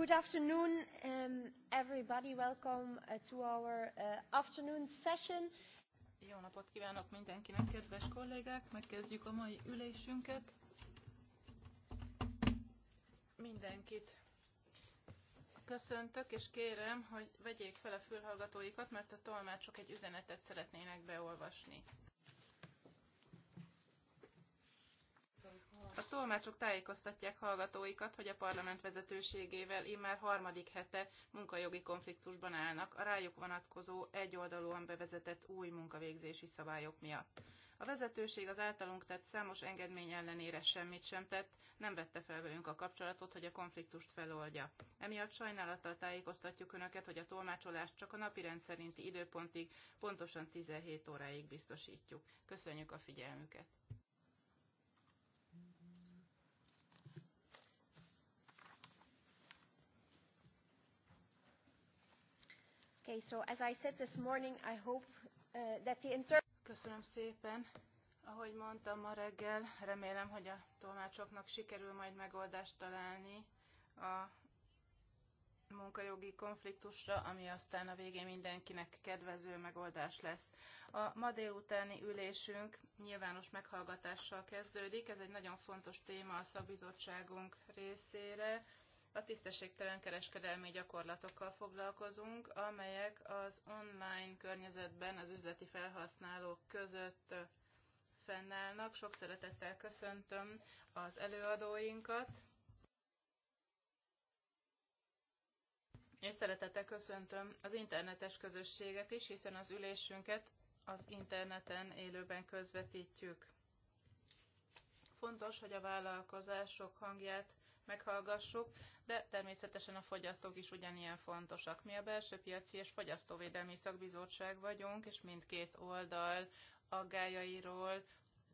Good afternoon, um, everybody. Welcome uh, to our uh, afternoon session. Jó napot kívánok mindenkinek, kedves kollégák! Megkezdjük a mai ülésünket. Mindenkit köszöntök, és kérem, hogy vegyék fel a fülhallgatóikat, mert a tolmácsok egy üzenetet szeretnének beolvasni. A tolmácsok tájékoztatják hallgatóikat, hogy a parlament vezetőségével immár harmadik hete munkajogi konfliktusban állnak a rájuk vonatkozó egyoldalúan bevezetett új munkavégzési szabályok miatt. A vezetőség az általunk tett számos engedmény ellenére semmit sem tett, nem vette fel velünk a kapcsolatot, hogy a konfliktust feloldja. Emiatt sajnálattal tájékoztatjuk Önöket, hogy a tolmácsolást csak a napi rendszerinti időpontig, pontosan 17 óráig biztosítjuk. Köszönjük a figyelmüket! Okay, so as I said this morning, I hope uh, that the inter- Köszönöm szépen. Ahogy mondtam ma reggel, remélem, hogy a tolmácsoknak sikerül majd megoldást találni a munkajogi konfliktusra, ami aztán a végén mindenkinek kedvező megoldás lesz. A ma délutáni ülésünk nyilvános meghallgatással kezdődik. Ez egy nagyon fontos téma a szakbizottságunk részére a tisztességtelen kereskedelmi gyakorlatokkal foglalkozunk, amelyek az online környezetben az üzleti felhasználók között fennállnak. Sok szeretettel köszöntöm az előadóinkat. És szeretettel köszöntöm az internetes közösséget is, hiszen az ülésünket az interneten élőben közvetítjük. Fontos, hogy a vállalkozások hangját meghallgassuk, de természetesen a fogyasztók is ugyanilyen fontosak. Mi a belső piaci és fogyasztóvédelmi szakbizottság vagyunk, és mindkét oldal aggájairól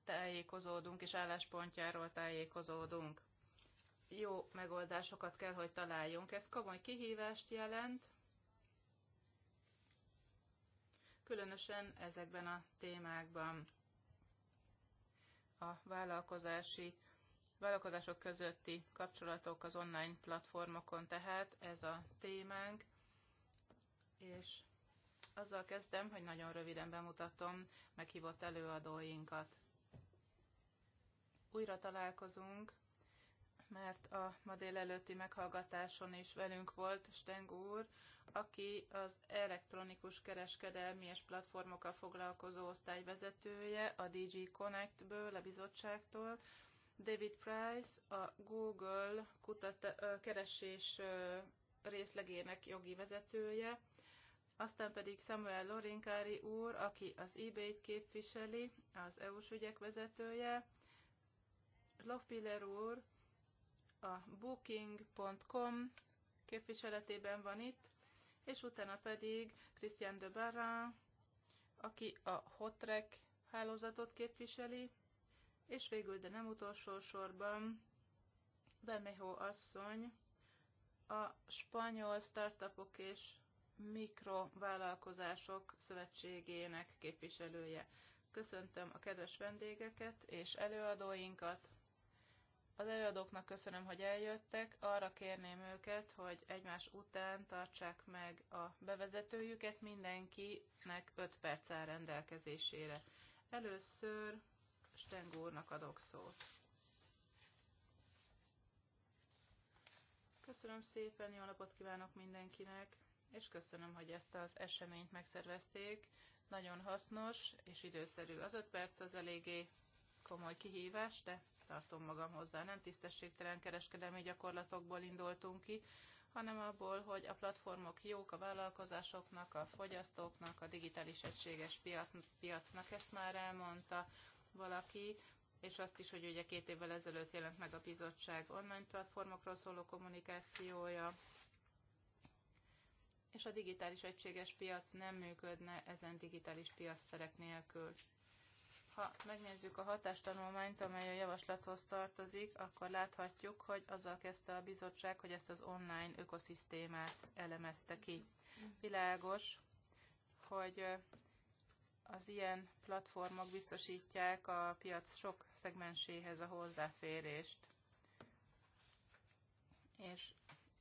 tájékozódunk, és álláspontjáról tájékozódunk. Jó megoldásokat kell, hogy találjunk. Ez komoly kihívást jelent, különösen ezekben a témákban. A vállalkozási vállalkozások közötti kapcsolatok az online platformokon, tehát ez a témánk, és azzal kezdem, hogy nagyon röviden bemutatom meghívott előadóinkat. Újra találkozunk, mert a ma délelőtti meghallgatáson is velünk volt Steng úr, aki az elektronikus kereskedelmi és platformokkal foglalkozó osztályvezetője a DG Connect-ből, a bizottságtól, David Price a Google kutata, keresés részlegének jogi vezetője, aztán pedig Samuel Lorinkári úr, aki az eBay-t képviseli, az EU-s ügyek vezetője, Lochbiller úr a booking.com képviseletében van itt, és utána pedig Christian de Barra, aki a Hotrek hálózatot képviseli, és végül, de nem utolsó sorban, bemeho asszony a spanyol startupok és mikrovállalkozások szövetségének képviselője. Köszöntöm a kedves vendégeket és előadóinkat. Az előadóknak köszönöm, hogy eljöttek. Arra kérném őket, hogy egymás után tartsák meg a bevezetőjüket, mindenkinek 5 perc áll rendelkezésére. Először Steng úrnak adok szót. Köszönöm szépen, jó napot kívánok mindenkinek, és köszönöm, hogy ezt az eseményt megszervezték. Nagyon hasznos és időszerű. Az öt perc az eléggé komoly kihívás, de tartom magam hozzá. Nem tisztességtelen kereskedelmi gyakorlatokból indultunk ki, hanem abból, hogy a platformok jók a vállalkozásoknak, a fogyasztóknak, a digitális egységes piacnak, ezt már elmondta valaki, és azt is, hogy ugye két évvel ezelőtt jelent meg a bizottság online platformokról szóló kommunikációja, és a digitális egységes piac nem működne ezen digitális piacterek nélkül. Ha megnézzük a hatástanulmányt, amely a javaslathoz tartozik, akkor láthatjuk, hogy azzal kezdte a bizottság, hogy ezt az online ökoszisztémát elemezte ki. Világos, hogy az ilyen platformok biztosítják a piac sok szegmenséhez a hozzáférést. És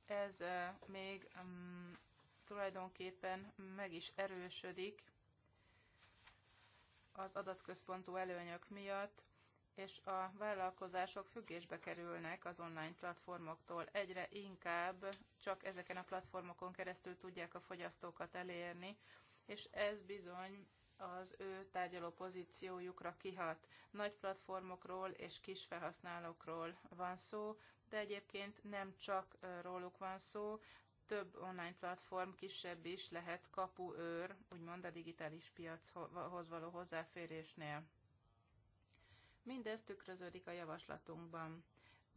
ez még um, tulajdonképpen meg is erősödik az adatközpontú előnyök miatt, és a vállalkozások függésbe kerülnek az online platformoktól. Egyre inkább csak ezeken a platformokon keresztül tudják a fogyasztókat elérni, és ez bizony az ő tárgyaló pozíciójukra kihat. Nagy platformokról és kis felhasználókról van szó, de egyébként nem csak róluk van szó, több online platform kisebb is lehet kapuőr, úgymond a digitális piachoz való hozzáférésnél. Mindez tükröződik a javaslatunkban.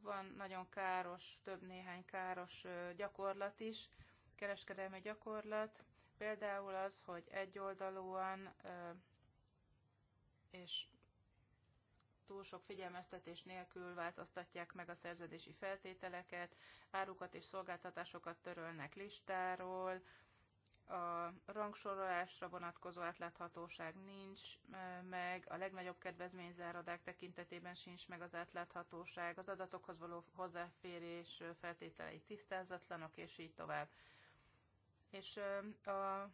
Van nagyon káros, több néhány káros gyakorlat is, kereskedelmi gyakorlat, Például az, hogy egyoldalúan és túl sok figyelmeztetés nélkül változtatják meg a szerződési feltételeket, árukat és szolgáltatásokat törölnek listáról, a rangsorolásra vonatkozó átláthatóság nincs meg, a legnagyobb kedvezményzáradák tekintetében sincs meg az átláthatóság, az adatokhoz való hozzáférés feltételei tisztázatlanok, és így tovább és a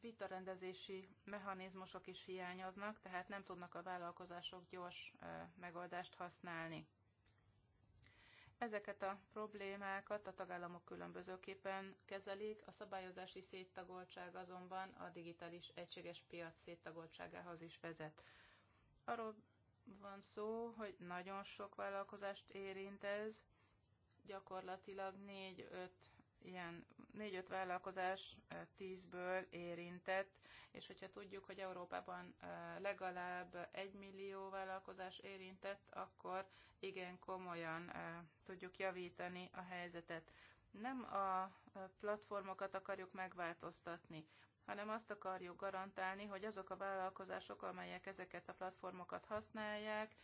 vitarendezési mechanizmusok is hiányoznak, tehát nem tudnak a vállalkozások gyors megoldást használni. Ezeket a problémákat a tagállamok különbözőképpen kezelik, a szabályozási széttagoltság azonban a digitális egységes piac széttagoltságához is vezet. Arról van szó, hogy nagyon sok vállalkozást érint ez, gyakorlatilag 4-5 ilyen 4-5 vállalkozás 10-ből érintett, és hogyha tudjuk, hogy Európában legalább egy millió vállalkozás érintett, akkor igen komolyan tudjuk javítani a helyzetet. Nem a platformokat akarjuk megváltoztatni, hanem azt akarjuk garantálni, hogy azok a vállalkozások, amelyek ezeket a platformokat használják,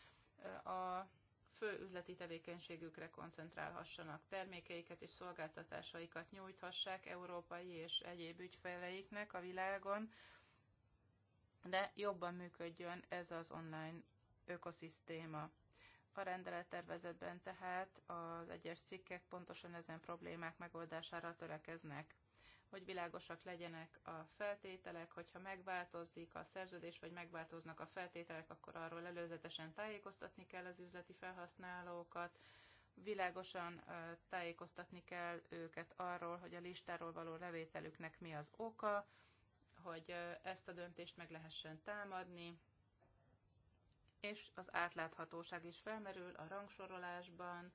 a fő üzleti tevékenységükre koncentrálhassanak, termékeiket és szolgáltatásaikat nyújthassák európai és egyéb ügyfeleiknek a világon, de jobban működjön ez az online ökoszisztéma. A rendelettervezetben tehát az egyes cikkek pontosan ezen problémák megoldására törekeznek hogy világosak legyenek a feltételek, hogyha megváltozik a szerződés, vagy megváltoznak a feltételek, akkor arról előzetesen tájékoztatni kell az üzleti felhasználókat, világosan tájékoztatni kell őket arról, hogy a listáról való levételüknek mi az oka, hogy ezt a döntést meg lehessen támadni, és az átláthatóság is felmerül a rangsorolásban,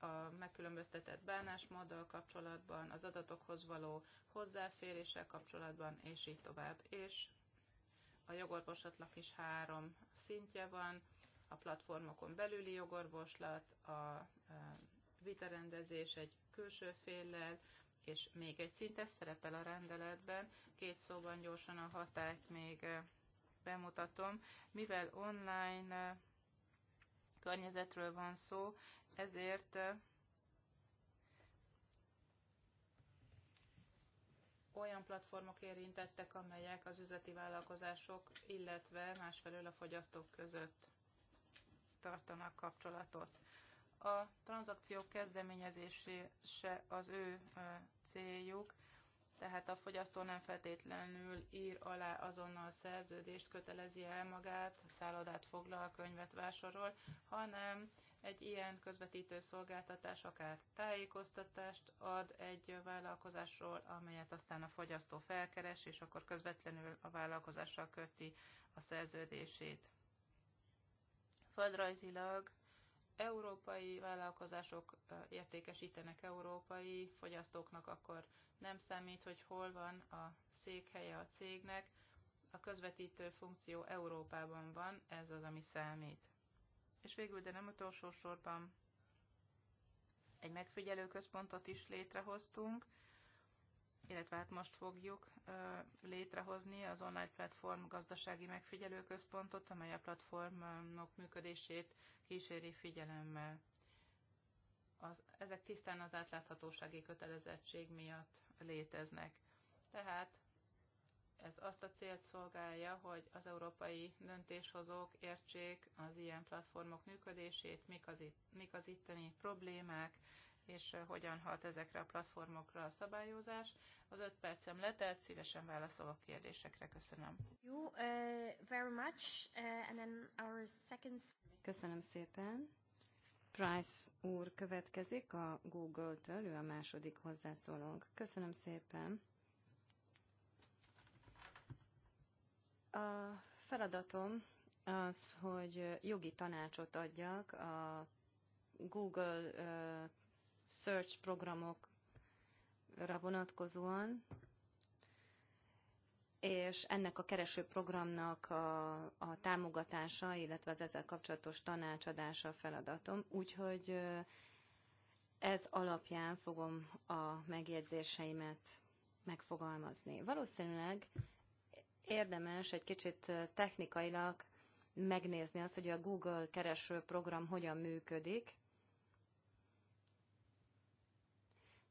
a megkülönböztetett bánásmóddal kapcsolatban, az adatokhoz való hozzáféréssel kapcsolatban, és így tovább. És a jogorvoslatnak is három szintje van, a platformokon belüli jogorvoslat, a vitarendezés egy külső féllel, és még egy szint, ez szerepel a rendeletben, két szóban gyorsan a hatályt még eh, bemutatom. Mivel online eh, környezetről van szó, ezért olyan platformok érintettek, amelyek az üzleti vállalkozások, illetve másfelől a fogyasztók között tartanak kapcsolatot. A tranzakciók kezdeményezése az ő céljuk, tehát a fogyasztó nem feltétlenül ír alá azonnal szerződést, kötelezi el magát, szállodát foglal, könyvet vásárol, hanem egy ilyen közvetítő szolgáltatás akár tájékoztatást ad egy vállalkozásról, amelyet aztán a fogyasztó felkeres, és akkor közvetlenül a vállalkozással köti a szerződését. Földrajzilag európai vállalkozások értékesítenek európai fogyasztóknak, akkor nem számít, hogy hol van a székhelye a cégnek, a közvetítő funkció Európában van, ez az, ami számít. És végül, de nem utolsó sorban, egy megfigyelő központot is létrehoztunk, illetve hát most fogjuk létrehozni az online platform gazdasági megfigyelő központot, amely a platformnak működését kíséri figyelemmel az, ezek tisztán az átláthatósági kötelezettség miatt léteznek. Tehát ez azt a célt szolgálja, hogy az európai döntéshozók értsék az ilyen platformok működését, mik az, itt, mik az itteni problémák, és hogyan hat ezekre a platformokra a szabályozás. Az öt percem letelt, szívesen válaszolok kérdésekre. Köszönöm. very much. And then our second. Köszönöm szépen. Price úr következik a Google-től, ő a második hozzászólónk. Köszönöm szépen. A feladatom az, hogy jogi tanácsot adjak a Google search programokra vonatkozóan, és ennek a keresőprogramnak a, a támogatása, illetve az ezzel kapcsolatos tanácsadása a feladatom. Úgyhogy ez alapján fogom a megjegyzéseimet megfogalmazni. Valószínűleg érdemes egy kicsit technikailag megnézni azt, hogy a Google kereső program hogyan működik.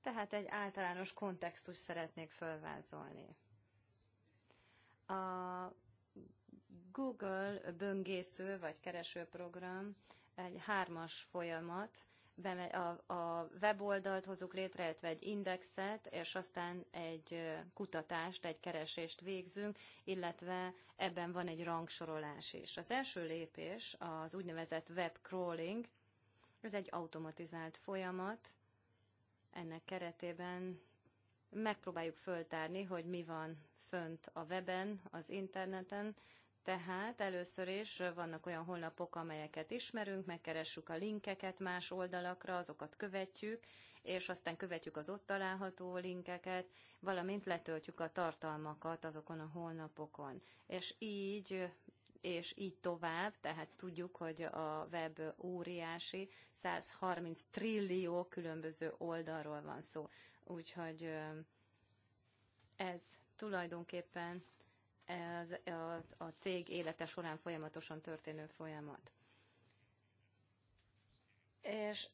Tehát egy általános kontextust szeretnék fölvázolni. A Google böngésző vagy keresőprogram egy hármas folyamat, a, a weboldalt hozunk létre, illetve egy indexet, és aztán egy kutatást, egy keresést végzünk, illetve ebben van egy rangsorolás is. Az első lépés az úgynevezett web crawling, ez egy automatizált folyamat, ennek keretében megpróbáljuk föltárni, hogy mi van fönt a weben, az interneten, tehát először is vannak olyan honlapok, amelyeket ismerünk, megkeressük a linkeket más oldalakra, azokat követjük, és aztán követjük az ott található linkeket, valamint letöltjük a tartalmakat azokon a honlapokon. És így és így tovább, tehát tudjuk, hogy a web óriási, 130 trillió különböző oldalról van szó. Úgyhogy ez tulajdonképpen ez a, a cég élete során folyamatosan történő folyamat. És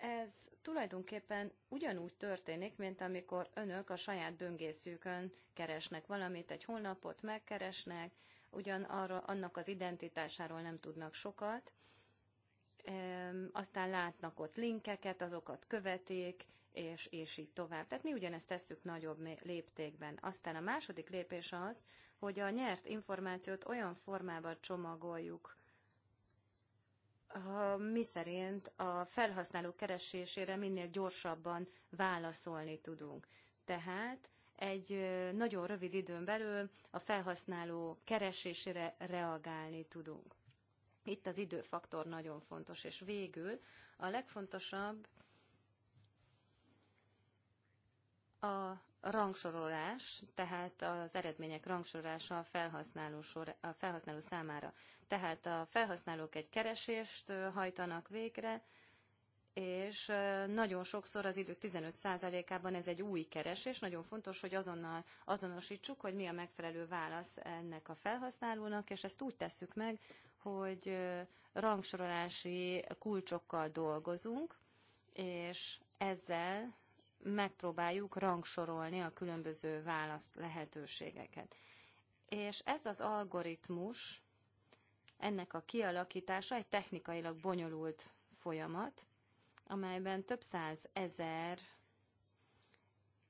ez tulajdonképpen ugyanúgy történik, mint amikor önök a saját böngészőkön keresnek valamit, egy honlapot megkeresnek, ugyan arra, annak az identitásáról nem tudnak sokat, aztán látnak ott linkeket, azokat követik, és, és így tovább. Tehát mi ugyanezt tesszük nagyobb léptékben. Aztán a második lépés az, hogy a nyert információt olyan formában csomagoljuk, mi szerint a felhasználó keresésére minél gyorsabban válaszolni tudunk. Tehát egy nagyon rövid időn belül a felhasználó keresésére reagálni tudunk. Itt az időfaktor nagyon fontos, és végül a legfontosabb a rangsorolás, tehát az eredmények rangsorolása a felhasználó, sor, a felhasználó számára. Tehát a felhasználók egy keresést hajtanak végre, és nagyon sokszor az idők 15%-ában ez egy új keresés. Nagyon fontos, hogy azonnal azonosítsuk, hogy mi a megfelelő válasz ennek a felhasználónak, és ezt úgy tesszük meg, hogy rangsorolási kulcsokkal dolgozunk, és ezzel megpróbáljuk rangsorolni a különböző válasz lehetőségeket. És ez az algoritmus, ennek a kialakítása egy technikailag bonyolult folyamat, amelyben több száz ezer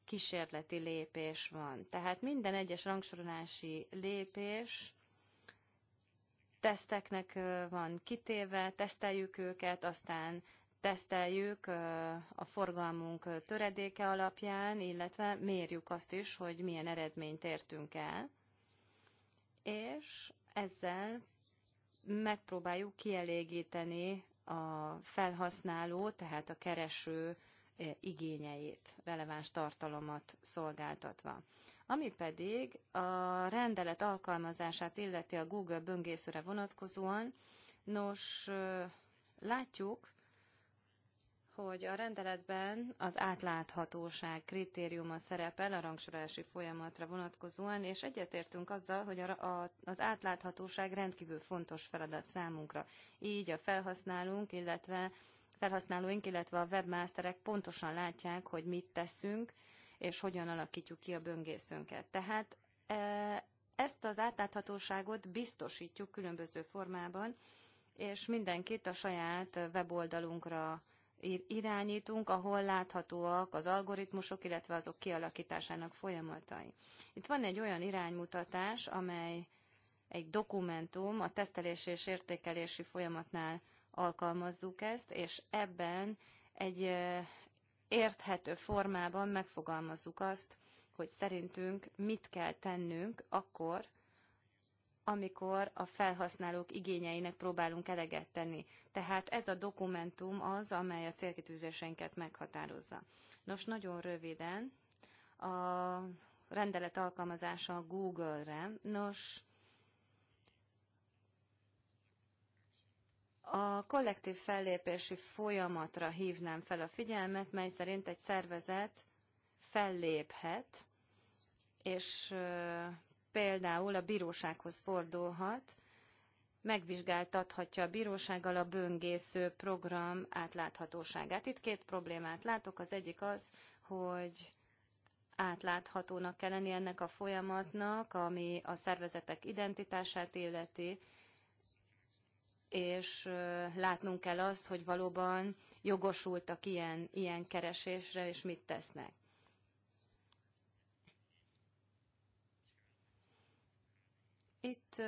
kísérleti lépés van. Tehát minden egyes rangsorolási lépés teszteknek van kitéve, teszteljük őket, aztán teszteljük a forgalmunk töredéke alapján, illetve mérjük azt is, hogy milyen eredményt értünk el, és ezzel megpróbáljuk kielégíteni a felhasználó, tehát a kereső igényeit, releváns tartalomat szolgáltatva. Ami pedig a rendelet alkalmazását illeti a Google böngészőre vonatkozóan, nos, látjuk, hogy a rendeletben az átláthatóság kritériuma szerepel a rangsorolási folyamatra vonatkozóan, és egyetértünk azzal, hogy a, a, az átláthatóság rendkívül fontos feladat számunkra. Így a felhasználónk, illetve felhasználóink, illetve a webmasterek pontosan látják, hogy mit teszünk, és hogyan alakítjuk ki a böngészőnket. Tehát e, ezt az átláthatóságot biztosítjuk különböző formában, és mindenkit a saját weboldalunkra irányítunk, ahol láthatóak az algoritmusok, illetve azok kialakításának folyamatai. Itt van egy olyan iránymutatás, amely egy dokumentum, a tesztelés és értékelési folyamatnál alkalmazzuk ezt, és ebben egy érthető formában megfogalmazzuk azt, hogy szerintünk mit kell tennünk akkor, amikor a felhasználók igényeinek próbálunk eleget tenni. Tehát ez a dokumentum az, amely a célkitűzéseinket meghatározza. Nos, nagyon röviden, a rendelet alkalmazása a Google-re. Nos, A kollektív fellépési folyamatra hívnám fel a figyelmet, mely szerint egy szervezet felléphet, és például a bírósághoz fordulhat, megvizsgáltathatja a bírósággal a böngésző program átláthatóságát. Itt két problémát látok. Az egyik az, hogy átláthatónak kell lenni ennek a folyamatnak, ami a szervezetek identitását illeti, és látnunk kell azt, hogy valóban jogosultak ilyen, ilyen keresésre, és mit tesznek. Itt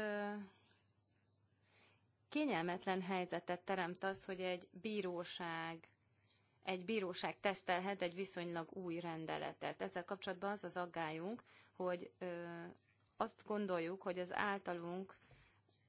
kényelmetlen helyzetet teremt az, hogy egy bíróság egy bíróság tesztelhet egy viszonylag új rendeletet. Ezzel kapcsolatban az az aggályunk, hogy azt gondoljuk, hogy az általunk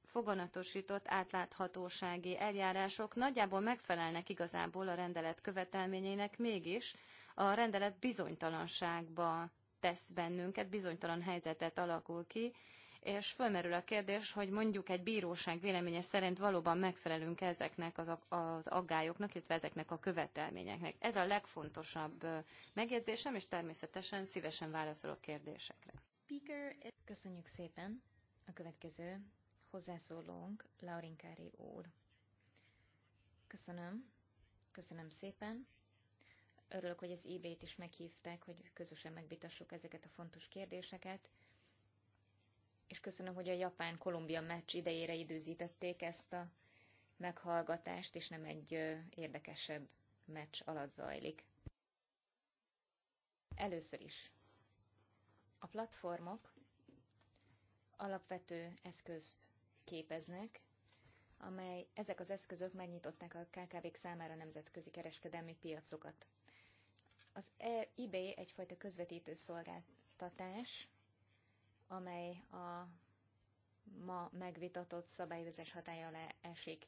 foganatosított átláthatósági eljárások nagyjából megfelelnek igazából a rendelet követelményeinek, mégis a rendelet bizonytalanságba tesz bennünket, bizonytalan helyzetet alakul ki, és fölmerül a kérdés, hogy mondjuk egy bíróság véleménye szerint valóban megfelelünk ezeknek az, az aggályoknak, illetve ezeknek a követelményeknek. Ez a legfontosabb megjegyzésem, és természetesen szívesen válaszolok kérdésekre. Speaker, eh- Köszönjük szépen. A következő hozzászólónk Laurinkári úr. Köszönöm. Köszönöm szépen. Örülök, hogy az EB-t is meghívták, hogy közösen megvitassuk ezeket a fontos kérdéseket és köszönöm, hogy a Japán-Kolumbia meccs idejére időzítették ezt a meghallgatást, és nem egy érdekesebb meccs alatt zajlik. Először is. A platformok alapvető eszközt képeznek, amely ezek az eszközök megnyitották a KKV-k számára nemzetközi kereskedelmi piacokat. Az e-, eBay egyfajta közvetítő szolgáltatás, amely a ma megvitatott szabályozás hatája alá esik.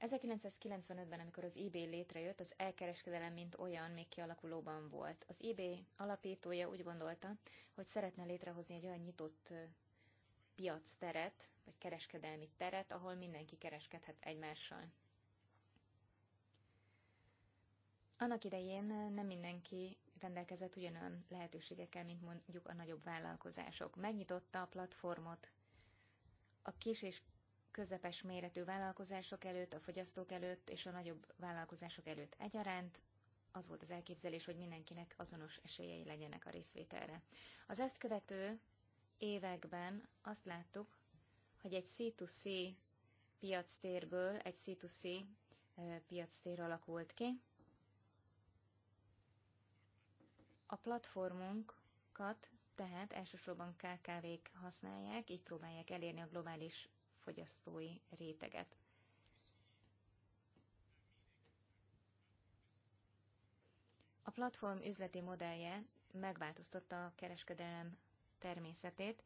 1995-ben, amikor az eBay létrejött, az elkereskedelem mint olyan még kialakulóban volt. Az eBay alapítója úgy gondolta, hogy szeretne létrehozni egy olyan nyitott piac teret, vagy kereskedelmi teret, ahol mindenki kereskedhet egymással. Annak idején nem mindenki rendelkezett ugyanolyan lehetőségekkel, mint mondjuk a nagyobb vállalkozások. Megnyitotta a platformot a kis és közepes méretű vállalkozások előtt, a fogyasztók előtt és a nagyobb vállalkozások előtt egyaránt, az volt az elképzelés, hogy mindenkinek azonos esélyei legyenek a részvételre. Az ezt követő években azt láttuk, hogy egy C2C piactérből egy C2C piactér alakult ki, A platformunkat tehát elsősorban KKV-k használják, így próbálják elérni a globális fogyasztói réteget. A platform üzleti modellje megváltoztatta a kereskedelem természetét,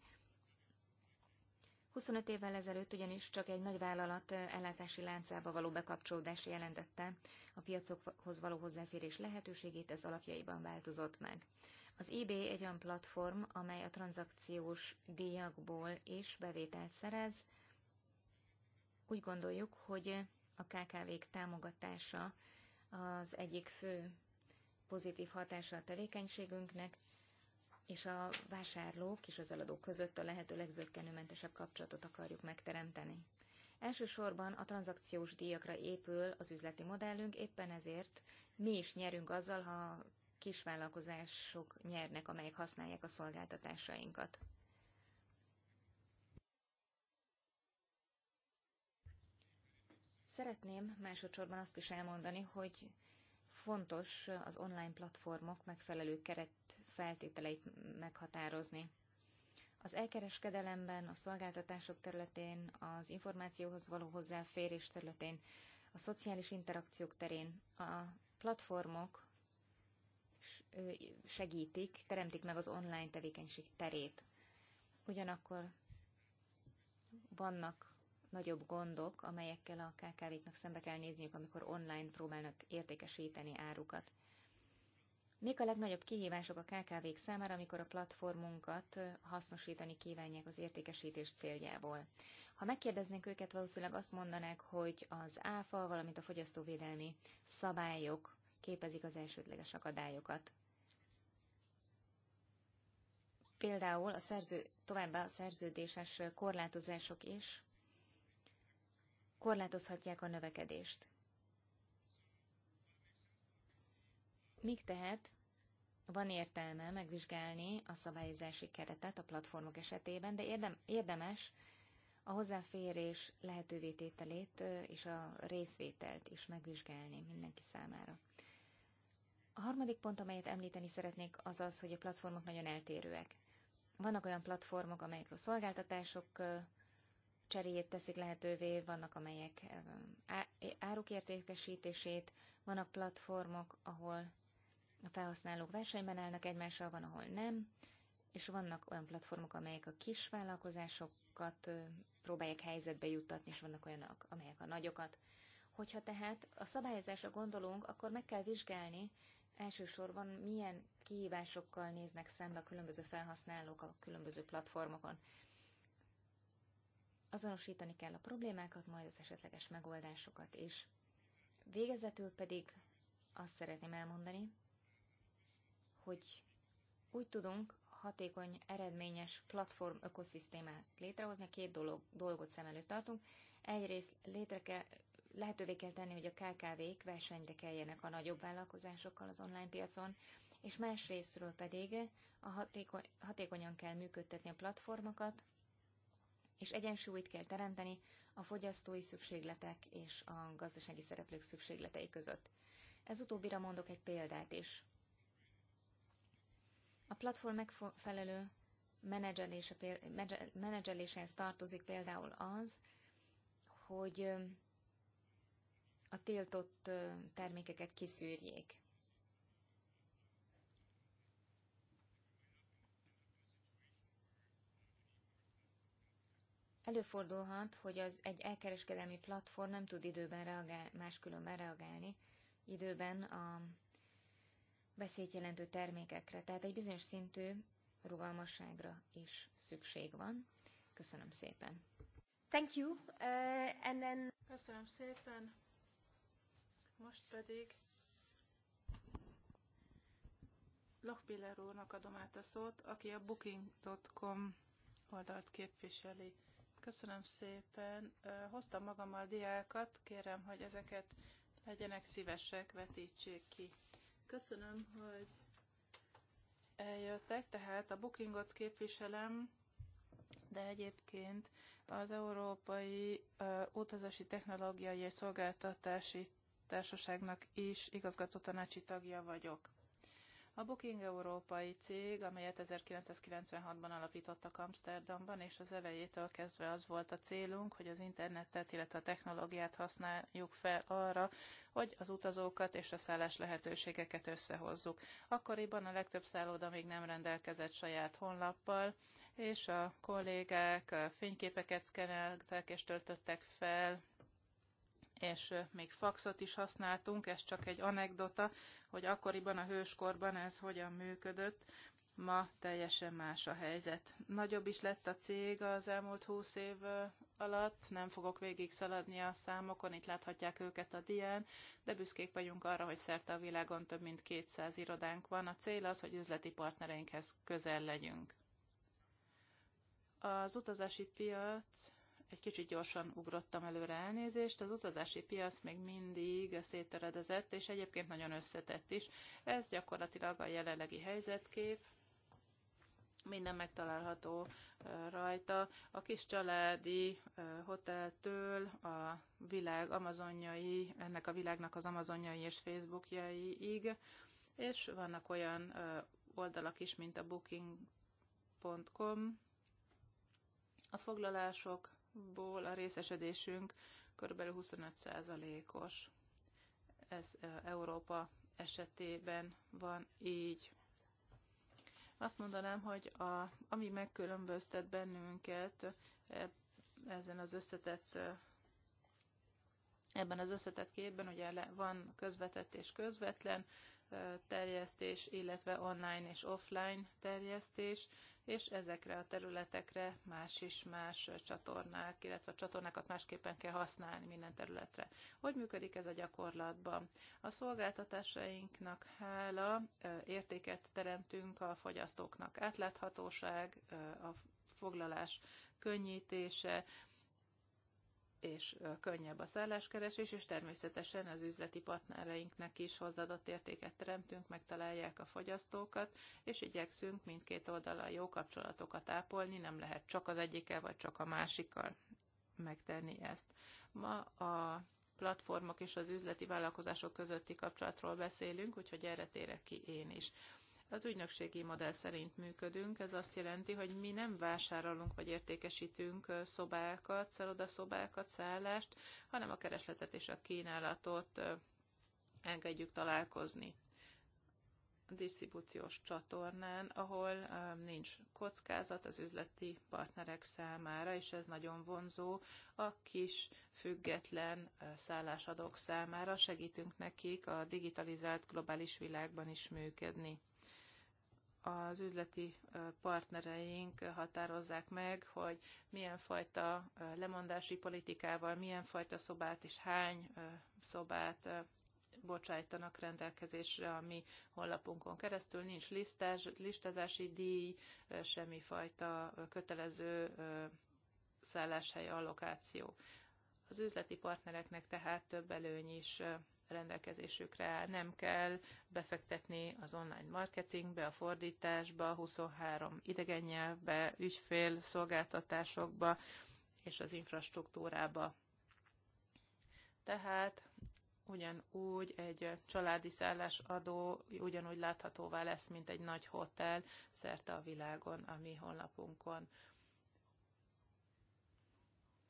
25 évvel ezelőtt ugyanis csak egy nagy vállalat eh, ellátási láncába való bekapcsolódás jelentette a piacokhoz való hozzáférés lehetőségét, ez alapjaiban változott meg. Az eBay egy olyan platform, amely a tranzakciós díjakból is bevételt szerez. Úgy gondoljuk, hogy a KKV-k támogatása az egyik fő pozitív hatása a tevékenységünknek, és a vásárlók és az eladók között a lehető legzökkenőmentesebb kapcsolatot akarjuk megteremteni. Elsősorban a tranzakciós díjakra épül az üzleti modellünk, éppen ezért mi is nyerünk azzal, ha kisvállalkozások nyernek, amelyek használják a szolgáltatásainkat. Szeretném másodszorban azt is elmondani, hogy fontos az online platformok megfelelő keret feltételeit meghatározni. Az elkereskedelemben, a szolgáltatások területén, az információhoz való hozzáférés területén, a szociális interakciók terén a platformok segítik, teremtik meg az online tevékenység terét. Ugyanakkor vannak nagyobb gondok, amelyekkel a KKV-knak szembe kell nézniük, amikor online próbálnak értékesíteni árukat. Mik a legnagyobb kihívások a KKV-k számára, amikor a platformunkat hasznosítani kívánják az értékesítés céljából? Ha megkérdeznénk őket, valószínűleg azt mondanák, hogy az ÁFA, valamint a fogyasztóvédelmi szabályok képezik az elsődleges akadályokat. Például a szerző, továbbá a szerződéses korlátozások is korlátozhatják a növekedést. Míg tehát van értelme megvizsgálni a szabályozási keretet a platformok esetében, de érdemes a hozzáférés lehetővé tételét és a részvételt is megvizsgálni mindenki számára. A harmadik pont, amelyet említeni szeretnék, az az, hogy a platformok nagyon eltérőek. Vannak olyan platformok, amelyek a szolgáltatások cseréjét teszik lehetővé, vannak amelyek eh, áruk értékesítését, vannak platformok, ahol a felhasználók versenyben állnak egymással, van, ahol nem, és vannak olyan platformok, amelyek a kis vállalkozásokat próbálják helyzetbe juttatni, és vannak olyanok, amelyek a nagyokat. Hogyha tehát a szabályozásra gondolunk, akkor meg kell vizsgálni elsősorban milyen kihívásokkal néznek szembe a különböző felhasználók a különböző platformokon azonosítani kell a problémákat, majd az esetleges megoldásokat is. Végezetül pedig azt szeretném elmondani, hogy úgy tudunk hatékony, eredményes platform ökoszisztémát létrehozni, két dolog, dolgot szem előtt tartunk. Egyrészt létre kell, lehetővé kell tenni, hogy a KKV-k versenyre keljenek a nagyobb vállalkozásokkal az online piacon, és másrésztről pedig a hatékony, hatékonyan kell működtetni a platformokat, és egyensúlyt kell teremteni a fogyasztói szükségletek és a gazdasági szereplők szükségletei között. Ez utóbbira mondok egy példát is. A platform megfelelő menedzselése, menedzseléséhez tartozik például az, hogy a tiltott termékeket kiszűrjék. Előfordulhat, hogy az egy elkereskedelmi platform nem tud időben reagál, máskülönben reagálni, időben a veszélyt termékekre, tehát egy bizonyos szintű rugalmasságra is szükség van. Köszönöm szépen. Thank you. Uh, and then... Köszönöm szépen. Most pedig Lochbiller úrnak adom át a szót, aki a booking.com oldalt képviseli. Köszönöm szépen. Hoztam magammal diákat, kérem, hogy ezeket legyenek szívesek, vetítsék ki. Köszönöm, hogy eljöttek, tehát a bookingot képviselem, de egyébként az Európai uh, Utazási Technológiai és Szolgáltatási Társaságnak is igazgató tanácsi tagja vagyok. A Booking európai cég, amelyet 1996-ban alapítottak Amsterdamban, és az elejétől kezdve az volt a célunk, hogy az internetet, illetve a technológiát használjuk fel arra, hogy az utazókat és a szállás lehetőségeket összehozzuk. Akkoriban a legtöbb szálloda még nem rendelkezett saját honlappal, és a kollégák fényképeket szkeneltek és töltöttek fel és még faxot is használtunk, ez csak egy anekdota, hogy akkoriban a hőskorban ez hogyan működött, ma teljesen más a helyzet. Nagyobb is lett a cég az elmúlt húsz év alatt, nem fogok végig szaladni a számokon, itt láthatják őket a dián, de büszkék vagyunk arra, hogy szerte a világon több mint 200 irodánk van. A cél az, hogy üzleti partnereinkhez közel legyünk. Az utazási piac egy kicsit gyorsan ugrottam előre elnézést, az utazási piac még mindig széteredezett, és egyébként nagyon összetett is. Ez gyakorlatilag a jelenlegi helyzetkép, minden megtalálható rajta. A kis családi hoteltől a világ amazonjai, ennek a világnak az amazonjai és facebookjaiig, és vannak olyan oldalak is, mint a booking.com, a foglalások, ból a részesedésünk kb. 25%-os. Ez Európa esetében van így. Azt mondanám, hogy a, ami megkülönböztet bennünket e, ezen az összetett ebben az összetett képben ugye van közvetett és közvetlen terjesztés, illetve online és offline terjesztés és ezekre a területekre más is más csatornák, illetve a csatornákat másképpen kell használni minden területre. Hogy működik ez a gyakorlatban? A szolgáltatásainknak hála értéket teremtünk a fogyasztóknak. Átláthatóság, a foglalás könnyítése, és könnyebb a szálláskeresés, és természetesen az üzleti partnereinknek is hozzáadott értéket teremtünk, megtalálják a fogyasztókat, és igyekszünk mindkét oldalon jó kapcsolatokat ápolni, nem lehet csak az egyikkel, vagy csak a másikkal megtenni ezt. Ma a platformok és az üzleti vállalkozások közötti kapcsolatról beszélünk, úgyhogy erre térek ki én is. Az ügynökségi modell szerint működünk, ez azt jelenti, hogy mi nem vásárolunk vagy értékesítünk szobákat, szállodaszobákat, szállást, hanem a keresletet és a kínálatot engedjük találkozni a disztribúciós csatornán, ahol um, nincs kockázat az üzleti partnerek számára, és ez nagyon vonzó a kis független uh, szállásadók számára. Segítünk nekik a digitalizált globális világban is működni az üzleti partnereink határozzák meg, hogy milyen fajta lemondási politikával, milyen fajta szobát és hány szobát bocsájtanak rendelkezésre a mi honlapunkon keresztül. Nincs listás, listázási díj, semmifajta kötelező szálláshely allokáció. Az üzleti partnereknek tehát több előny is rendelkezésükre áll. Nem kell befektetni az online marketingbe, a fordításba, 23 idegen nyelvbe, szolgáltatásokba és az infrastruktúrába. Tehát ugyanúgy egy családi szállásadó ugyanúgy láthatóvá lesz, mint egy nagy hotel szerte a világon, a mi honlapunkon.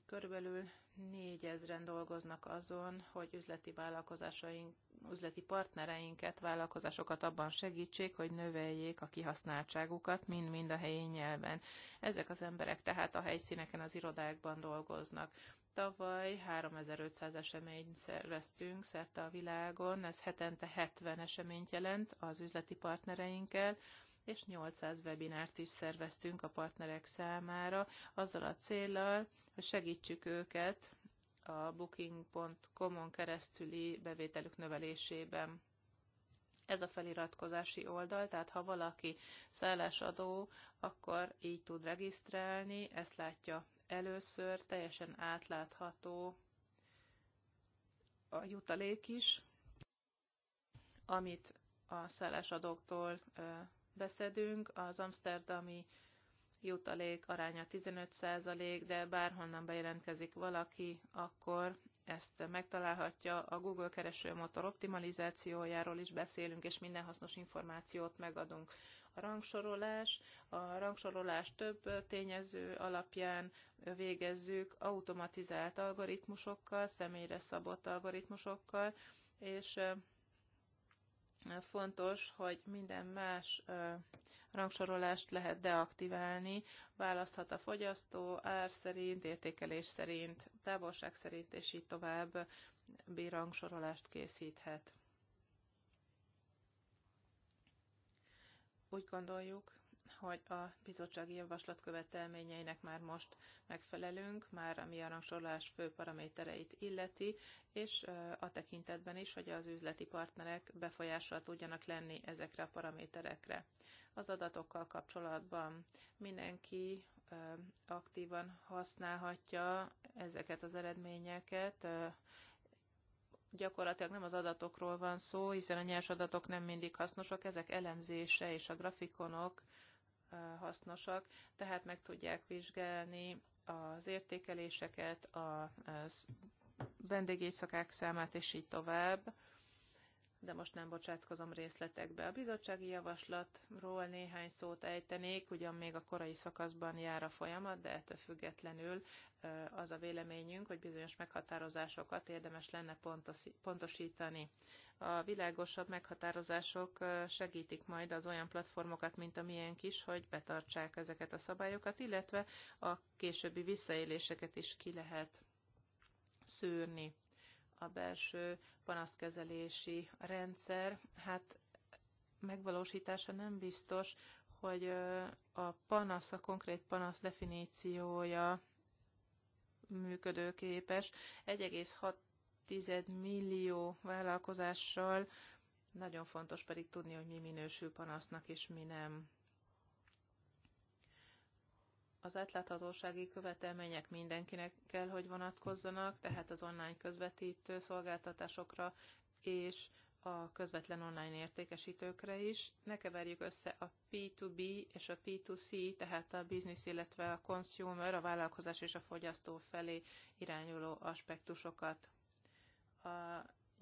Körülbelül négyezren dolgoznak azon, hogy üzleti vállalkozásaink, üzleti partnereinket, vállalkozásokat abban segítsék, hogy növeljék a kihasználtságukat mind-mind a helyi nyelven. Ezek az emberek tehát a helyszíneken, az irodákban dolgoznak. Tavaly 3500 eseményt szerveztünk szerte a világon, ez hetente 70 eseményt jelent az üzleti partnereinkkel, és 800 webinárt is szerveztünk a partnerek számára, azzal a céllal, hogy segítsük őket a booking.com-on keresztüli bevételük növelésében. Ez a feliratkozási oldal, tehát ha valaki szállásadó, akkor így tud regisztrálni, ezt látja először, teljesen átlátható a jutalék is, amit a szállásadóktól beszedünk, az amsterdami jutalék aránya 15%, de bárhonnan bejelentkezik valaki, akkor ezt megtalálhatja. A Google keresőmotor optimalizációjáról is beszélünk, és minden hasznos információt megadunk. A rangsorolás, a rangsorolás több tényező alapján végezzük automatizált algoritmusokkal, személyre szabott algoritmusokkal, és fontos, hogy minden más rangsorolást lehet deaktiválni, választhat a fogyasztó ár szerint, értékelés szerint, távolság szerint, és így tovább B-rangsorolást készíthet. Úgy gondoljuk, hogy a bizottsági javaslat követelményeinek már most megfelelünk, már ami a rangsorolás fő paramétereit illeti, és a tekintetben is, hogy az üzleti partnerek befolyással tudjanak lenni ezekre a paraméterekre. Az adatokkal kapcsolatban mindenki aktívan használhatja ezeket az eredményeket, gyakorlatilag nem az adatokról van szó, hiszen a nyers adatok nem mindig hasznosak, ezek elemzése és a grafikonok hasznosak, tehát meg tudják vizsgálni az értékeléseket, a vendégészakák számát, és így tovább de most nem bocsátkozom részletekbe. A bizottsági javaslatról néhány szót ejtenék, ugyan még a korai szakaszban jár a folyamat, de ettől függetlenül az a véleményünk, hogy bizonyos meghatározásokat érdemes lenne pontosítani. A világosabb meghatározások segítik majd az olyan platformokat, mint a miénk is, hogy betartsák ezeket a szabályokat, illetve a későbbi visszaéléseket is ki lehet szűrni a belső panaszkezelési rendszer, hát megvalósítása nem biztos, hogy a panasz, a konkrét panasz definíciója működőképes. 1,6 millió vállalkozással nagyon fontos pedig tudni, hogy mi minősül panasznak és mi nem az átláthatósági követelmények mindenkinek kell, hogy vonatkozzanak, tehát az online közvetítő szolgáltatásokra és a közvetlen online értékesítőkre is. Ne keverjük össze a P2B és a P2C, tehát a business, illetve a consumer, a vállalkozás és a fogyasztó felé irányuló aspektusokat. A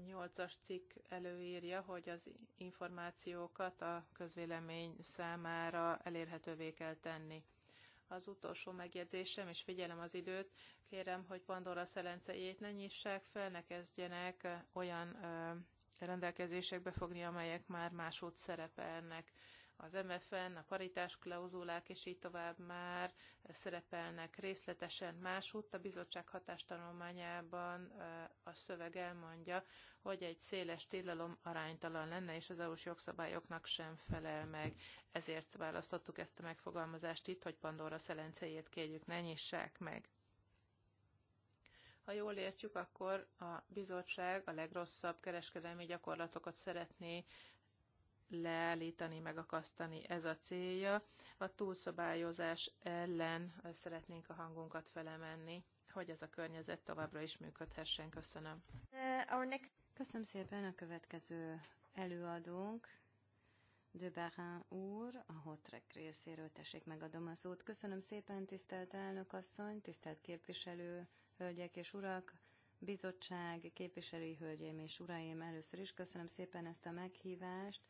8-as cikk előírja, hogy az információkat a közvélemény számára elérhetővé kell tenni az utolsó megjegyzésem, és figyelem az időt, kérem, hogy Pandora szelencejét ne nyissák fel, ne kezdjenek olyan rendelkezésekbe fogni, amelyek már máshogy szerepelnek az MFN, a paritás klauzulák és így tovább már szerepelnek részletesen. Másútt a bizottság hatástanulmányában a szöveg elmondja, hogy egy széles tilalom aránytalan lenne, és az EU-s jogszabályoknak sem felel meg. Ezért választottuk ezt a megfogalmazást itt, hogy Pandora szelencéjét kérjük, ne nyissák meg. Ha jól értjük, akkor a bizottság a legrosszabb kereskedelmi gyakorlatokat szeretné leállítani, megakasztani, ez a célja. A túlszabályozás ellen szeretnénk a hangunkat felemenni, hogy ez a környezet továbbra is működhessen. Köszönöm. Uh, köszönöm szépen a következő előadónk. De Barin úr, a Hotrek részéről tessék megadom a szót. Köszönöm szépen, tisztelt elnök asszony, tisztelt képviselő, hölgyek és urak, bizottság, képviselői hölgyeim és uraim, először is köszönöm szépen ezt a meghívást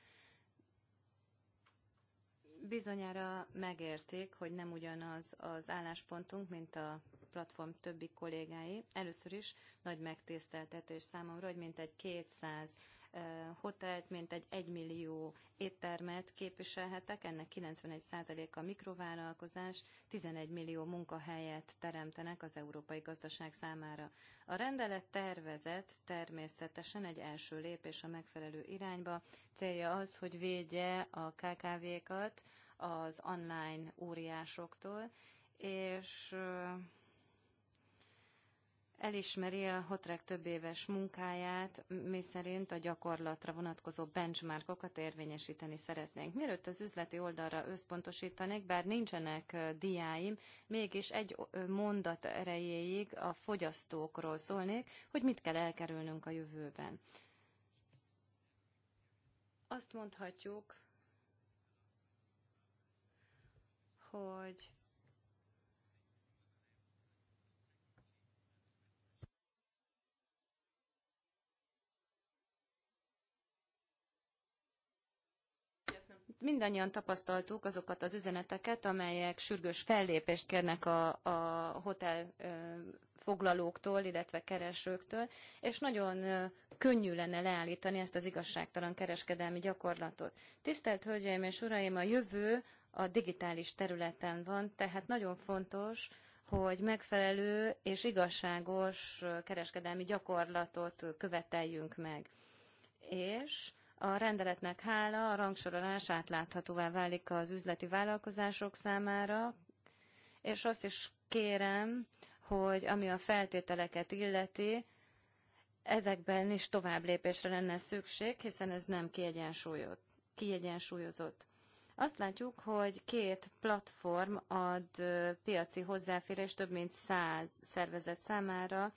Bizonyára megértik, hogy nem ugyanaz az álláspontunk, mint a platform többi kollégái. Először is nagy megtiszteltetés számomra, hogy mintegy 200 hotelt, mint egy 1 millió éttermet képviselhetek, ennek 91% a mikrovállalkozás, 11 millió munkahelyet teremtenek az európai gazdaság számára. A rendelet tervezett természetesen egy első lépés a megfelelő irányba. Célja az, hogy védje a KKV-kat az online óriásoktól, és elismeri a Hotrek több éves munkáját, mi szerint a gyakorlatra vonatkozó benchmarkokat érvényesíteni szeretnénk. Mielőtt az üzleti oldalra összpontosítanék, bár nincsenek diáim, mégis egy mondat erejéig a fogyasztókról szólnék, hogy mit kell elkerülnünk a jövőben. Azt mondhatjuk, hogy mindannyian tapasztaltuk azokat az üzeneteket, amelyek sürgős fellépést kérnek a, a hotel foglalóktól, illetve keresőktől, és nagyon könnyű lenne leállítani ezt az igazságtalan kereskedelmi gyakorlatot. Tisztelt Hölgyeim és Uraim, a jövő a digitális területen van, tehát nagyon fontos, hogy megfelelő és igazságos kereskedelmi gyakorlatot követeljünk meg. És a rendeletnek hála a rangsorolás átláthatóvá válik az üzleti vállalkozások számára, és azt is kérem, hogy ami a feltételeket illeti, ezekben is tovább lépésre lenne szükség, hiszen ez nem kiegyensúlyozott. Azt látjuk, hogy két platform ad piaci hozzáférés több mint száz szervezet számára,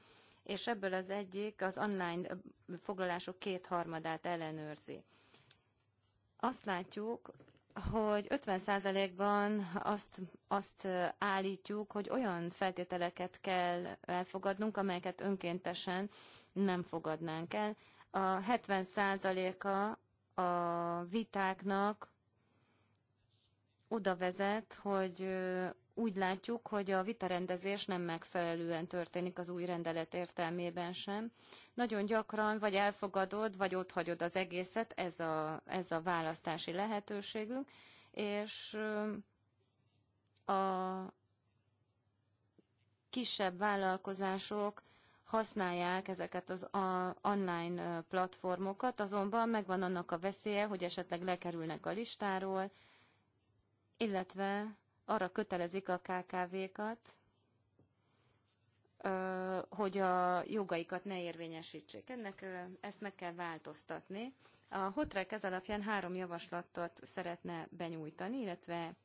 és ebből az egyik az online foglalások kétharmadát ellenőrzi. Azt látjuk, hogy 50%-ban azt, azt állítjuk, hogy olyan feltételeket kell elfogadnunk, amelyeket önkéntesen nem fogadnánk el. A 70%-a a vitáknak oda vezet, hogy úgy látjuk, hogy a vitarendezés nem megfelelően történik az új rendelet értelmében sem. Nagyon gyakran vagy elfogadod, vagy ott hagyod az egészet, ez a, ez a választási lehetőségünk, és a kisebb vállalkozások használják ezeket az online platformokat, azonban megvan annak a veszélye, hogy esetleg lekerülnek a listáról, illetve arra kötelezik a KKV-kat, hogy a jogaikat ne érvényesítsék. Ennek ezt meg kell változtatni. A Hotrek ez alapján három javaslatot szeretne benyújtani, illetve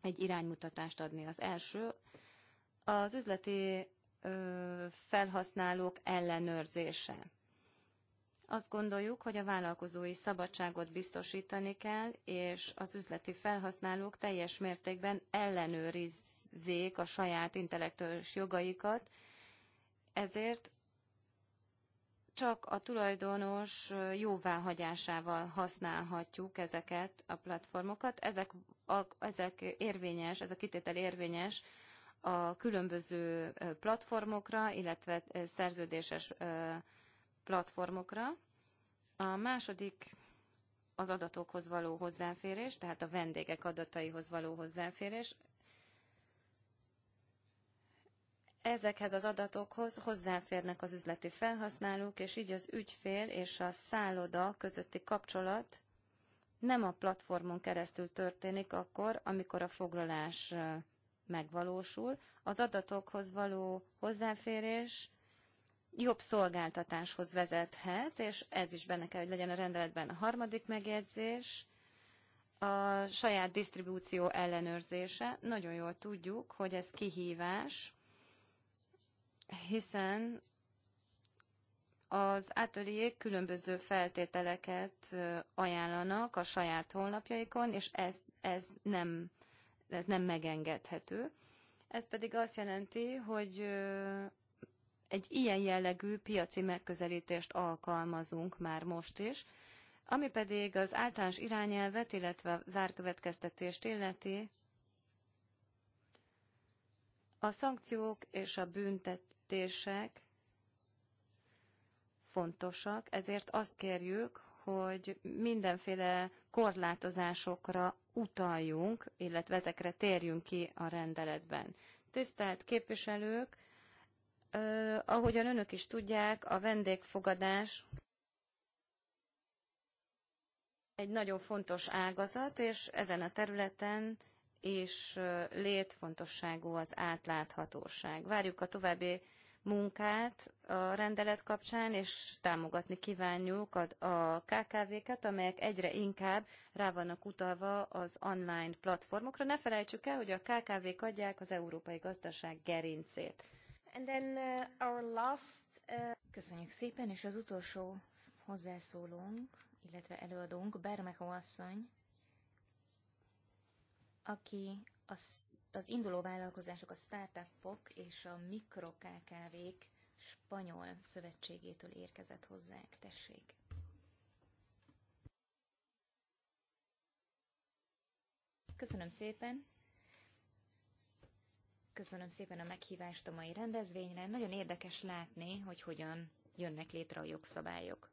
egy iránymutatást adni. Az első, az üzleti felhasználók ellenőrzése. Azt gondoljuk, hogy a vállalkozói szabadságot biztosítani kell, és az üzleti felhasználók teljes mértékben ellenőrizzék a saját intellektuális jogaikat, ezért csak a tulajdonos jóváhagyásával használhatjuk ezeket a platformokat. Ezek, a, ezek érvényes, ez a kitétel érvényes a különböző platformokra, illetve szerződéses platformokra. A második az adatokhoz való hozzáférés, tehát a vendégek adataihoz való hozzáférés. Ezekhez az adatokhoz hozzáférnek az üzleti felhasználók, és így az ügyfél és a szálloda közötti kapcsolat nem a platformon keresztül történik akkor, amikor a foglalás megvalósul. Az adatokhoz való hozzáférés jobb szolgáltatáshoz vezethet, és ez is benne kell, hogy legyen a rendeletben a harmadik megjegyzés, a saját disztribúció ellenőrzése. Nagyon jól tudjuk, hogy ez kihívás, hiszen az átöliék különböző feltételeket ajánlanak a saját honlapjaikon, és ez, ez, nem, ez nem megengedhető. Ez pedig azt jelenti, hogy egy ilyen jellegű piaci megközelítést alkalmazunk már most is, ami pedig az általános irányelvet, illetve zárkövetkeztetést illeti, a szankciók és a büntetések fontosak, ezért azt kérjük, hogy mindenféle korlátozásokra utaljunk, illetve ezekre térjünk ki a rendeletben. Tisztelt képviselők, ahogyan önök is tudják, a vendégfogadás egy nagyon fontos ágazat, és ezen a területen is létfontosságú az átláthatóság. Várjuk a további munkát a rendelet kapcsán, és támogatni kívánjuk a, a KKV-ket, amelyek egyre inkább rá vannak utalva az online platformokra. Ne felejtsük el, hogy a KKV-k adják az európai gazdaság gerincét. And then uh, our last, uh... Köszönjük szépen, és az utolsó hozzászólónk, illetve előadónk, Bermeho asszony, aki az, az induló vállalkozások, a startupok és a mikro KKV-k spanyol szövetségétől érkezett hozzánk. Tessék! Köszönöm szépen! Köszönöm szépen a meghívást a mai rendezvényre. Nagyon érdekes látni, hogy hogyan jönnek létre a jogszabályok.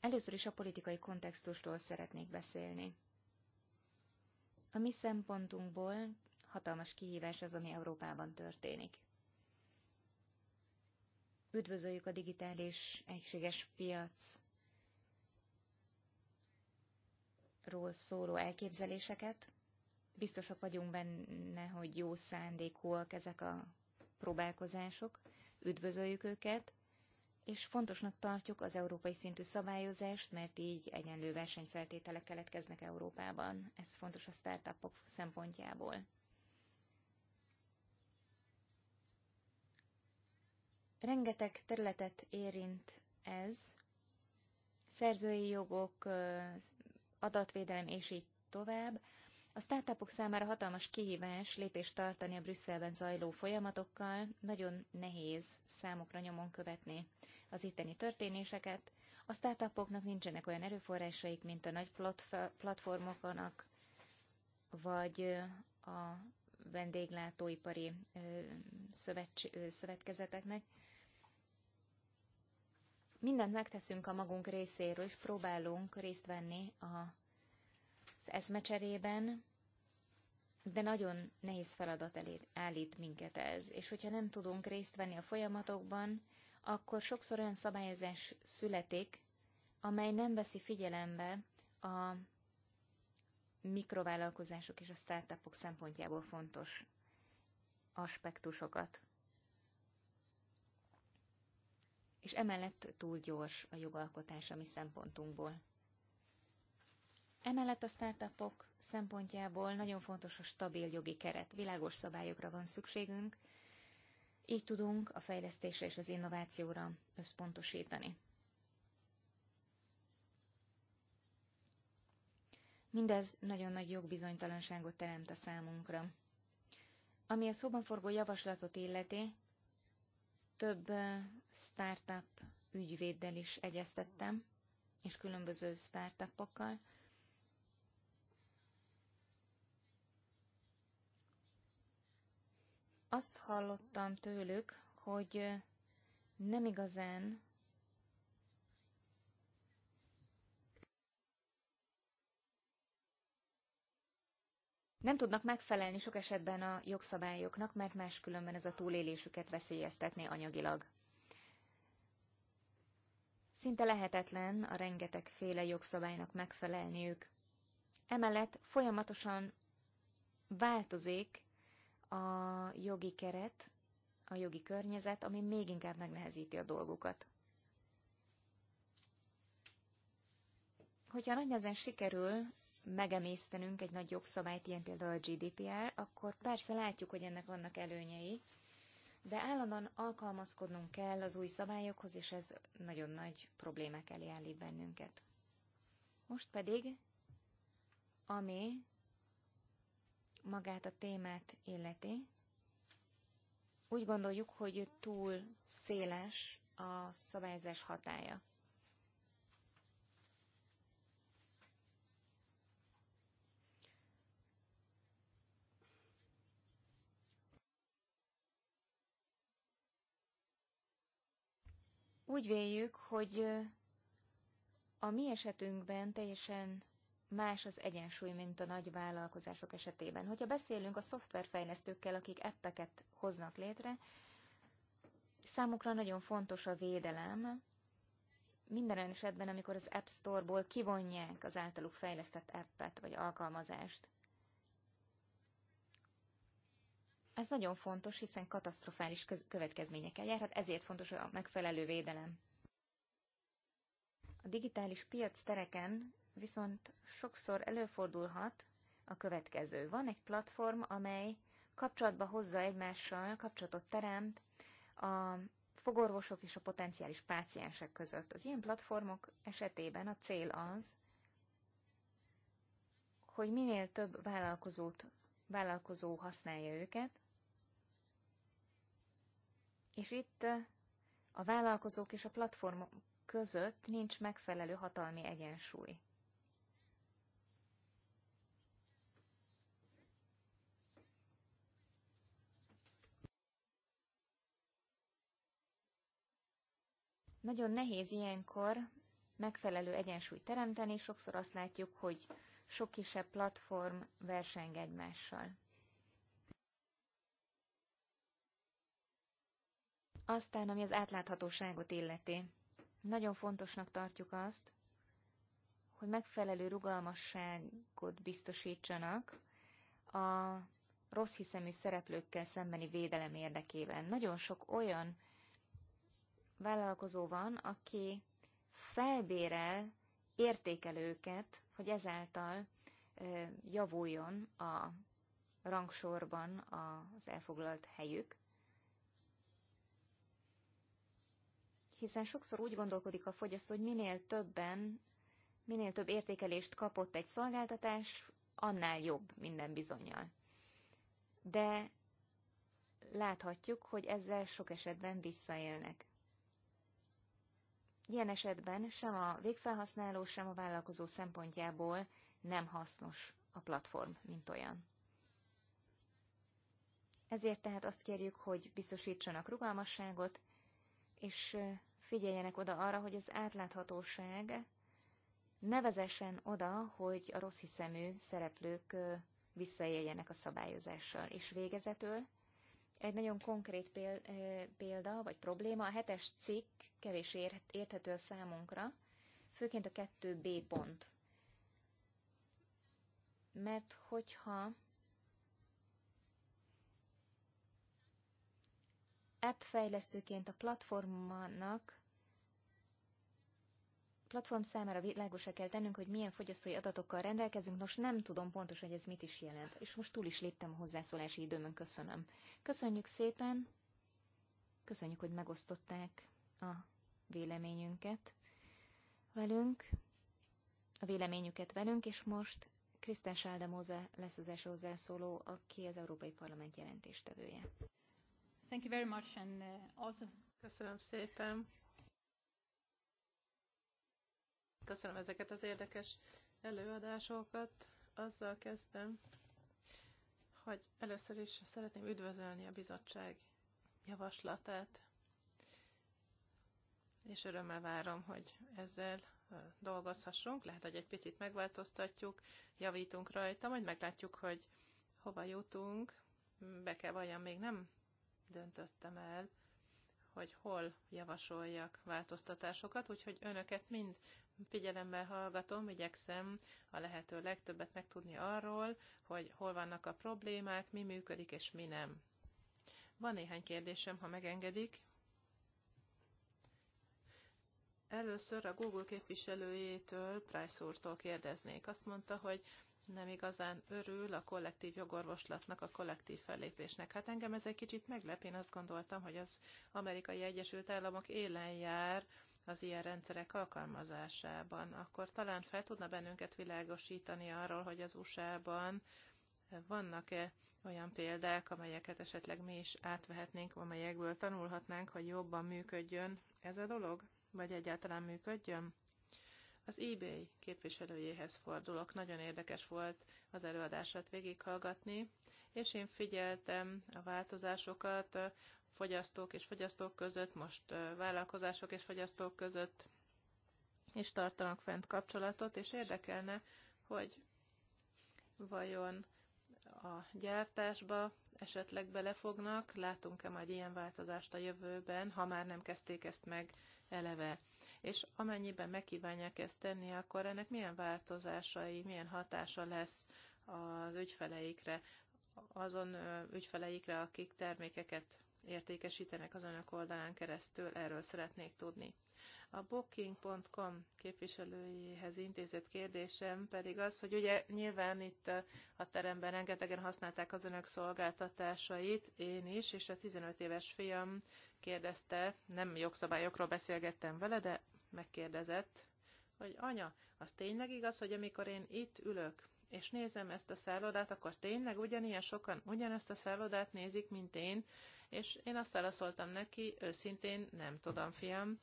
Először is a politikai kontextusról szeretnék beszélni. A mi szempontunkból hatalmas kihívás az, ami Európában történik. Üdvözöljük a digitális egységes piac reformokról szóló elképzeléseket. Biztosak vagyunk benne, hogy jó szándékúak ezek a próbálkozások, üdvözöljük őket, és fontosnak tartjuk az európai szintű szabályozást, mert így egyenlő versenyfeltételek keletkeznek Európában. Ez fontos a startupok szempontjából. Rengeteg területet érint ez, szerzői jogok, adatvédelem és így tovább. A startupok számára hatalmas kihívás lépést tartani a Brüsszelben zajló folyamatokkal, nagyon nehéz számukra nyomon követni az itteni történéseket. A startupoknak nincsenek olyan erőforrásaik, mint a nagy platformoknak, vagy a vendéglátóipari szövetkezeteknek mindent megteszünk a magunk részéről, és próbálunk részt venni a, az eszmecserében, de nagyon nehéz feladat elé, állít minket ez. És hogyha nem tudunk részt venni a folyamatokban, akkor sokszor olyan szabályozás születik, amely nem veszi figyelembe a mikrovállalkozások és a startupok szempontjából fontos aspektusokat. és emellett túl gyors a jogalkotás a mi szempontunkból. Emellett a startupok szempontjából nagyon fontos a stabil jogi keret, világos szabályokra van szükségünk, így tudunk a fejlesztésre és az innovációra összpontosítani. Mindez nagyon nagy jogbizonytalanságot teremt a számunkra. Ami a szóban forgó javaslatot illeti, több startup ügyvéddel is egyeztettem, és különböző startupokkal. Azt hallottam tőlük, hogy nem igazán Nem tudnak megfelelni sok esetben a jogszabályoknak, mert máskülönben ez a túlélésüket veszélyeztetné anyagilag. Szinte lehetetlen a féle jogszabálynak megfelelniük. Emellett folyamatosan változik a jogi keret, a jogi környezet, ami még inkább megnehezíti a dolgukat. Hogyha nagy nehezen sikerül megemésztenünk egy nagy jogszabályt, ilyen például a GDPR, akkor persze látjuk, hogy ennek vannak előnyei, de állandóan alkalmazkodnunk kell az új szabályokhoz, és ez nagyon nagy problémák elé állít bennünket. Most pedig, ami magát a témát illeti, úgy gondoljuk, hogy túl széles a szabályozás hatája. Úgy véljük, hogy a mi esetünkben teljesen más az egyensúly, mint a nagy vállalkozások esetében. Hogyha beszélünk a szoftverfejlesztőkkel, akik appeket hoznak létre, számukra nagyon fontos a védelem, minden olyan esetben, amikor az App Store-ból kivonják az általuk fejlesztett appet vagy alkalmazást. Ez nagyon fontos, hiszen katasztrofális következményekkel járhat, ezért fontos a megfelelő védelem. A digitális piac tereken viszont sokszor előfordulhat a következő. Van egy platform, amely kapcsolatba hozza egymással, kapcsolatot teremt a fogorvosok és a potenciális páciensek között. Az ilyen platformok esetében a cél az, hogy minél több vállalkozót, vállalkozó használja őket, és itt a vállalkozók és a platform között nincs megfelelő hatalmi egyensúly. Nagyon nehéz ilyenkor megfelelő egyensúlyt teremteni, sokszor azt látjuk, hogy sok kisebb platform verseng egymással. Aztán, ami az átláthatóságot illeti. Nagyon fontosnak tartjuk azt, hogy megfelelő rugalmasságot biztosítsanak a rossz hiszemű szereplőkkel szembeni védelem érdekében. Nagyon sok olyan vállalkozó van, aki felbérel értékelőket, hogy ezáltal javuljon a rangsorban az elfoglalt helyük. hiszen sokszor úgy gondolkodik a fogyasztó, hogy minél többen, minél több értékelést kapott egy szolgáltatás, annál jobb minden bizonyal. De láthatjuk, hogy ezzel sok esetben visszaélnek. Ilyen esetben sem a végfelhasználó, sem a vállalkozó szempontjából nem hasznos a platform, mint olyan. Ezért tehát azt kérjük, hogy biztosítsanak rugalmasságot, és figyeljenek oda arra, hogy az átláthatóság nevezesen oda, hogy a rossz hiszemű szereplők visszaéljenek a szabályozással. És végezetül egy nagyon konkrét példa, vagy probléma, a hetes cikk kevés érthető a számunkra, főként a 2B pont. Mert hogyha app fejlesztőként a platformnak platform számára világosra kell tennünk, hogy milyen fogyasztói adatokkal rendelkezünk, nos nem tudom pontosan, hogy ez mit is jelent, és most túl is léptem a hozzászólási időmön, köszönöm. Köszönjük szépen, köszönjük, hogy megosztották a véleményünket velünk, a véleményüket velünk, és most Krisztán Sáldemóze lesz az első hozzászóló, aki az Európai Parlament jelentéstevője. Thank you very much, and uh, also... Köszönöm szépen. Köszönöm ezeket az érdekes előadásokat. Azzal kezdtem, hogy először is szeretném üdvözölni a bizottság javaslatát, és örömmel várom, hogy ezzel dolgozhassunk. Lehet, hogy egy picit megváltoztatjuk, javítunk rajta, majd meglátjuk, hogy hova jutunk. Be kell valljam, még nem döntöttem el, hogy hol javasoljak változtatásokat, úgyhogy önöket mind figyelemmel hallgatom, igyekszem a lehető legtöbbet megtudni arról, hogy hol vannak a problémák, mi működik és mi nem. Van néhány kérdésem, ha megengedik. Először a Google képviselőjétől, Price úrtól kérdeznék. Azt mondta, hogy nem igazán örül a kollektív jogorvoslatnak, a kollektív fellépésnek. Hát engem ez egy kicsit meglep, én azt gondoltam, hogy az amerikai Egyesült Államok élen jár az ilyen rendszerek alkalmazásában, akkor talán fel tudna bennünket világosítani arról, hogy az USA-ban vannak-e olyan példák, amelyeket esetleg mi is átvehetnénk, amelyekből tanulhatnánk, hogy jobban működjön ez a dolog, vagy egyáltalán működjön? Az eBay képviselőjéhez fordulok. Nagyon érdekes volt az előadását végighallgatni, és én figyeltem a változásokat, fogyasztók és fogyasztók között, most vállalkozások és fogyasztók között is tartanak fent kapcsolatot, és érdekelne, hogy vajon a gyártásba esetleg belefognak, látunk-e majd ilyen változást a jövőben, ha már nem kezdték ezt meg eleve. És amennyiben megkívánják ezt tenni, akkor ennek milyen változásai, milyen hatása lesz az ügyfeleikre, azon ügyfeleikre, akik termékeket értékesítenek az önök oldalán keresztül, erről szeretnék tudni. A booking.com képviselőjéhez intézett kérdésem pedig az, hogy ugye nyilván itt a teremben rengetegen használták az önök szolgáltatásait, én is, és a 15 éves fiam kérdezte, nem jogszabályokról beszélgettem vele, de megkérdezett, hogy anya, az tényleg igaz, hogy amikor én itt ülök, és nézem ezt a szállodát, akkor tényleg ugyanilyen sokan ugyanezt a szállodát nézik, mint én, és én azt válaszoltam neki, őszintén nem tudom, fiam,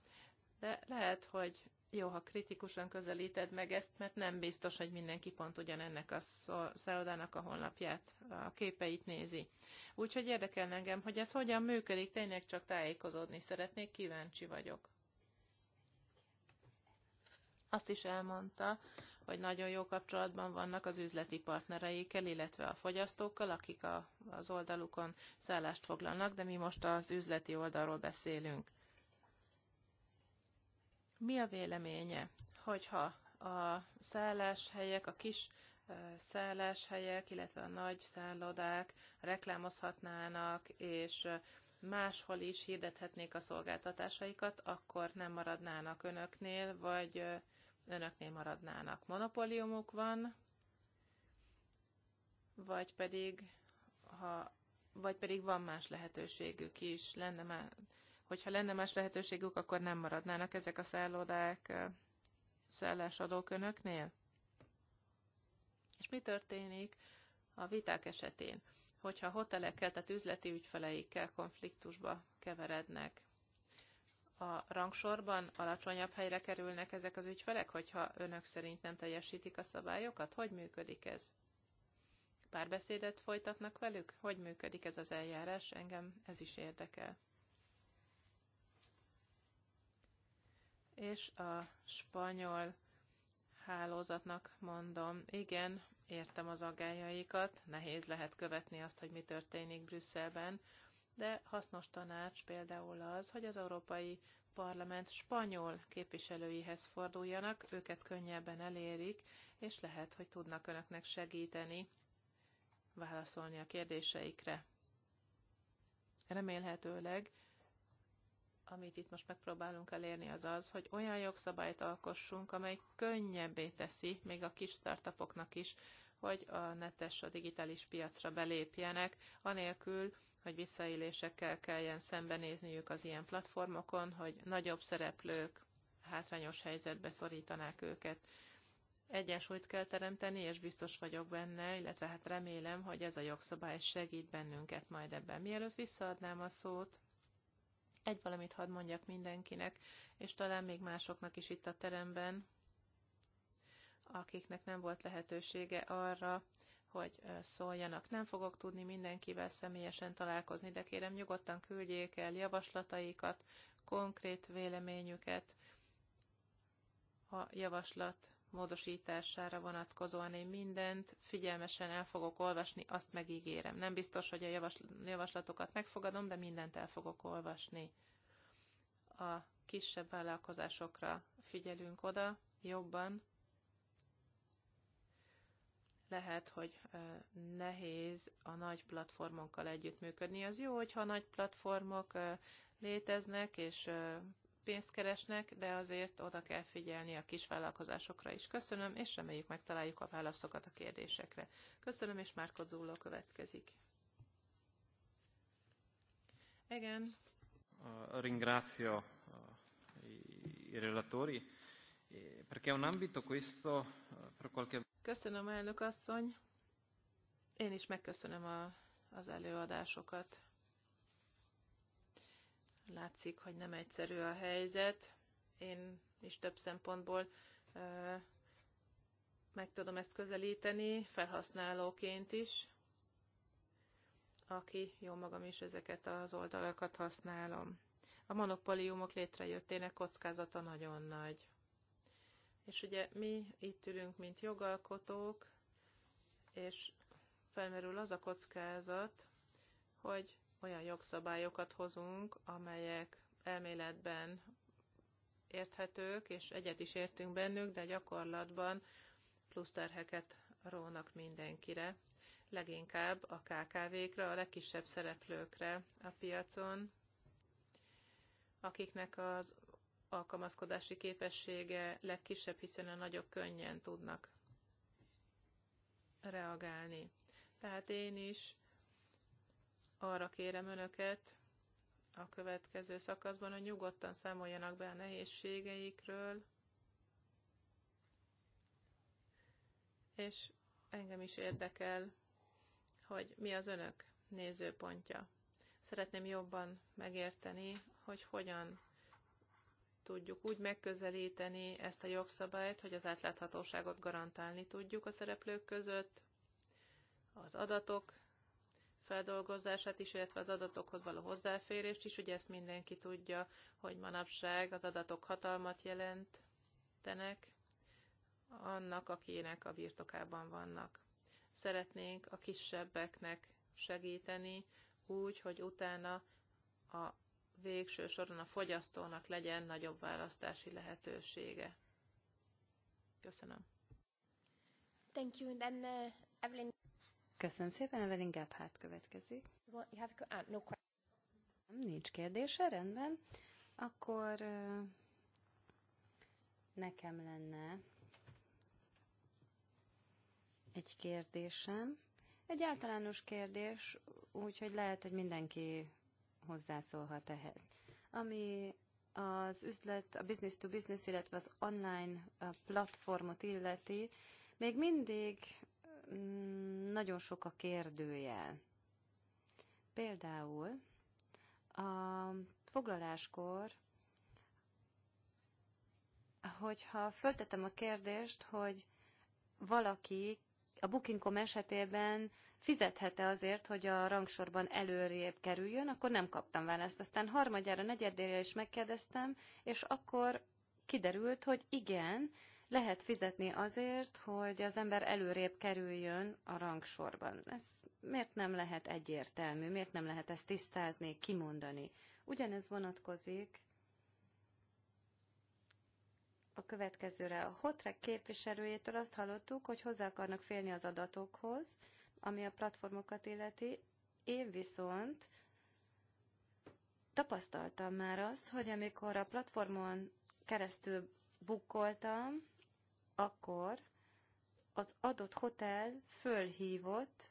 de lehet, hogy jó, ha kritikusan közelíted meg ezt, mert nem biztos, hogy mindenki pont ugyanennek a szállodának a honlapját, a képeit nézi. Úgyhogy érdekel engem, hogy ez hogyan működik, tényleg csak tájékozódni szeretnék, kíváncsi vagyok. Azt is elmondta, vagy nagyon jó kapcsolatban vannak az üzleti partnereikkel, illetve a fogyasztókkal, akik a, az oldalukon szállást foglalnak, de mi most az üzleti oldalról beszélünk. Mi a véleménye, hogyha a szálláshelyek, a kis szálláshelyek, illetve a nagy szállodák reklámozhatnának, és máshol is hirdethetnék a szolgáltatásaikat, akkor nem maradnának önöknél, vagy önöknél maradnának. Monopóliumuk van, vagy pedig, ha, vagy pedig van más lehetőségük is, lenne már, hogyha lenne más lehetőségük, akkor nem maradnának ezek a szállodák szállásadók önöknél? És mi történik a viták esetén, hogyha hotelekkel, tehát üzleti ügyfeleikkel konfliktusba keverednek? a rangsorban alacsonyabb helyre kerülnek ezek az ügyfelek, hogyha önök szerint nem teljesítik a szabályokat? Hogy működik ez? Párbeszédet folytatnak velük? Hogy működik ez az eljárás? Engem ez is érdekel. És a spanyol hálózatnak mondom, igen, értem az aggájaikat, nehéz lehet követni azt, hogy mi történik Brüsszelben, de hasznos tanács például az, hogy az Európai Parlament spanyol képviselőihez forduljanak, őket könnyebben elérik, és lehet, hogy tudnak önöknek segíteni válaszolni a kérdéseikre. Remélhetőleg, amit itt most megpróbálunk elérni, az az, hogy olyan jogszabályt alkossunk, amely könnyebbé teszi még a kis startupoknak is, hogy a netes, a digitális piacra belépjenek, anélkül, hogy visszaélésekkel kelljen szembenézniük az ilyen platformokon, hogy nagyobb szereplők hátrányos helyzetbe szorítanák őket. Egyensúlyt kell teremteni, és biztos vagyok benne, illetve hát remélem, hogy ez a jogszabály segít bennünket majd ebben. Mielőtt visszaadnám a szót, egy valamit hadd mondjak mindenkinek, és talán még másoknak is itt a teremben, akiknek nem volt lehetősége arra, hogy szóljanak. Nem fogok tudni mindenkivel személyesen találkozni, de kérem nyugodtan küldjék el javaslataikat, konkrét véleményüket a javaslat módosítására vonatkozóan. Én mindent figyelmesen el fogok olvasni, azt megígérem. Nem biztos, hogy a javaslatokat megfogadom, de mindent el fogok olvasni. A kisebb vállalkozásokra figyelünk oda jobban, lehet, hogy nehéz a nagy platformokkal együttműködni. Az jó, hogyha a nagy platformok léteznek és pénzt keresnek, de azért oda kell figyelni a kis vállalkozásokra is. Köszönöm, és reméljük megtaláljuk a válaszokat a kérdésekre. Köszönöm, és Márko Zulló következik. Igen. Eh, ringrazio eh, i relatori, eh, perché è un ambito questo per qualche... Köszönöm, elnök asszony. Én is megköszönöm a, az előadásokat. Látszik, hogy nem egyszerű a helyzet. Én is több szempontból ö, meg tudom ezt közelíteni, felhasználóként is, aki jó magam is ezeket az oldalakat használom. A monopóliumok létrejöttének kockázata nagyon nagy és ugye mi itt ülünk, mint jogalkotók, és felmerül az a kockázat, hogy olyan jogszabályokat hozunk, amelyek elméletben érthetők, és egyet is értünk bennük, de gyakorlatban plusz terheket rónak mindenkire, leginkább a kkv kre a legkisebb szereplőkre a piacon, akiknek az alkalmazkodási képessége legkisebb, hiszen a nagyok könnyen tudnak reagálni. Tehát én is arra kérem önöket a következő szakaszban, hogy nyugodtan számoljanak be a nehézségeikről, és engem is érdekel, hogy mi az önök nézőpontja. Szeretném jobban megérteni, hogy hogyan tudjuk úgy megközelíteni ezt a jogszabályt, hogy az átláthatóságot garantálni tudjuk a szereplők között, az adatok feldolgozását is, illetve az adatokhoz való hozzáférést is. Ugye ezt mindenki tudja, hogy manapság az adatok hatalmat jelentenek annak, akinek a birtokában vannak. Szeretnénk a kisebbeknek segíteni úgy, hogy utána a végső soron a fogyasztónak legyen nagyobb választási lehetősége. Köszönöm. Thank you. And then, uh, Evelyn... Köszönöm szépen, Evelyn Gebhardt következik. You have to... ah, uh, no Nincs kérdése, rendben. Akkor uh, nekem lenne egy kérdésem. Egy általános kérdés, úgyhogy lehet, hogy mindenki hozzászólhat ehhez. Ami az üzlet, a business to business, illetve az online platformot illeti, még mindig mm, nagyon sok a kérdőjel. Például a foglaláskor, hogyha föltetem a kérdést, hogy valaki a Booking.com esetében fizethet-e azért, hogy a rangsorban előrébb kerüljön, akkor nem kaptam választ. Aztán harmadjára, negyedére is megkérdeztem, és akkor kiderült, hogy igen, lehet fizetni azért, hogy az ember előrébb kerüljön a rangsorban. Ez miért nem lehet egyértelmű, miért nem lehet ezt tisztázni, kimondani? Ugyanez vonatkozik a következőre. A Hotrek képviselőjétől azt hallottuk, hogy hozzá akarnak félni az adatokhoz, ami a platformokat illeti. Én viszont tapasztaltam már azt, hogy amikor a platformon keresztül bukkoltam, akkor az adott hotel fölhívott,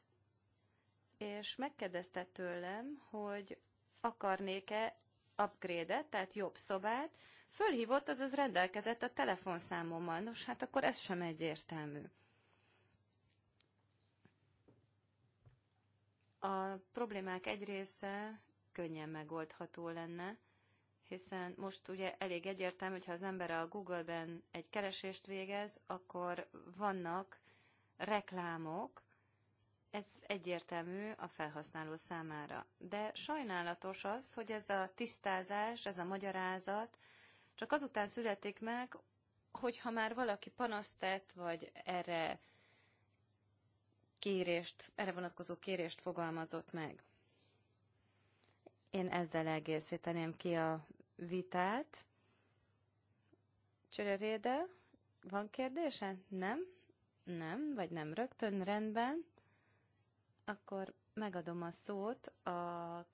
és megkérdezte tőlem, hogy akarnék-e upgrade-et, tehát jobb szobát, Fölhívott, azaz rendelkezett a telefonszámommal. Nos, hát akkor ez sem egyértelmű. A problémák egy része könnyen megoldható lenne, hiszen most ugye elég egyértelmű, hogyha az ember a Google-ben egy keresést végez, akkor vannak reklámok, ez egyértelmű a felhasználó számára. De sajnálatos az, hogy ez a tisztázás, ez a magyarázat csak azután születik meg, hogyha már valaki panaszt tett, vagy erre kérést, erre vonatkozó kérést fogalmazott meg. Én ezzel egészíteném ki a vitát. Csöröréde, van kérdése? Nem? Nem, vagy nem rögtön, rendben. Akkor megadom a szót a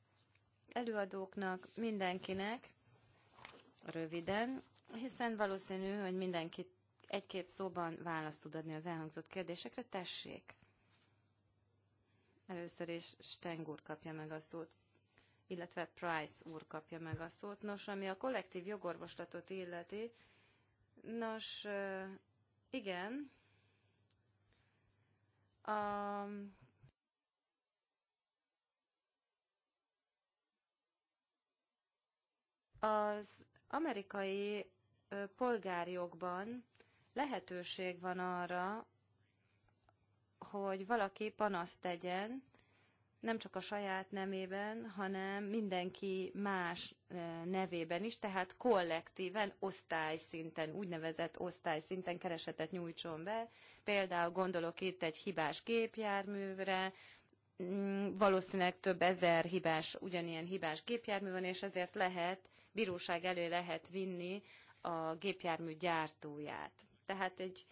előadóknak, mindenkinek röviden, hiszen valószínű, hogy mindenki egy-két szóban választ tud adni az elhangzott kérdésekre. Tessék! Először is Steng úr kapja meg a szót, illetve Price úr kapja meg a szót. Nos, ami a kollektív jogorvoslatot illeti, nos, igen, a az amerikai polgárjogban lehetőség van arra, hogy valaki panaszt tegyen, nem csak a saját nemében, hanem mindenki más nevében is, tehát kollektíven, osztályszinten, úgynevezett osztályszinten keresetet nyújtson be. Például gondolok itt egy hibás gépjárművre, mm, valószínűleg több ezer hibás, ugyanilyen hibás gépjármű van, és ezért lehet bíróság elé lehet vinni a gépjármű gyártóját. Tehát egy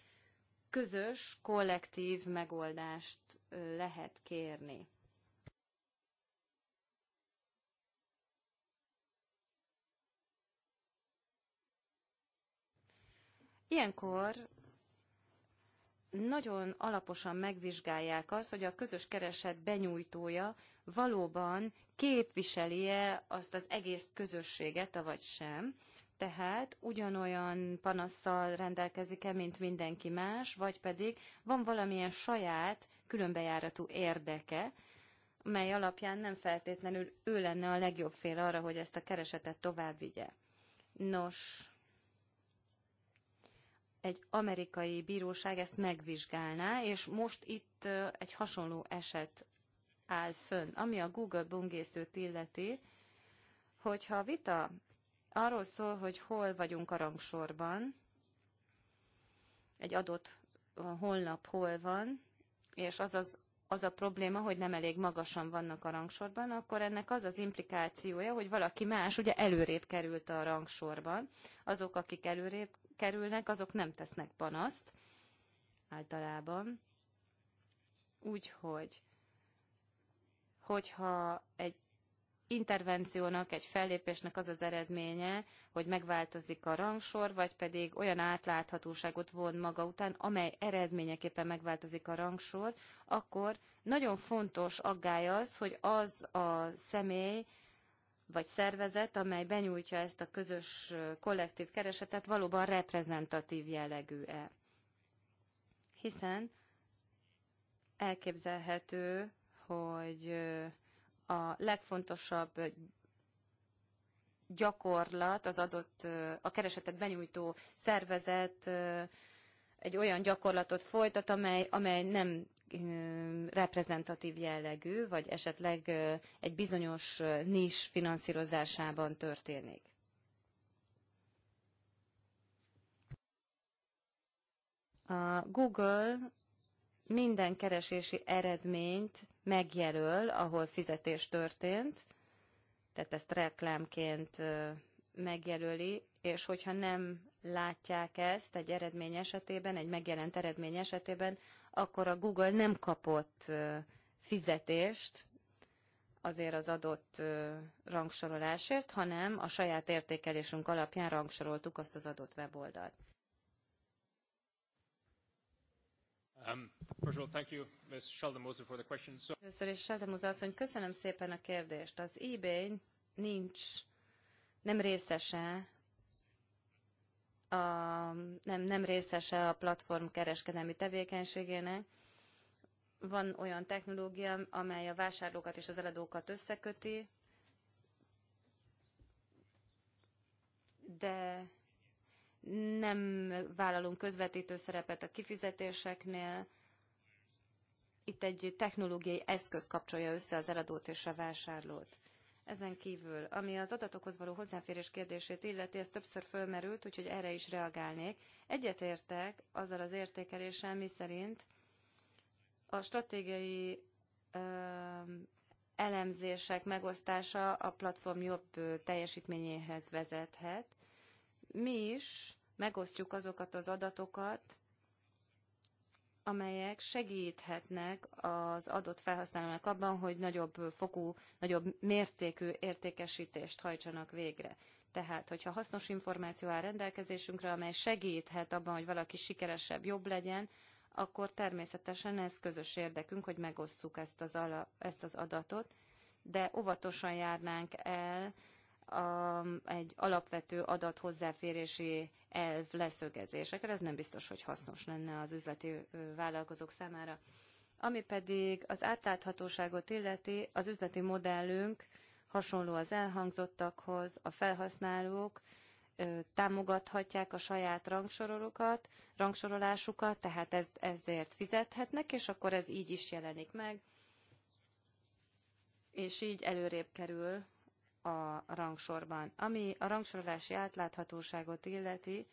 közös, kollektív megoldást lehet kérni. Ilyenkor nagyon alaposan megvizsgálják azt, hogy a közös kereset benyújtója valóban képviseli-e azt az egész közösséget, vagy sem. Tehát ugyanolyan panasszal rendelkezik-e, mint mindenki más, vagy pedig van valamilyen saját, különbejáratú érdeke, mely alapján nem feltétlenül ő lenne a legjobb fél arra, hogy ezt a keresetet tovább vigye. Nos, egy amerikai bíróság ezt megvizsgálná, és most itt egy hasonló eset áll fönn, ami a Google böngészőt illeti, hogyha a vita arról szól, hogy hol vagyunk a rangsorban, egy adott honlap hol van, és az az az a probléma, hogy nem elég magasan vannak a rangsorban, akkor ennek az az implikációja, hogy valaki más ugye előrébb került a rangsorban. Azok, akik előrébb kerülnek, azok nem tesznek panaszt általában. Úgyhogy, hogyha egy intervenciónak, egy fellépésnek az az eredménye, hogy megváltozik a rangsor, vagy pedig olyan átláthatóságot von maga után, amely eredményeképpen megváltozik a rangsor, akkor nagyon fontos aggály az, hogy az a személy, vagy szervezet, amely benyújtja ezt a közös kollektív keresetet, valóban reprezentatív jellegű-e. Hiszen elképzelhető, hogy a legfontosabb gyakorlat az adott, a keresetet benyújtó szervezet egy olyan gyakorlatot folytat, amely, amely nem reprezentatív jellegű, vagy esetleg egy bizonyos nis finanszírozásában történik. A Google minden keresési eredményt megjelöl, ahol fizetés történt, tehát ezt reklámként megjelöli, és hogyha nem látják ezt egy eredmény esetében, egy megjelent eredmény esetében, akkor a Google nem kapott fizetést azért az adott rangsorolásért, hanem a saját értékelésünk alapján rangsoroltuk azt az adott weboldalt. Um, Sheldon-Moser, Először is sheldon asszony, köszönöm szépen a kérdést. Az eBay nincs, nem részese a, nem, nem részese a platform kereskedelmi tevékenységének. Van olyan technológia, amely a vásárlókat és az eladókat összeköti, de nem vállalunk közvetítő szerepet a kifizetéseknél. Itt egy technológiai eszköz kapcsolja össze az eladót és a vásárlót. Ezen kívül, ami az adatokhoz való hozzáférés kérdését illeti, ez többször fölmerült, úgyhogy erre is reagálnék. Egyetértek azzal az értékeléssel, mi szerint a stratégiai ö, elemzések megosztása a platform jobb teljesítményéhez vezethet, mi is megosztjuk azokat az adatokat, amelyek segíthetnek az adott felhasználónak abban, hogy nagyobb fokú, nagyobb mértékű értékesítést hajtsanak végre. Tehát, hogyha hasznos információ áll rendelkezésünkre, amely segíthet abban, hogy valaki sikeresebb, jobb legyen, akkor természetesen ez közös érdekünk, hogy megosszuk ezt az, ala, ezt az adatot, de óvatosan járnánk el, a, um, egy alapvető adat hozzáférési elv leszögezésekre. Ez nem biztos, hogy hasznos lenne az üzleti vállalkozók számára. Ami pedig az átláthatóságot illeti, az üzleti modellünk hasonló az elhangzottakhoz, a felhasználók ö, támogathatják a saját rangsorolókat, rangsorolásukat, tehát ez, ezért fizethetnek, és akkor ez így is jelenik meg, és így előrébb kerül a rangsorban. Ami a rangsorolási átláthatóságot illeti,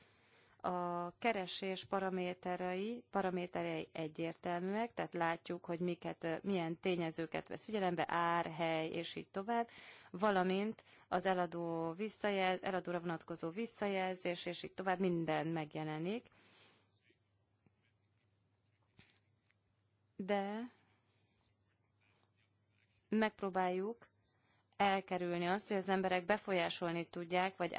a keresés paraméterei, paraméterei egyértelműek, tehát látjuk, hogy miket, milyen tényezőket vesz figyelembe, ár, hely, és így tovább, valamint az eladó visszajelz, eladóra vonatkozó visszajelzés, és így tovább minden megjelenik. De megpróbáljuk elkerülni azt, hogy az emberek befolyásolni tudják, vagy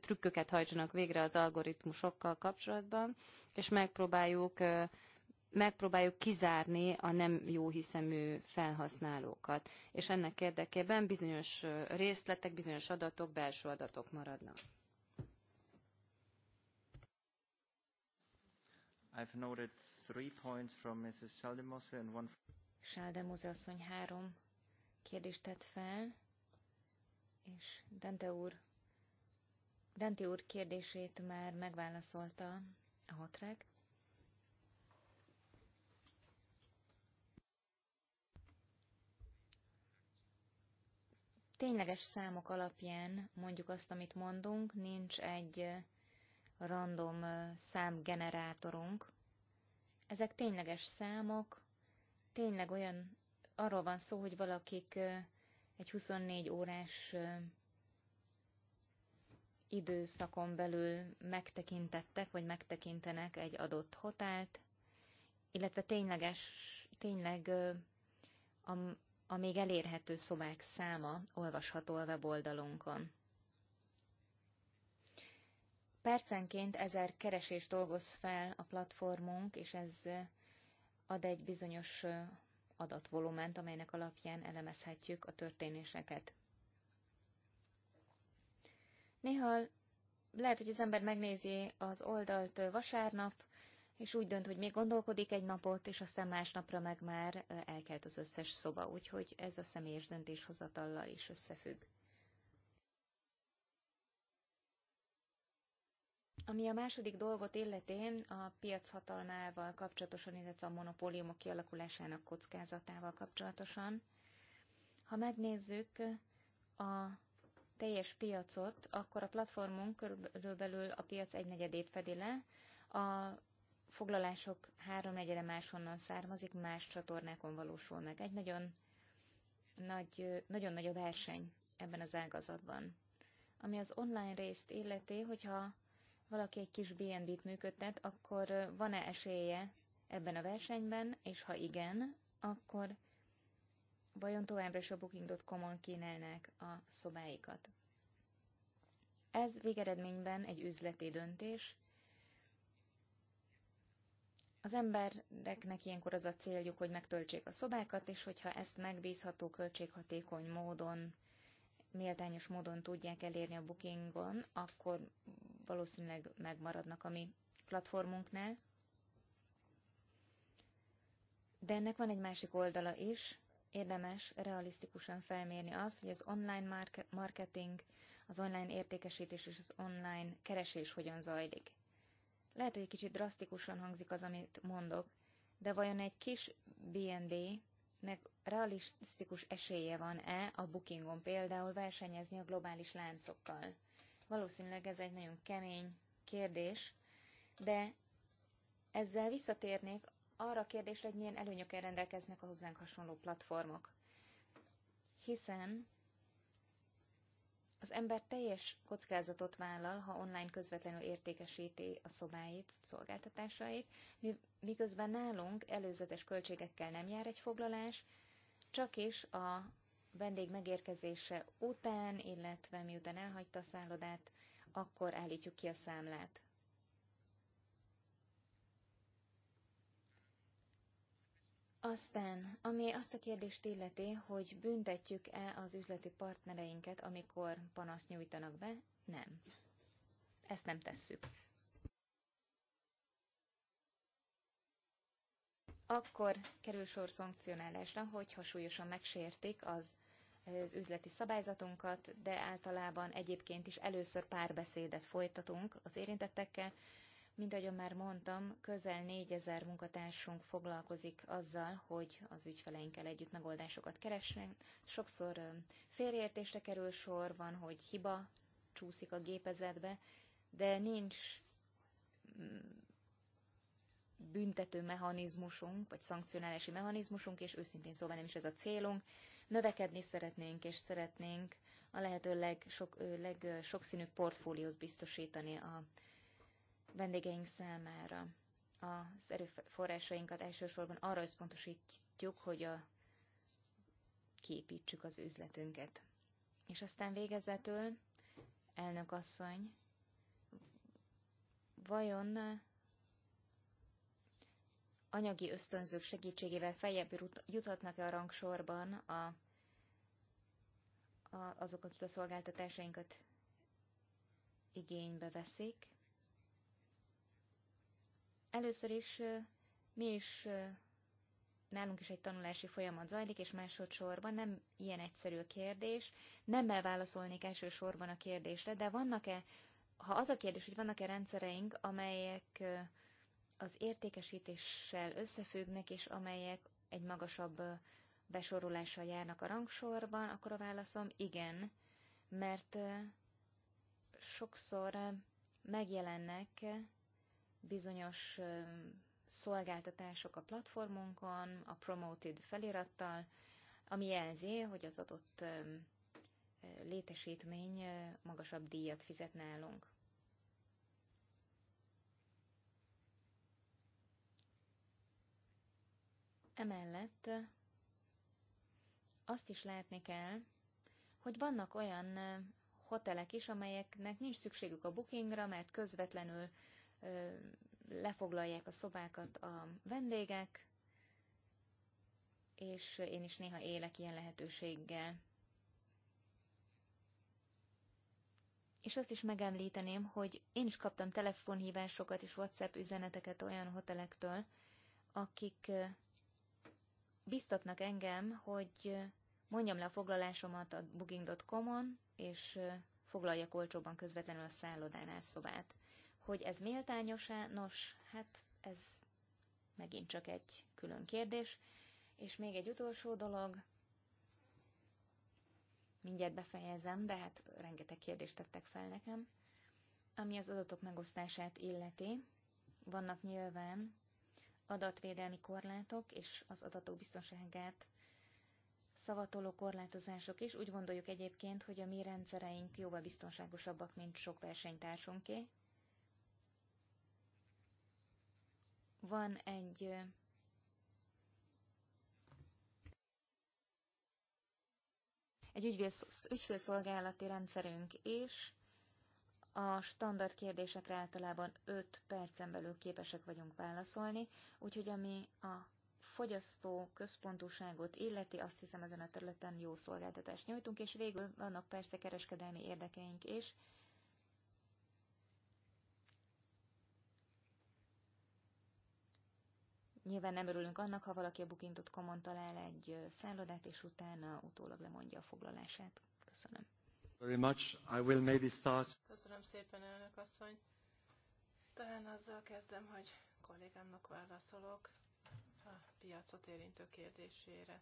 trükköket hajtsanak végre az algoritmusokkal kapcsolatban, és megpróbáljuk megpróbáljuk kizárni a nem jó hiszemű felhasználókat. És ennek érdekében bizonyos részletek, bizonyos adatok, belső adatok maradnak. I've noted three points from Mrs. Schaldemose and one Schaldemose asszony három kérdést tett fel, és Dante úr, Dante úr kérdését már megválaszolta a hatrek. Tényleges számok alapján mondjuk azt, amit mondunk, nincs egy random számgenerátorunk. Ezek tényleges számok, tényleg olyan arról van szó, hogy valakik egy 24 órás időszakon belül megtekintettek, vagy megtekintenek egy adott hotelt, illetve tényleges, tényleg a, a még elérhető szobák száma olvasható a weboldalunkon. Percenként ezer keresést dolgoz fel a platformunk, és ez ad egy bizonyos adatvolument, amelynek alapján elemezhetjük a történéseket. Néha lehet, hogy az ember megnézi az oldalt vasárnap, és úgy dönt, hogy még gondolkodik egy napot, és aztán másnapra meg már elkelt az összes szoba, úgyhogy ez a személyes döntéshozatallal is összefügg. Ami a második dolgot illetén a piac hatalmával kapcsolatosan, illetve a monopóliumok kialakulásának kockázatával kapcsolatosan, ha megnézzük a teljes piacot, akkor a platformunk körülbelül a piac egynegyedét fedi le, a foglalások háromnegyede máshonnan származik, más csatornákon valósul meg. Egy nagyon nagy, nagyon nagy a verseny ebben az ágazatban. Ami az online részt illeti, hogyha valaki egy kis BNB-t működtet, akkor van-e esélye ebben a versenyben, és ha igen, akkor vajon továbbra is a Booking.com-on kínálnák a szobáikat? Ez végeredményben egy üzleti döntés. Az embereknek ilyenkor az a céljuk, hogy megtöltsék a szobákat, és hogyha ezt megbízható, költséghatékony módon, méltányos módon tudják elérni a bookingon, akkor valószínűleg megmaradnak a mi platformunknál. De ennek van egy másik oldala is, érdemes realisztikusan felmérni azt, hogy az online marketing, az online értékesítés és az online keresés hogyan zajlik. Lehet, hogy egy kicsit drasztikusan hangzik az, amit mondok, de vajon egy kis BNB-nek realisztikus esélye van-e a bookingon például versenyezni a globális láncokkal? Valószínűleg ez egy nagyon kemény kérdés, de ezzel visszatérnék arra a kérdésre, hogy milyen előnyökkel rendelkeznek a hozzánk hasonló platformok. Hiszen az ember teljes kockázatot vállal, ha online közvetlenül értékesíti a szobáit, szolgáltatásait, miközben nálunk előzetes költségekkel nem jár egy foglalás, csak is a vendég megérkezése után, illetve miután elhagyta a szállodát, akkor állítjuk ki a számlát. Aztán, ami azt a kérdést illeti, hogy büntetjük-e az üzleti partnereinket, amikor panaszt nyújtanak be, nem. Ezt nem tesszük. Akkor kerül sor szankcionálásra, hogyha súlyosan megsértik az az üzleti szabályzatunkat, de általában egyébként is először párbeszédet folytatunk az érintettekkel. Mint ahogy már mondtam, közel 4000 munkatársunk foglalkozik azzal, hogy az ügyfeleinkkel együtt megoldásokat keressen. Sokszor félreértésre kerül sor, van, hogy hiba csúszik a gépezetbe, de nincs mm, büntető mechanizmusunk, vagy szankcionálási mechanizmusunk, és őszintén szóval nem is ez a célunk. Növekedni szeretnénk, és szeretnénk a lehető legsok, legsokszínűbb portfóliót biztosítani a vendégeink számára. Az erőforrásainkat elsősorban arra összpontosítjuk, hogy a képítsük az üzletünket. És aztán végezetül, elnök asszony, vajon anyagi ösztönzők segítségével feljebb juthatnak-e a rangsorban a, a, azok, akik a szolgáltatásainkat igénybe veszik. Először is mi is nálunk is egy tanulási folyamat zajlik, és másodszorban nem ilyen egyszerű a kérdés. Nem elválaszolnék elsősorban a kérdésre, de vannak-e, ha az a kérdés, hogy vannak-e rendszereink, amelyek az értékesítéssel összefüggnek, és amelyek egy magasabb besorolással járnak a rangsorban, akkor a válaszom igen, mert sokszor megjelennek bizonyos szolgáltatások a platformunkon, a promoted felirattal, ami jelzi, hogy az adott létesítmény magasabb díjat fizet nálunk. Emellett azt is látni kell, hogy vannak olyan hotelek is, amelyeknek nincs szükségük a bookingra, mert közvetlenül ö, lefoglalják a szobákat a vendégek, és én is néha élek ilyen lehetőséggel. És azt is megemlíteném, hogy én is kaptam telefonhívásokat és WhatsApp üzeneteket olyan hotelektől, akik biztatnak engem, hogy mondjam le a foglalásomat a booking.com-on, és foglaljak olcsóban közvetlenül a szállodánál szobát. Hogy ez méltányos-e? Nos, hát ez megint csak egy külön kérdés. És még egy utolsó dolog, mindjárt befejezem, de hát rengeteg kérdést tettek fel nekem, ami az adatok megosztását illeti. Vannak nyilván adatvédelmi korlátok és az adatok biztonságát szavatoló korlátozások is. Úgy gondoljuk egyébként, hogy a mi rendszereink jóval biztonságosabbak, mint sok versenytársunké. Van egy egy ügyfélszolgálati rendszerünk is, a standard kérdésekre általában 5 percen belül képesek vagyunk válaszolni, úgyhogy ami a fogyasztó központúságot illeti, azt hiszem ezen a területen jó szolgáltatást nyújtunk, és végül vannak persze kereskedelmi érdekeink is. Nyilván nem örülünk annak, ha valaki a booking.com-on talál egy szállodát, és utána utólag lemondja a foglalását. Köszönöm. Very much. I will maybe start. Köszönöm szépen, elnök asszony. Talán azzal kezdem, hogy kollégámnak válaszolok a piacot érintő kérdésére.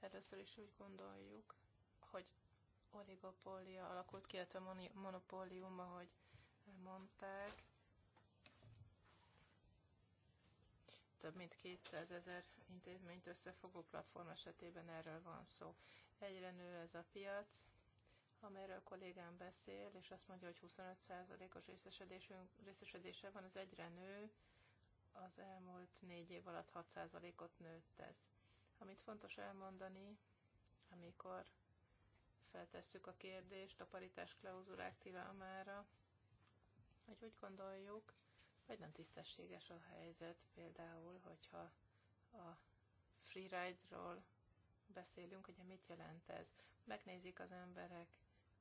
Először is úgy gondoljuk, hogy oligopólia alakult ki, illetve monopólium, ahogy mondták. Több mint 200 ezer intézményt összefogó platform esetében erről van szó. Egyre nő ez a piac, amelyről kollégám beszél, és azt mondja, hogy 25%-os részesedésünk, részesedése van, az egyre nő, az elmúlt négy év alatt 6%-ot nőtt ez. Amit fontos elmondani, amikor feltesszük a kérdést a paritás klauzulák tilalmára, hogy úgy gondoljuk, vagy nem tisztességes a helyzet, például, hogyha a freeride-ról beszélünk, hogy mit jelent ez. Megnézik az emberek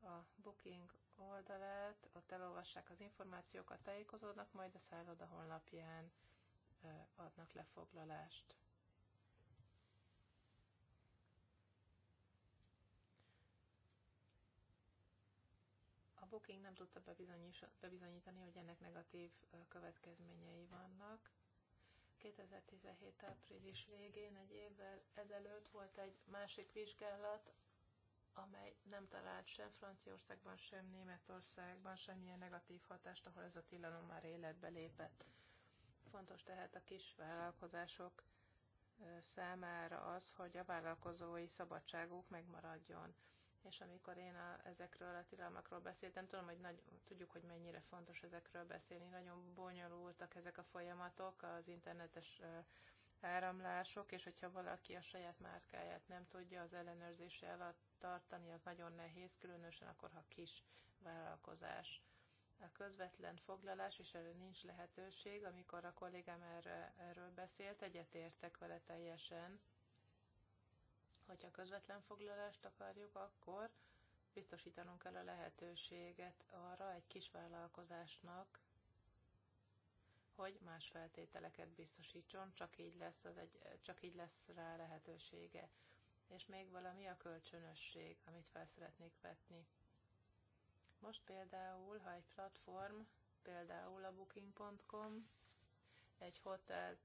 a booking oldalát, ott elolvassák az információkat, tájékozódnak, majd a szálloda honlapján adnak lefoglalást. A Booking nem tudta bebizonyítani, hogy ennek negatív következményei vannak. 2017. április végén, egy évvel ezelőtt volt egy másik vizsgálat, amely nem talált sem Franciaországban, sem Németországban semmilyen negatív hatást, ahol ez a tilalom már életbe lépett. Fontos tehát a kis vállalkozások számára az, hogy a vállalkozói szabadságuk megmaradjon. És amikor én a, ezekről a tilalmakról beszéltem, tudom, hogy nagy, tudjuk, hogy mennyire fontos ezekről beszélni. Nagyon bonyolultak ezek a folyamatok, az internetes uh, áramlások, és hogyha valaki a saját márkáját nem tudja az ellenőrzése alatt tartani, az nagyon nehéz, különösen akkor, ha kis vállalkozás. A közvetlen foglalás, és erre nincs lehetőség, amikor a kollégám erre, erről beszélt, egyetértek vele teljesen. Hogyha közvetlen foglalást akarjuk, akkor biztosítanunk kell a lehetőséget arra egy kis vállalkozásnak, hogy más feltételeket biztosítson, csak így lesz, az egy, csak így lesz rá lehetősége. És még valami a kölcsönösség, amit fel szeretnék vetni. Most például, ha egy platform, például a booking.com, egy hotel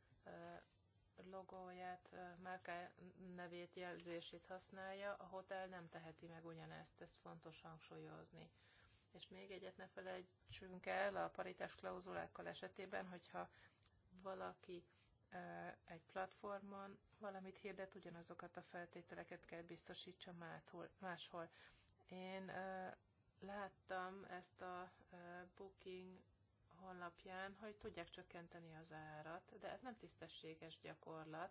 logóját, márká nevét, jelzését használja, a hotel nem teheti meg ugyanezt, ezt fontos hangsúlyozni. És még egyet ne felejtsünk el a paritás klauzulákkal esetében, hogyha valaki egy platformon valamit hirdet, ugyanazokat a feltételeket kell biztosítsa máshol. Én láttam ezt a booking honlapján, hogy tudják csökkenteni az árat, de ez nem tisztességes gyakorlat,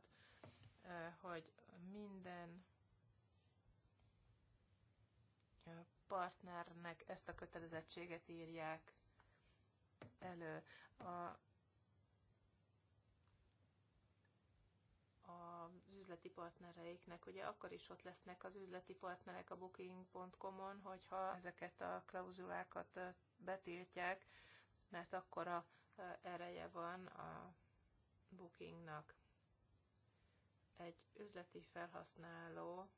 hogy minden partnernek ezt a kötelezettséget írják elő. A, az üzleti partnereiknek. Ugye akkor is ott lesznek az üzleti partnerek a booking.com-on, hogyha ezeket a klauzulákat betiltják, mert akkor a ereje van a bookingnak. Egy üzleti felhasználó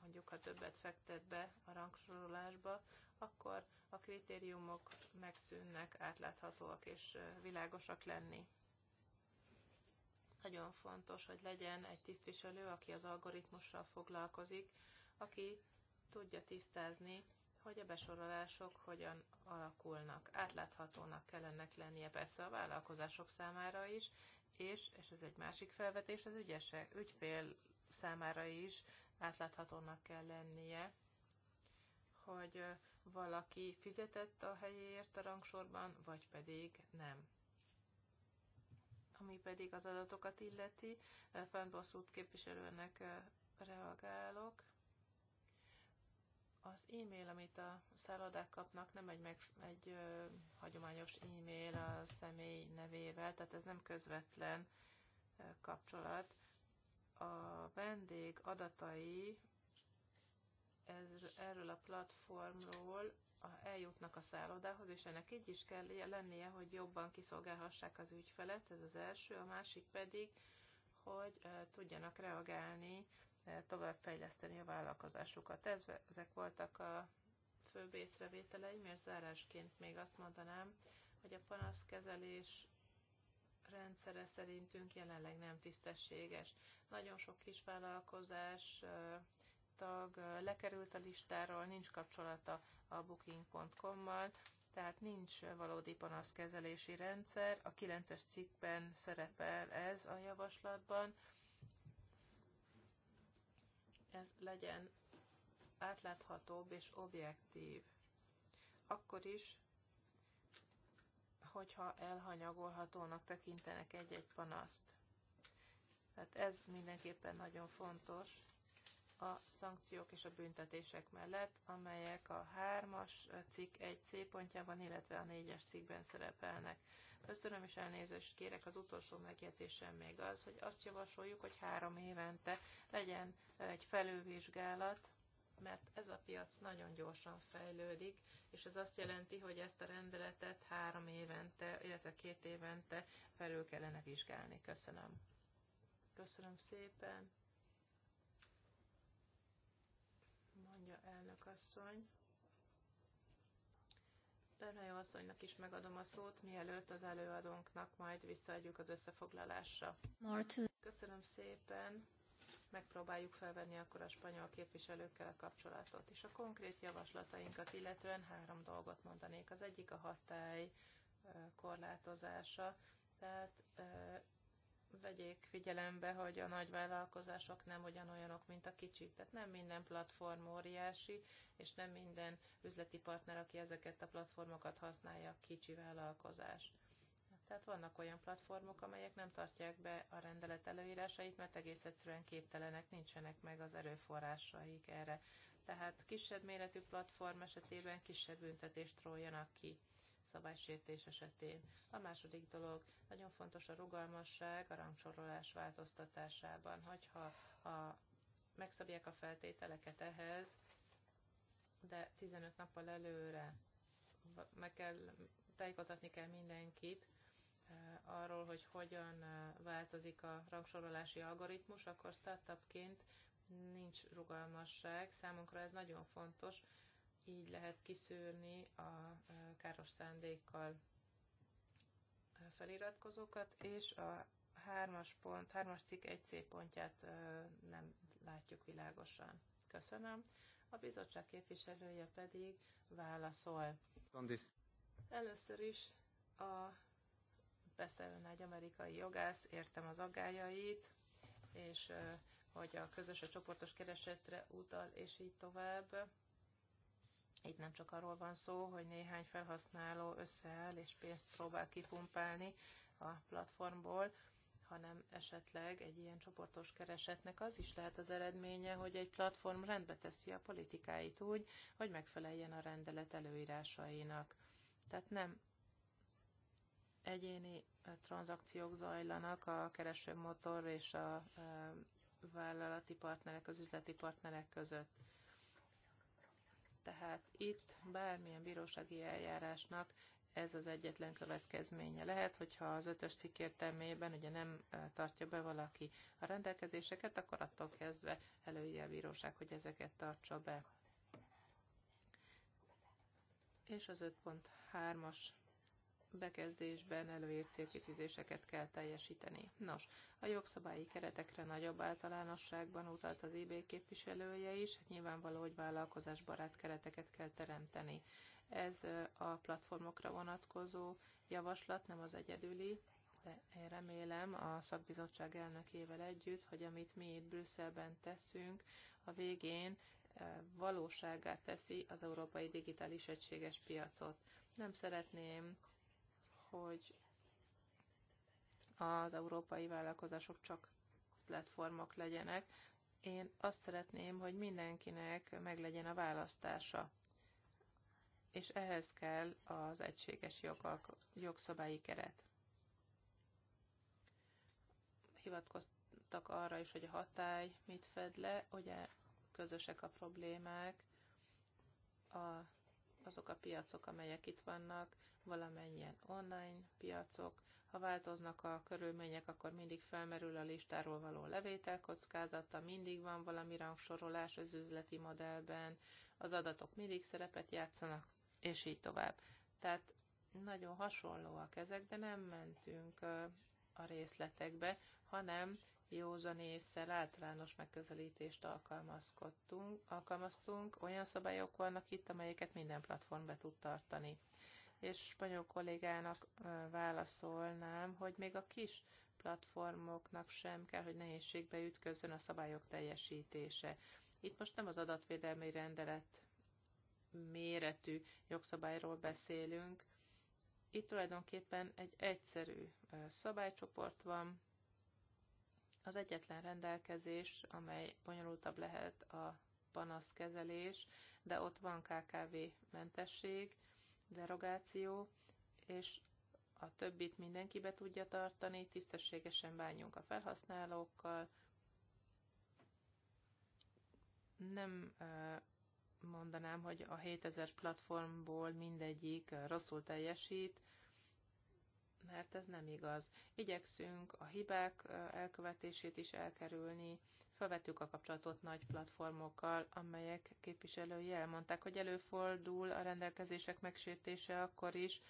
mondjuk ha többet fektet be a rangsorolásba, akkor a kritériumok megszűnnek, átláthatóak és világosak lenni. Nagyon fontos, hogy legyen egy tisztviselő, aki az algoritmussal foglalkozik, aki tudja tisztázni, hogy a besorolások hogyan alakulnak. Átláthatónak kell ennek lennie persze a vállalkozások számára is, és, és ez egy másik felvetés, az ügyesek, ügyfél számára is átláthatónak kell lennie, hogy valaki fizetett a helyéért a rangsorban, vagy pedig nem. Ami pedig az adatokat illeti, Fennbosszút képviselőnek reagálok. Az e-mail, amit a szállodák kapnak, nem egy, meg, egy ö, hagyományos e-mail a személy nevével, tehát ez nem közvetlen ö, kapcsolat, a vendég adatai erről a platformról eljutnak a szállodához, és ennek így is kell lennie, hogy jobban kiszolgálhassák az ügyfelet, ez az első, a másik pedig, hogy tudjanak reagálni, továbbfejleszteni a vállalkozásukat. Ez, ezek voltak a főbb észrevételeim, és zárásként még azt mondanám, hogy a panaszkezelés rendszere szerintünk jelenleg nem tisztességes. Nagyon sok kisvállalkozás tag lekerült a listáról, nincs kapcsolata a booking.com-mal, tehát nincs valódi panaszkezelési rendszer. A 9-es cikkben szerepel ez a javaslatban. Ez legyen átláthatóbb és objektív. Akkor is, hogyha elhanyagolhatónak tekintenek egy-egy panaszt. Tehát ez mindenképpen nagyon fontos a szankciók és a büntetések mellett, amelyek a 3-as cikk 1C pontjában, illetve a 4-es cikkben szerepelnek. Köszönöm és elnézést kérek, az utolsó megjegyzésem még az, hogy azt javasoljuk, hogy három évente legyen egy felülvizsgálat mert ez a piac nagyon gyorsan fejlődik, és ez azt jelenti, hogy ezt a rendeletet három évente, illetve két évente felül kellene vizsgálni. Köszönöm. Köszönöm szépen. Mondja elnök asszony. Bernhajó asszonynak is megadom a szót, mielőtt az előadónknak majd visszaadjuk az összefoglalásra. Köszönöm szépen megpróbáljuk felvenni akkor a spanyol képviselőkkel a kapcsolatot. És a konkrét javaslatainkat illetően három dolgot mondanék. Az egyik a hatály korlátozása, tehát vegyék figyelembe, hogy a nagy vállalkozások nem ugyanolyanok, mint a kicsik. Tehát nem minden platform óriási, és nem minden üzleti partner, aki ezeket a platformokat használja, kicsi vállalkozás. Tehát vannak olyan platformok, amelyek nem tartják be a rendelet előírásait, mert egész egyszerűen képtelenek, nincsenek meg az erőforrásaik erre. Tehát kisebb méretű platform esetében kisebb büntetést róljanak ki szabálysértés esetén. A második dolog, nagyon fontos a rugalmasság a rangsorolás változtatásában, hogyha a, megszabják a feltételeket ehhez, de 15 nappal előre meg kell tájékozatni kell mindenkit, Eh, arról, hogy hogyan eh, változik a rangsorolási algoritmus, akkor startupként nincs rugalmasság. Számunkra ez nagyon fontos, így lehet kiszűrni a eh, káros szándékkal feliratkozókat, és a hármas pont, hármas cikk egy c pontját nem látjuk világosan. Köszönöm. A bizottság képviselője pedig válaszol. Először is a Persze ellene egy amerikai jogász, értem az aggájait, és hogy a közös a csoportos keresetre utal, és így tovább. Itt nem csak arról van szó, hogy néhány felhasználó összeáll és pénzt próbál kipumpálni a platformból, hanem esetleg egy ilyen csoportos keresetnek az is lehet az eredménye, hogy egy platform rendbe teszi a politikáit úgy, hogy megfeleljen a rendelet előírásainak. Tehát nem egyéni tranzakciók zajlanak a keresőmotor és a vállalati partnerek, az üzleti partnerek között. Tehát itt bármilyen bírósági eljárásnak ez az egyetlen következménye. Lehet, hogyha az ötös cikk értelmében ugye nem tartja be valaki a rendelkezéseket, akkor attól kezdve előírja a bíróság, hogy ezeket tartsa be. És az 5.3-as bekezdésben előírt célkitűzéseket kell teljesíteni. Nos, a jogszabályi keretekre nagyobb általánosságban utalt az IB képviselője is, hát nyilvánvaló, hogy vállalkozásbarát kereteket kell teremteni. Ez a platformokra vonatkozó javaslat nem az egyedüli, de én remélem a szakbizottság elnökével együtt, hogy amit mi itt Brüsszelben teszünk, a végén valóságá teszi az európai digitális egységes piacot. Nem szeretném hogy az európai vállalkozások csak platformok legyenek. Én azt szeretném, hogy mindenkinek meglegyen a választása. És ehhez kell az egységes jogak, jogszabályi keret. Hivatkoztak arra is, hogy a hatály mit fed le, ugye közösek a problémák, a, azok a piacok, amelyek itt vannak, valamennyien online piacok. Ha változnak a körülmények, akkor mindig felmerül a listáról való levétel kockázata, mindig van valami rangsorolás az üzleti modellben, az adatok mindig szerepet játszanak, és így tovább. Tehát nagyon hasonlóak ezek, de nem mentünk a részletekbe, hanem józan észsel általános megközelítést alkalmazkodtunk, alkalmaztunk, olyan szabályok vannak itt, amelyeket minden platform be tud tartani és spanyol kollégának válaszolnám, hogy még a kis platformoknak sem kell, hogy nehézségbe ütközzön a szabályok teljesítése. Itt most nem az adatvédelmi rendelet méretű jogszabályról beszélünk. Itt tulajdonképpen egy egyszerű szabálycsoport van. Az egyetlen rendelkezés, amely bonyolultabb lehet a panaszkezelés, de ott van KKV mentesség, derogáció, és a többit mindenki be tudja tartani, tisztességesen bánjunk a felhasználókkal, nem mondanám, hogy a 7000 platformból mindegyik rosszul teljesít, mert ez nem igaz. Igyekszünk a hibák elkövetését is elkerülni, felvettük a kapcsolatot nagy platformokkal, amelyek képviselői elmondták, hogy előfordul a rendelkezések megsértése akkor is,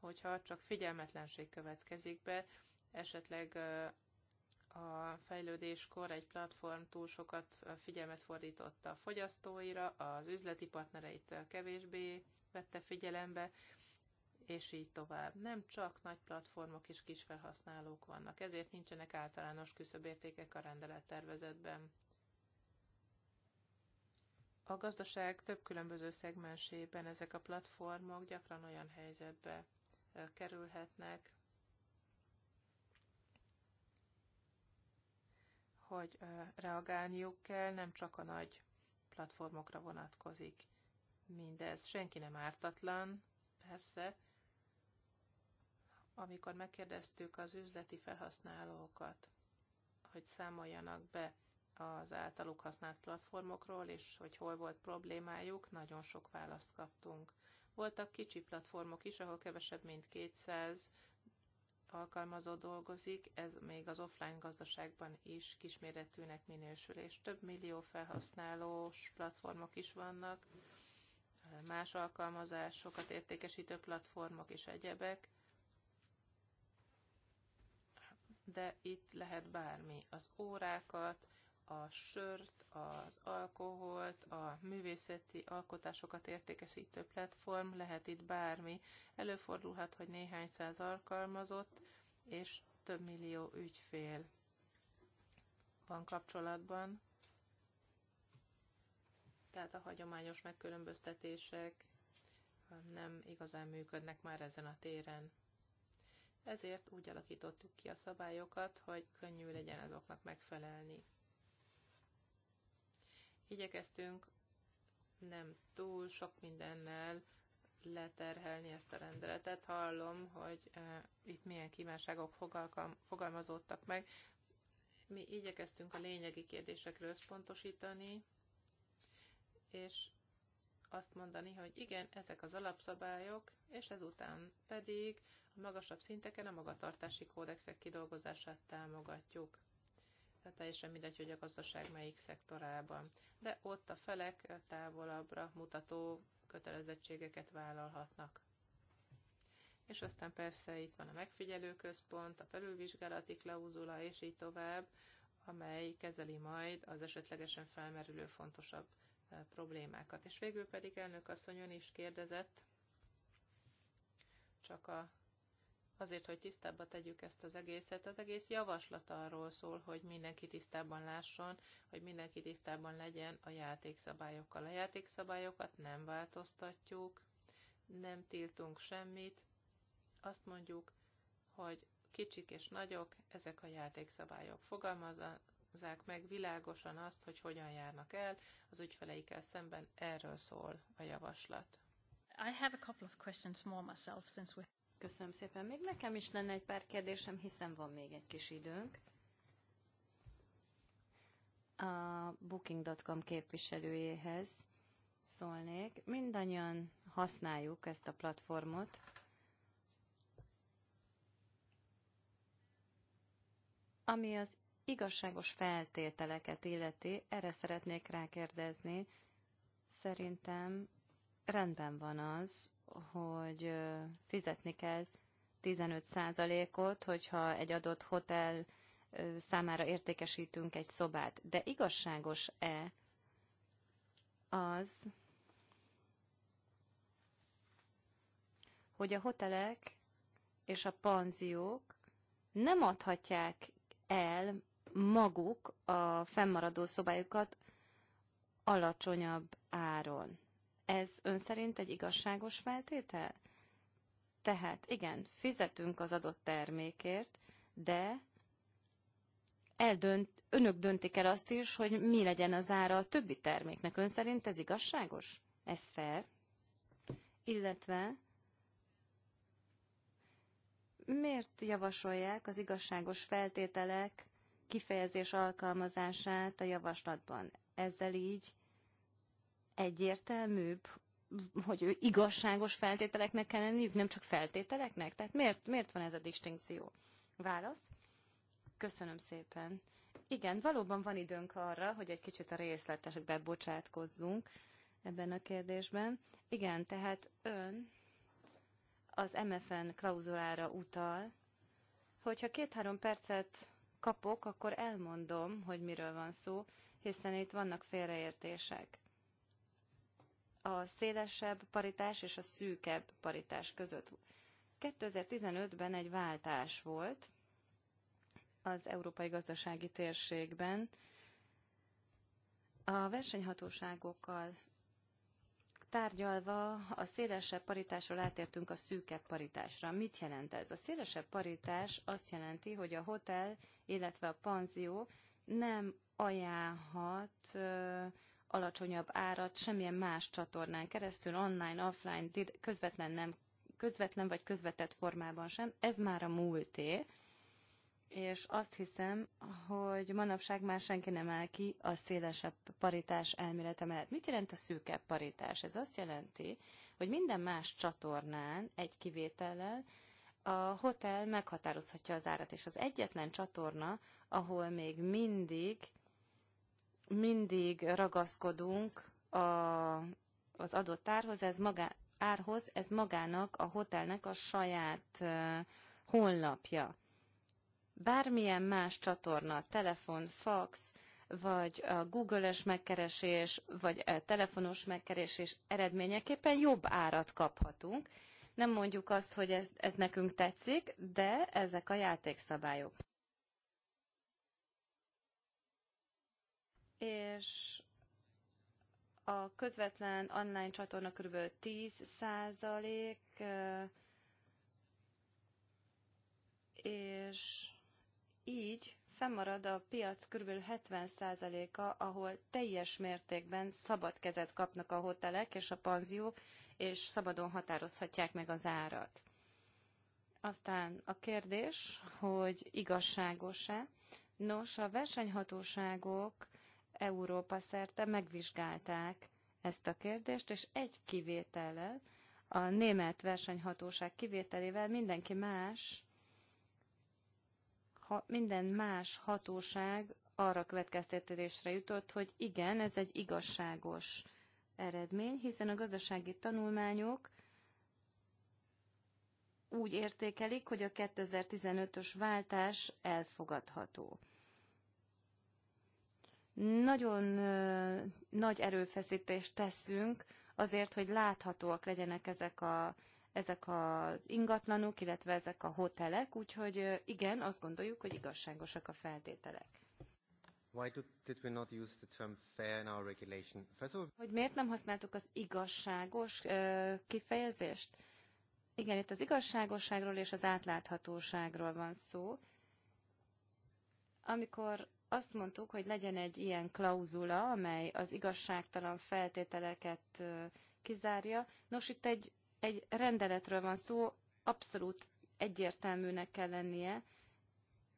hogyha csak figyelmetlenség következik be, esetleg a fejlődéskor egy platform túl sokat figyelmet fordította a fogyasztóira, az üzleti partnereit kevésbé vette figyelembe, és így tovább. Nem csak nagy platformok és kis felhasználók vannak, ezért nincsenek általános küszöbértékek a rendelettervezetben. A gazdaság több különböző szegmensében ezek a platformok gyakran olyan helyzetbe kerülhetnek, hogy reagálniuk kell, nem csak a nagy platformokra vonatkozik mindez. Senki nem ártatlan, persze, amikor megkérdeztük az üzleti felhasználókat, hogy számoljanak be az általuk használt platformokról, és hogy hol volt problémájuk, nagyon sok választ kaptunk. Voltak kicsi platformok is, ahol kevesebb, mint 200 alkalmazó dolgozik, ez még az offline gazdaságban is kisméretűnek minősül, és több millió felhasználós platformok is vannak, más alkalmazásokat értékesítő platformok és egyebek, de itt lehet bármi. Az órákat, a sört, az alkoholt, a művészeti alkotásokat értékesítő platform, lehet itt bármi. Előfordulhat, hogy néhány száz alkalmazott és több millió ügyfél van kapcsolatban. Tehát a hagyományos megkülönböztetések nem igazán működnek már ezen a téren. Ezért úgy alakítottuk ki a szabályokat, hogy könnyű legyen azoknak megfelelni. Igyekeztünk nem túl sok mindennel leterhelni ezt a rendeletet. Hallom, hogy e, itt milyen kívánságok fogalmazódtak meg. Mi igyekeztünk a lényegi kérdésekre összpontosítani, és azt mondani, hogy igen, ezek az alapszabályok, és ezután pedig a magasabb szinteken a magatartási kódexek kidolgozását támogatjuk. Tehát teljesen mindegy, hogy a gazdaság melyik szektorában. De ott a felek távolabbra mutató kötelezettségeket vállalhatnak. És aztán persze itt van a megfigyelő központ a felülvizsgálati klauzula, és így tovább, amely kezeli majd az esetlegesen felmerülő fontosabb E, problémákat. És végül pedig elnök asszony ön is kérdezett, csak a, azért, hogy tisztábba tegyük ezt az egészet, az egész javaslat arról szól, hogy mindenki tisztában lásson, hogy mindenki tisztában legyen a játékszabályokkal. A játékszabályokat nem változtatjuk, nem tiltunk semmit, azt mondjuk, hogy kicsik és nagyok, ezek a játékszabályok. Fogalmazza, határozzák meg világosan azt, hogy hogyan járnak el az ügyfeleikkel szemben. Erről szól a javaslat. I have a couple of questions more myself since we... Köszönöm szépen. Még nekem is lenne egy pár kérdésem, hiszen van még egy kis időnk. A Booking.com képviselőjéhez szólnék. Mindannyian használjuk ezt a platformot. Ami az igazságos feltételeket illeti, erre szeretnék rákérdezni. Szerintem rendben van az, hogy fizetni kell 15%-ot, hogyha egy adott hotel számára értékesítünk egy szobát. De igazságos-e az, hogy a hotelek és a panziók nem adhatják el maguk a fennmaradó szobájukat alacsonyabb áron. Ez ön szerint egy igazságos feltétel? Tehát igen, fizetünk az adott termékért, de eldönt, önök döntik el azt is, hogy mi legyen az ára a többi terméknek. Ön szerint ez igazságos? Ez fair? Illetve miért javasolják az igazságos feltételek kifejezés alkalmazását a javaslatban. Ezzel így egyértelműbb, hogy ő igazságos feltételeknek kell lenniük, nem csak feltételeknek? Tehát miért, miért van ez a distinkció? Válasz? Köszönöm szépen. Igen, valóban van időnk arra, hogy egy kicsit a részletekbe bocsátkozzunk ebben a kérdésben. Igen, tehát ön az MFN klauzulára utal, hogyha két-három percet kapok, akkor elmondom, hogy miről van szó, hiszen itt vannak félreértések. A szélesebb paritás és a szűkebb paritás között. 2015-ben egy váltás volt az európai gazdasági térségben. A versenyhatóságokkal tárgyalva a szélesebb paritásról átértünk a szűkebb paritásra. Mit jelent ez? A szélesebb paritás azt jelenti, hogy a hotel, illetve a panzió nem ajánlhat alacsonyabb árat semmilyen más csatornán keresztül, online, offline, közvetlen, nem, közvetlen vagy közvetett formában sem. Ez már a múlté és azt hiszem, hogy manapság már senki nem áll ki a szélesebb paritás elmélete mellett. Mit jelent a szűkebb paritás? Ez azt jelenti, hogy minden más csatornán, egy kivétellel, a hotel meghatározhatja az árat, és az egyetlen csatorna, ahol még mindig, mindig ragaszkodunk a, az adott árhoz, ez magá, árhoz, ez magának a hotelnek a saját uh, honlapja bármilyen más csatorna, telefon, fax, vagy a Google-es megkeresés, vagy a telefonos megkeresés eredményeképpen jobb árat kaphatunk. Nem mondjuk azt, hogy ez, ez nekünk tetszik, de ezek a játékszabályok. És a közvetlen online csatorna kb. 10 százalék, és így fennmarad a piac kb. 70%-a, ahol teljes mértékben szabad kezet kapnak a hotelek és a panziók, és szabadon határozhatják meg az árat. Aztán a kérdés, hogy igazságos-e. Nos, a versenyhatóságok Európa szerte megvizsgálták ezt a kérdést, és egy kivétellel, a német versenyhatóság kivételével mindenki más ha minden más hatóság arra következtetésre jutott, hogy igen, ez egy igazságos eredmény, hiszen a gazdasági tanulmányok úgy értékelik, hogy a 2015-ös váltás elfogadható. Nagyon ö, nagy erőfeszítést teszünk azért, hogy láthatóak legyenek ezek a ezek az ingatlanok, illetve ezek a hotelek, úgyhogy igen, azt gondoljuk, hogy igazságosak a feltételek. Why did we not use the term fair in our regulation? First of all... Hogy miért nem használtuk az igazságos uh, kifejezést? Igen, itt az igazságosságról és az átláthatóságról van szó. Amikor azt mondtuk, hogy legyen egy ilyen klauzula, amely az igazságtalan feltételeket kizárja. Nos, itt egy egy rendeletről van szó, abszolút egyértelműnek kell lennie,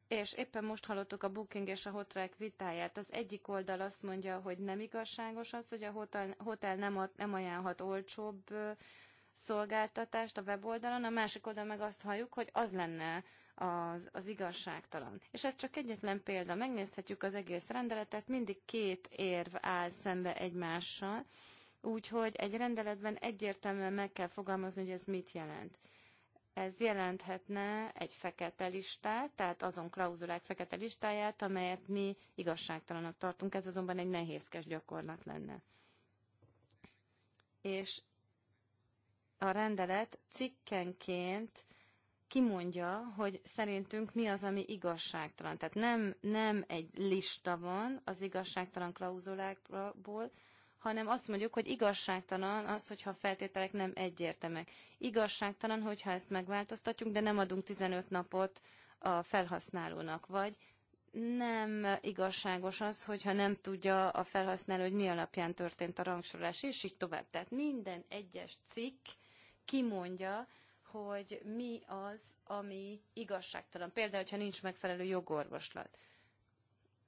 és éppen most hallottuk a Booking és a Hotrack vitáját. Az egyik oldal azt mondja, hogy nem igazságos az, hogy a hotel, hotel nem, ad, nem ajánlhat olcsóbb szolgáltatást a weboldalon, a másik oldal meg azt halljuk, hogy az lenne az, az igazságtalan. És ez csak egyetlen példa. Megnézhetjük az egész rendeletet, mindig két érv áll szembe egymással. Úgyhogy egy rendeletben egyértelműen meg kell fogalmazni, hogy ez mit jelent. Ez jelenthetne egy fekete listát, tehát azon klauzulák fekete listáját, amelyet mi igazságtalanak tartunk. Ez azonban egy nehézkes gyakorlat lenne. És a rendelet cikkenként kimondja, hogy szerintünk mi az, ami igazságtalan. Tehát nem, nem egy lista van az igazságtalan klauzulákból, hanem azt mondjuk, hogy igazságtalan az, hogyha a feltételek nem egyértelműek. Igazságtalan, hogyha ezt megváltoztatjuk, de nem adunk 15 napot a felhasználónak, vagy nem igazságos az, hogyha nem tudja a felhasználó, hogy mi alapján történt a rangsorolás, és így tovább. Tehát minden egyes cikk kimondja, hogy mi az, ami igazságtalan. Például, hogyha nincs megfelelő jogorvoslat.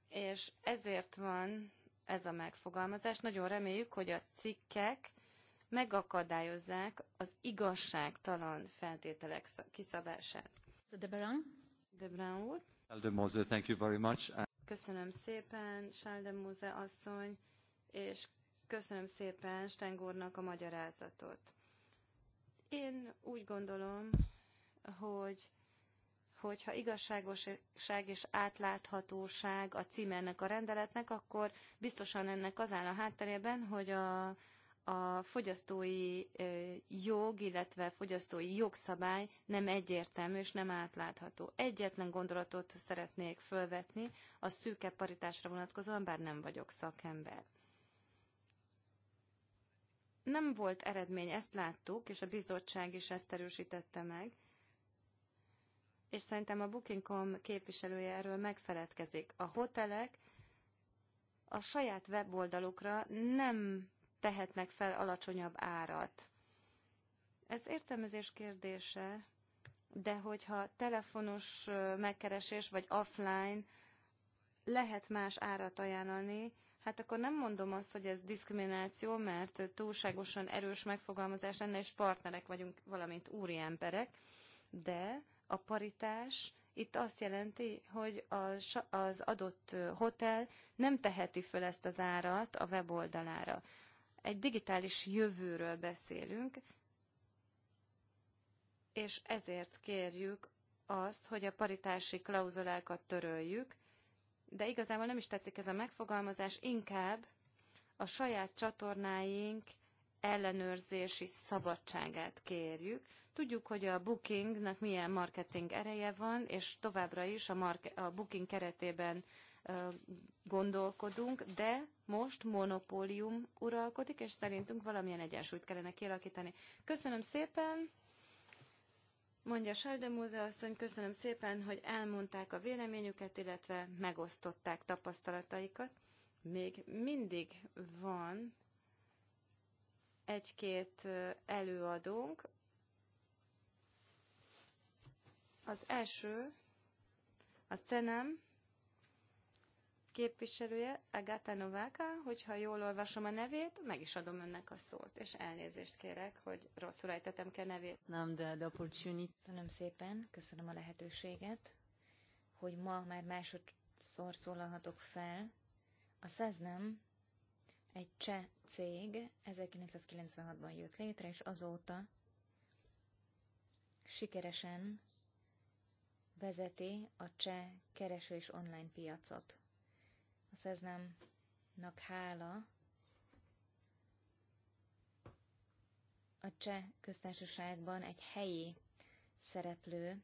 És ezért van ez a megfogalmazás. Nagyon reméljük, hogy a cikkek megakadályozzák az igazságtalan feltételek kiszabását. De Brown. De Brown úr. Mose, thank you very much. Köszönöm szépen, Sáldemóze asszony, és köszönöm szépen Stengornak a magyarázatot. Én úgy gondolom, hogy hogyha igazságosság és átláthatóság a cím ennek a rendeletnek, akkor biztosan ennek az áll a hátterében, hogy a, a fogyasztói jog, illetve fogyasztói jogszabály nem egyértelmű és nem átlátható. Egyetlen gondolatot szeretnék fölvetni a szűke paritásra vonatkozóan, bár nem vagyok szakember. Nem volt eredmény, ezt láttuk, és a bizottság is ezt erősítette meg, és szerintem a Booking.com képviselője erről megfeledkezik. A hotelek a saját weboldalukra nem tehetnek fel alacsonyabb árat. Ez értelmezés kérdése, de hogyha telefonos megkeresés vagy offline lehet más árat ajánlani, hát akkor nem mondom azt, hogy ez diszkrimináció, mert túlságosan erős megfogalmazás lenne, és partnerek vagyunk, valamint úri emberek, de a paritás itt azt jelenti, hogy az adott hotel nem teheti föl ezt az árat a weboldalára. Egy digitális jövőről beszélünk, és ezért kérjük azt, hogy a paritási klauzulákat töröljük, de igazából nem is tetszik ez a megfogalmazás, inkább a saját csatornáink ellenőrzési szabadságát kérjük. Tudjuk, hogy a bookingnak milyen marketing ereje van, és továbbra is a, marke- a booking keretében gondolkodunk, de most monopólium uralkodik, és szerintünk valamilyen egyensúlyt kellene kialakítani. Köszönöm szépen, mondja Saldemúze asszony, köszönöm szépen, hogy elmondták a véleményüket, illetve megosztották tapasztalataikat. Még mindig van egy-két előadónk. Az első a Szenem képviselője, Agata Nováka, hogyha jól olvasom a nevét, meg is adom önnek a szót, és elnézést kérek, hogy rosszul ejtettem ki a nevét. Nem, de the opportunity. Köszönöm szépen, köszönöm a lehetőséget, hogy ma már másodszor szólalhatok fel. A SZEZ nem egy cseh cég 1996-ban jött létre, és azóta sikeresen vezeti a cseh kereső és online piacot. A Szeznámnak hála a cseh köztársaságban egy helyi szereplő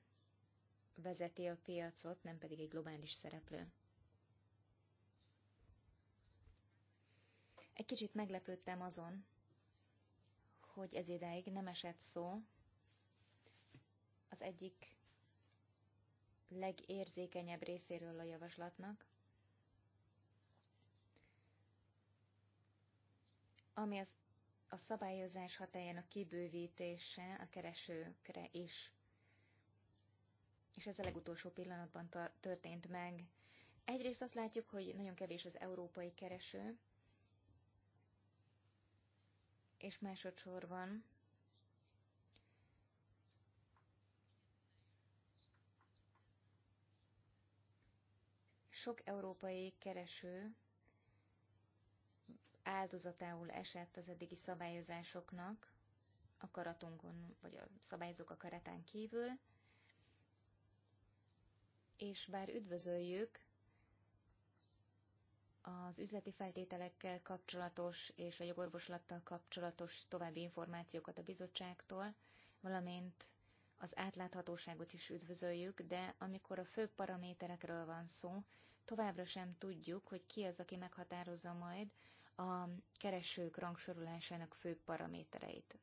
vezeti a piacot, nem pedig egy globális szereplő. Egy kicsit meglepődtem azon, hogy ez ideig nem esett szó az egyik legérzékenyebb részéről a javaslatnak, ami az, a szabályozás hatájának kibővítése a keresőkre is. És ez a legutolsó pillanatban történt meg. Egyrészt azt látjuk, hogy nagyon kevés az európai kereső, és másodszorban sok európai kereső áldozatául esett az eddigi szabályozásoknak, a karatongon vagy a szabályozók a karatán kívül, és bár üdvözöljük az üzleti feltételekkel kapcsolatos és a jogorvoslattal kapcsolatos további információkat a bizottságtól, valamint az átláthatóságot is üdvözöljük, de amikor a fő paraméterekről van szó, továbbra sem tudjuk, hogy ki az, aki meghatározza majd a keresők rangsorolásának fő paramétereit.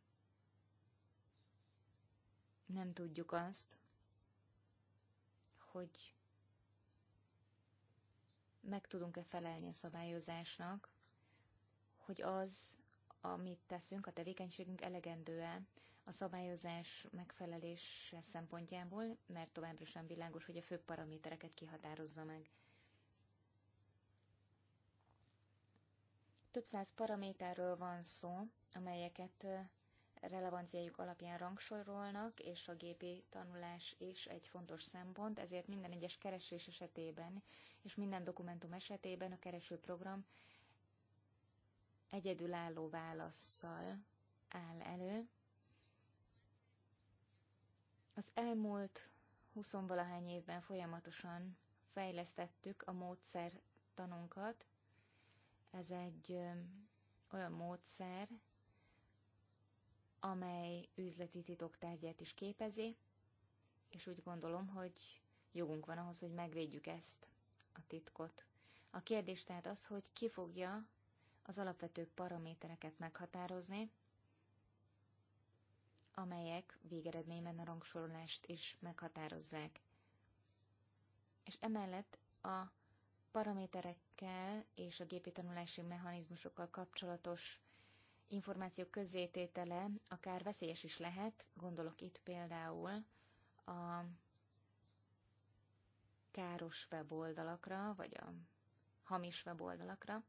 Nem tudjuk azt, hogy meg tudunk-e felelni a szabályozásnak, hogy az, amit teszünk, a tevékenységünk elegendő-e a szabályozás megfelelése szempontjából, mert továbbra sem világos, hogy a fő paramétereket kihatározza meg. Több száz paraméterről van szó, amelyeket relevanciájuk alapján rangsorolnak, és a gépi tanulás is egy fontos szempont, ezért minden egyes keresés esetében és minden dokumentum esetében a keresőprogram egyedülálló válaszsal áll elő. Az elmúlt 20 valahány évben folyamatosan fejlesztettük a módszertanunkat. Ez egy olyan módszer, amely üzleti titok tárgyát is képezi, és úgy gondolom, hogy jogunk van ahhoz, hogy megvédjük ezt a titkot. A kérdés tehát az, hogy ki fogja az alapvető paramétereket meghatározni, amelyek végeredményben a rangsorolást is meghatározzák. És emellett a paraméterekkel és a gépi tanulási mechanizmusokkal kapcsolatos információk közzététele akár veszélyes is lehet, gondolok itt például a káros weboldalakra, vagy a hamis weboldalakra.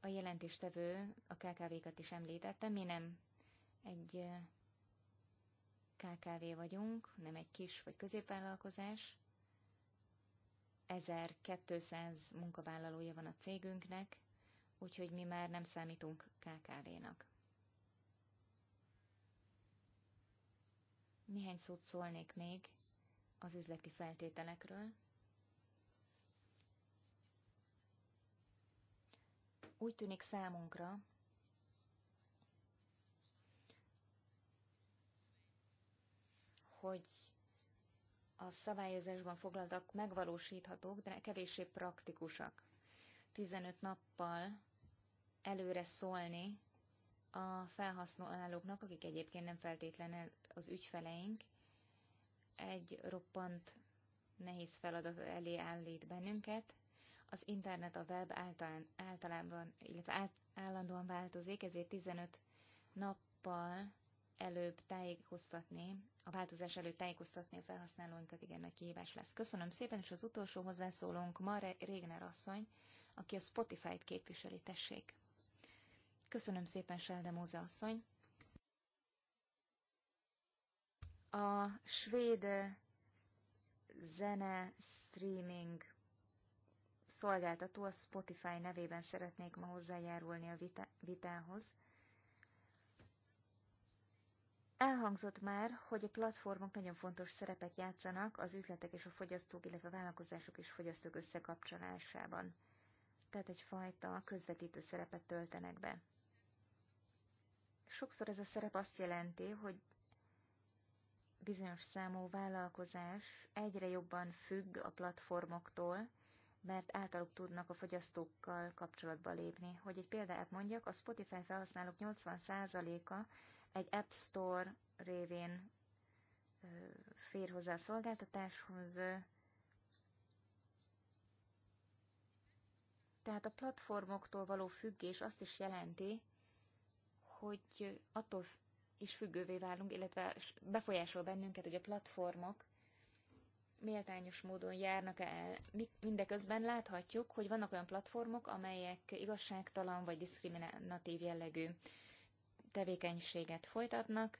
A jelentéstevő a KKV-kat is említette, mi nem egy KKV vagyunk, nem egy kis vagy középvállalkozás. 1200 munkavállalója van a cégünknek, úgyhogy mi már nem számítunk KKV-nak. Néhány szót szólnék még az üzleti feltételekről. Úgy tűnik számunkra, hogy a szabályozásban foglaltak megvalósíthatók, de kevéssé praktikusak. 15 nappal előre szólni a felhasználóknak, akik egyébként nem feltétlenül az ügyfeleink, egy roppant nehéz feladat elé állít bennünket. Az internet, a web általán, általában, illetve át, állandóan változik, ezért 15 nappal előbb tájékoztatni, a változás előtt tájékoztatni a felhasználóinkat igen nagy kihívás lesz. Köszönöm szépen, és az utolsó hozzászólónk ma Régner asszony, aki a Spotify-t képviseli, tessék. Köszönöm szépen, Selde Móze asszony. A svéd zene streaming szolgáltató a Spotify nevében szeretnék ma hozzájárulni a vita- vitához. Elhangzott már, hogy a platformok nagyon fontos szerepet játszanak az üzletek és a fogyasztók, illetve a vállalkozások és fogyasztók összekapcsolásában. Tehát egyfajta közvetítő szerepet töltenek be. Sokszor ez a szerep azt jelenti, hogy bizonyos számú vállalkozás egyre jobban függ a platformoktól, mert általuk tudnak a fogyasztókkal kapcsolatba lépni. Hogy egy példát mondjak, a Spotify felhasználók 80%-a egy App Store révén fér hozzá a szolgáltatáshoz, tehát a platformoktól való függés azt is jelenti, hogy attól is függővé válunk, illetve befolyásol bennünket, hogy a platformok méltányos módon járnak el. Mindeközben láthatjuk, hogy vannak olyan platformok, amelyek igazságtalan vagy diszkriminatív jellegű tevékenységet folytatnak.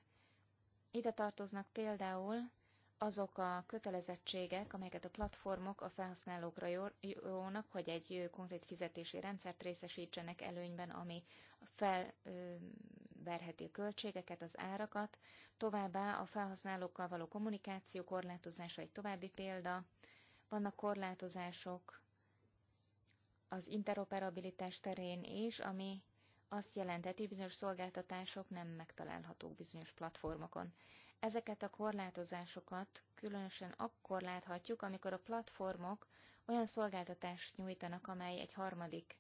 Ide tartoznak például azok a kötelezettségek, amelyeket a platformok a felhasználókra jónak, hogy egy konkrét fizetési rendszert részesítsenek előnyben, ami felverheti a költségeket, az árakat. Továbbá a felhasználókkal való kommunikáció korlátozása egy további példa. Vannak korlátozások az interoperabilitás terén is, ami azt jelenteti, bizonyos szolgáltatások nem megtalálhatók bizonyos platformokon. Ezeket a korlátozásokat különösen akkor láthatjuk, amikor a platformok olyan szolgáltatást nyújtanak, amely egy harmadik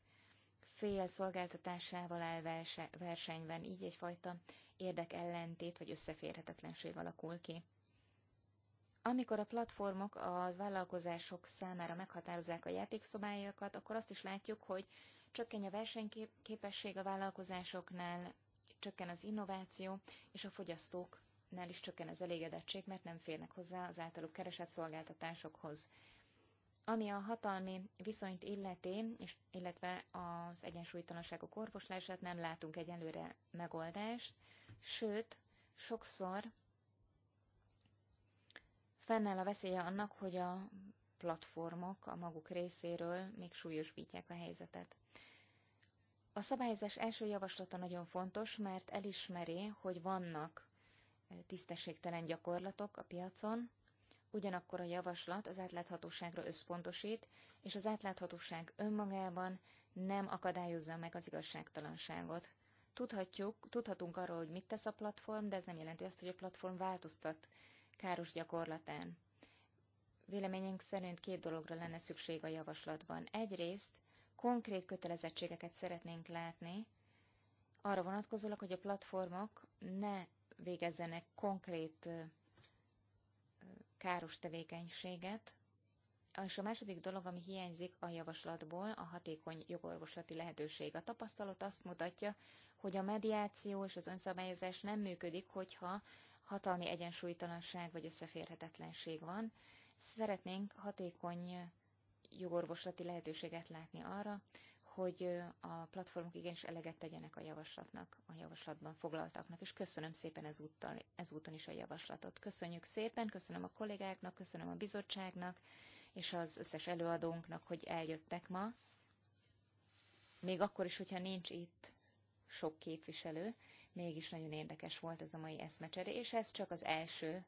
fél szolgáltatásával áll versenyben, így egyfajta érdekellentét vagy összeférhetetlenség alakul ki. Amikor a platformok a vállalkozások számára meghatározzák a játékszobályokat, akkor azt is látjuk, hogy csökken a versenyképesség a vállalkozásoknál, csökken az innováció, és a fogyasztók nál is csökken az elégedettség, mert nem férnek hozzá az általuk keresett szolgáltatásokhoz. Ami a hatalmi viszonyt illeti, és, illetve az egyensúlytalanságok orvoslását nem látunk egyelőre megoldást, sőt, sokszor fennáll a veszélye annak, hogy a platformok a maguk részéről még súlyosbítják a helyzetet. A szabályozás első javaslata nagyon fontos, mert elismeri, hogy vannak tisztességtelen gyakorlatok a piacon, ugyanakkor a javaslat az átláthatóságra összpontosít, és az átláthatóság önmagában nem akadályozza meg az igazságtalanságot. Tudhatjuk, tudhatunk arról, hogy mit tesz a platform, de ez nem jelenti azt, hogy a platform változtat káros gyakorlatán. Véleményünk szerint két dologra lenne szükség a javaslatban. Egyrészt konkrét kötelezettségeket szeretnénk látni, arra vonatkozólag, hogy a platformok ne végezzenek konkrét káros tevékenységet, és a második dolog, ami hiányzik a javaslatból, a hatékony jogorvoslati lehetőség. A tapasztalat azt mutatja, hogy a mediáció és az önszabályozás nem működik, hogyha hatalmi egyensúlytalanság vagy összeférhetetlenség van. Szeretnénk hatékony jogorvoslati lehetőséget látni arra, hogy a platformok igenis eleget tegyenek a javaslatnak, a javaslatban foglaltaknak, és köszönöm szépen ezúttal, ezúton is a javaslatot. Köszönjük szépen, köszönöm a kollégáknak, köszönöm a bizottságnak, és az összes előadónknak, hogy eljöttek ma. Még akkor is, hogyha nincs itt sok képviselő, mégis nagyon érdekes volt ez a mai eszmecsere, és ez csak az első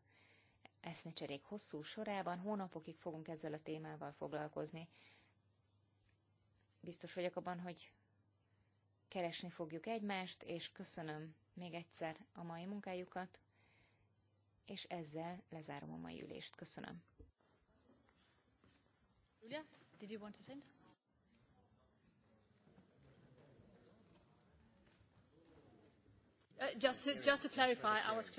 eszmecserék hosszú sorában, hónapokig fogunk ezzel a témával foglalkozni biztos vagyok abban, hogy keresni fogjuk egymást, és köszönöm még egyszer a mai munkájukat, és ezzel lezárom a mai ülést. Köszönöm. Julia, did you want to send? Uh, just, to, just to clarify, I was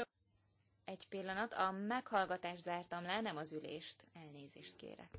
Egy pillanat, a meghallgatást zártam le, nem az ülést. Elnézést kérek.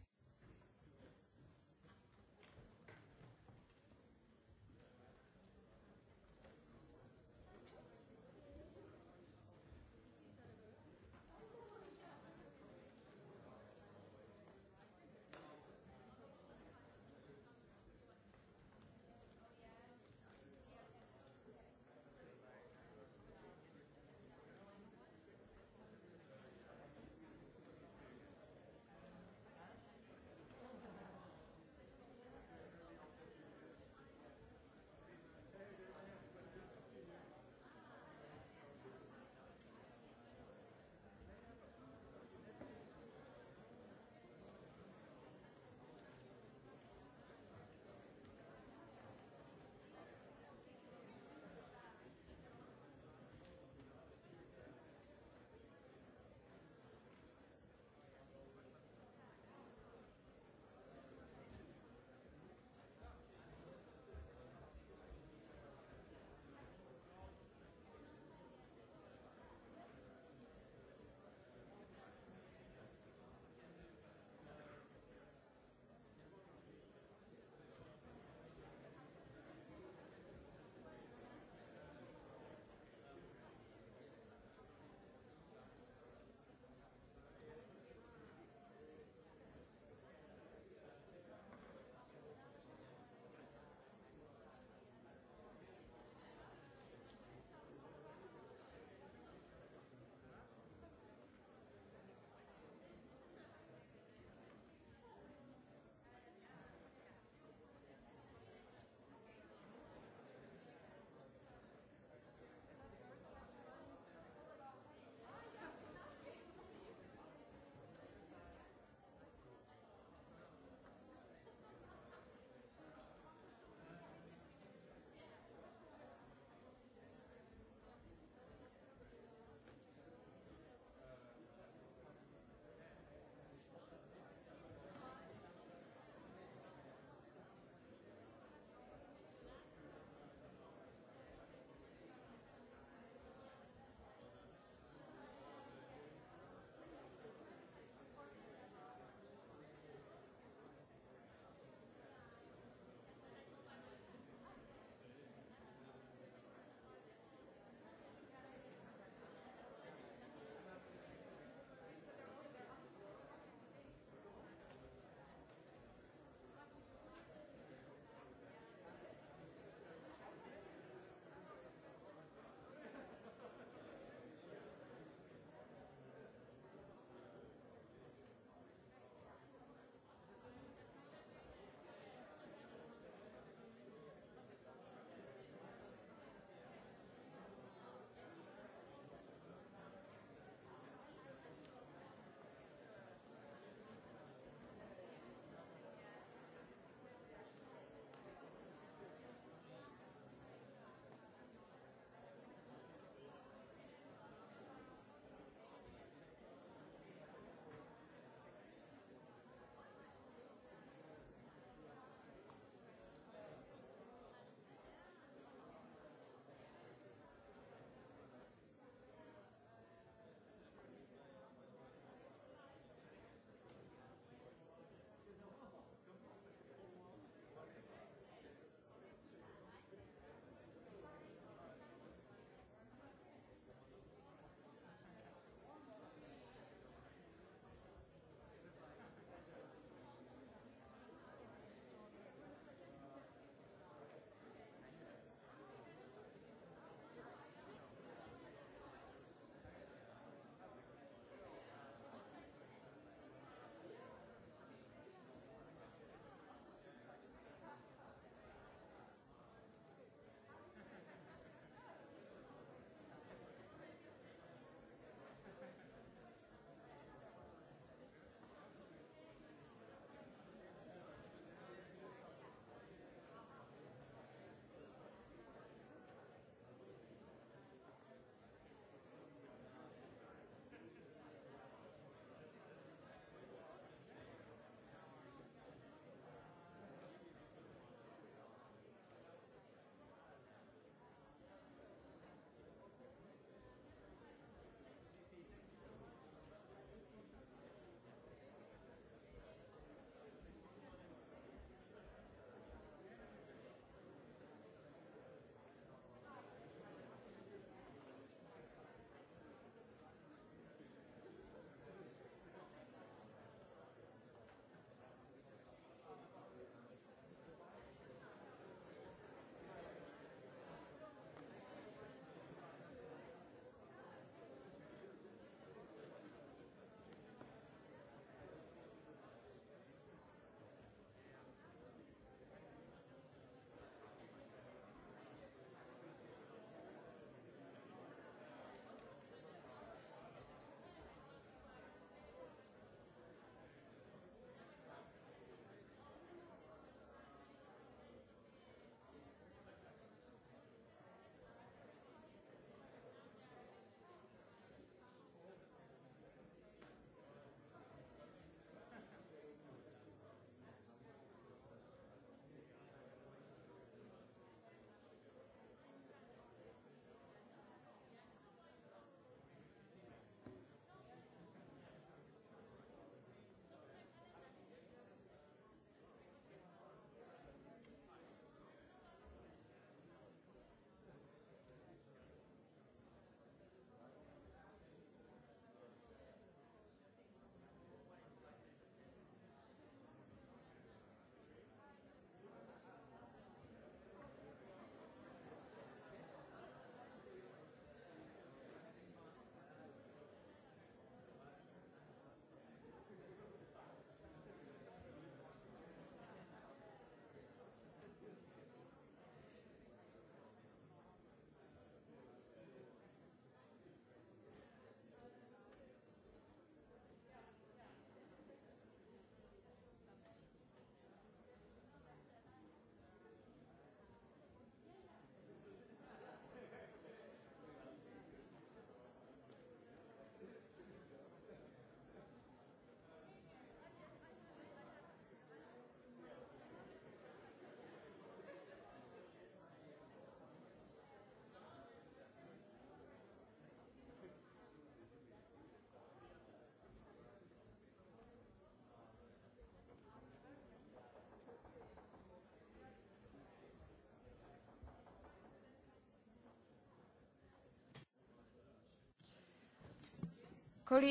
Uh, uh,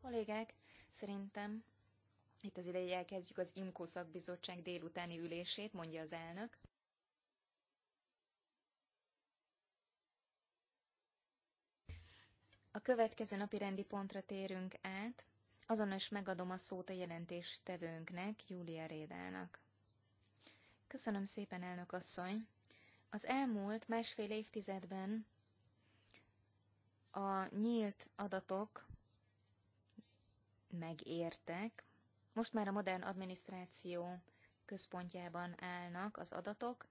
Kollégák, szerintem itt az ideje elkezdjük az IMCO szakbizottság délutáni ülését, mondja az elnök. A következő napi rendi pontra térünk át. Azonos megadom a szót a jelentéstevőnknek, Júlia Rédának. Köszönöm szépen, elnök asszony! Az elmúlt másfél évtizedben a nyílt adatok megértek. Most már a modern adminisztráció központjában állnak az adatok,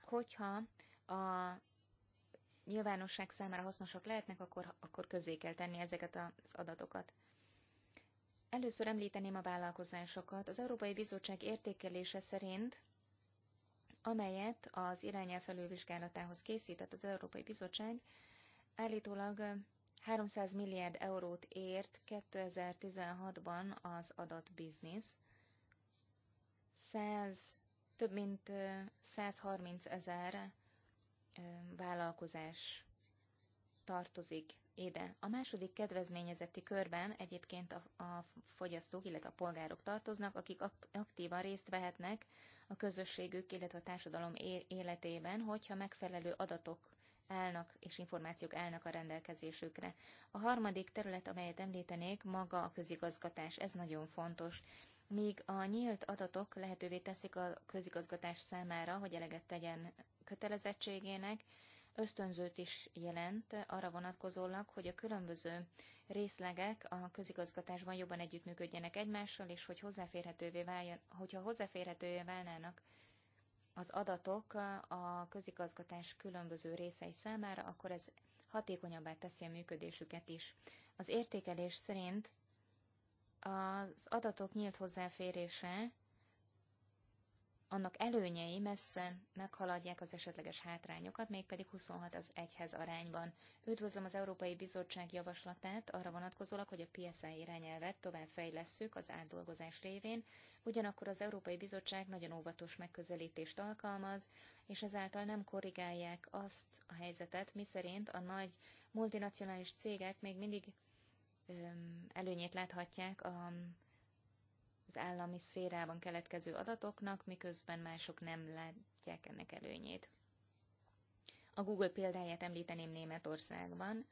hogyha a nyilvánosság számára hasznosak lehetnek, akkor, akkor közé kell tenni ezeket az adatokat. Először említeném a vállalkozásokat. Az Európai Bizottság értékelése szerint, amelyet az irányelv felülvizsgálatához készített az Európai Bizottság, Állítólag 300 milliárd eurót ért 2016-ban az adatbiznisz, 100, több mint 130 ezer vállalkozás tartozik ide. A második kedvezményezetti körben egyébként a, a fogyasztók, illetve a polgárok tartoznak, akik aktívan részt vehetnek a közösségük, illetve a társadalom életében, hogyha megfelelő adatok állnak, és információk állnak a rendelkezésükre. A harmadik terület, amelyet említenék, maga a közigazgatás. Ez nagyon fontos. Míg a nyílt adatok lehetővé teszik a közigazgatás számára, hogy eleget tegyen kötelezettségének, ösztönzőt is jelent arra vonatkozólag, hogy a különböző részlegek a közigazgatásban jobban együttműködjenek egymással, és hogy hozzáférhetővé váljon, hogyha hozzáférhetővé válnának az adatok a közigazgatás különböző részei számára, akkor ez hatékonyabbá teszi a működésüket is. Az értékelés szerint az adatok nyílt hozzáférése annak előnyei messze meghaladják az esetleges hátrányokat, mégpedig 26 az 1-hez arányban. Üdvözlöm az Európai Bizottság javaslatát arra vonatkozólag, hogy a PSA irányelvet tovább fejlesszük az átdolgozás révén, ugyanakkor az Európai Bizottság nagyon óvatos megközelítést alkalmaz, és ezáltal nem korrigálják azt a helyzetet, miszerint a nagy multinacionális cégek még mindig öm, előnyét láthatják a az állami szférában keletkező adatoknak, miközben mások nem látják ennek előnyét. A Google példáját említeném Németországban.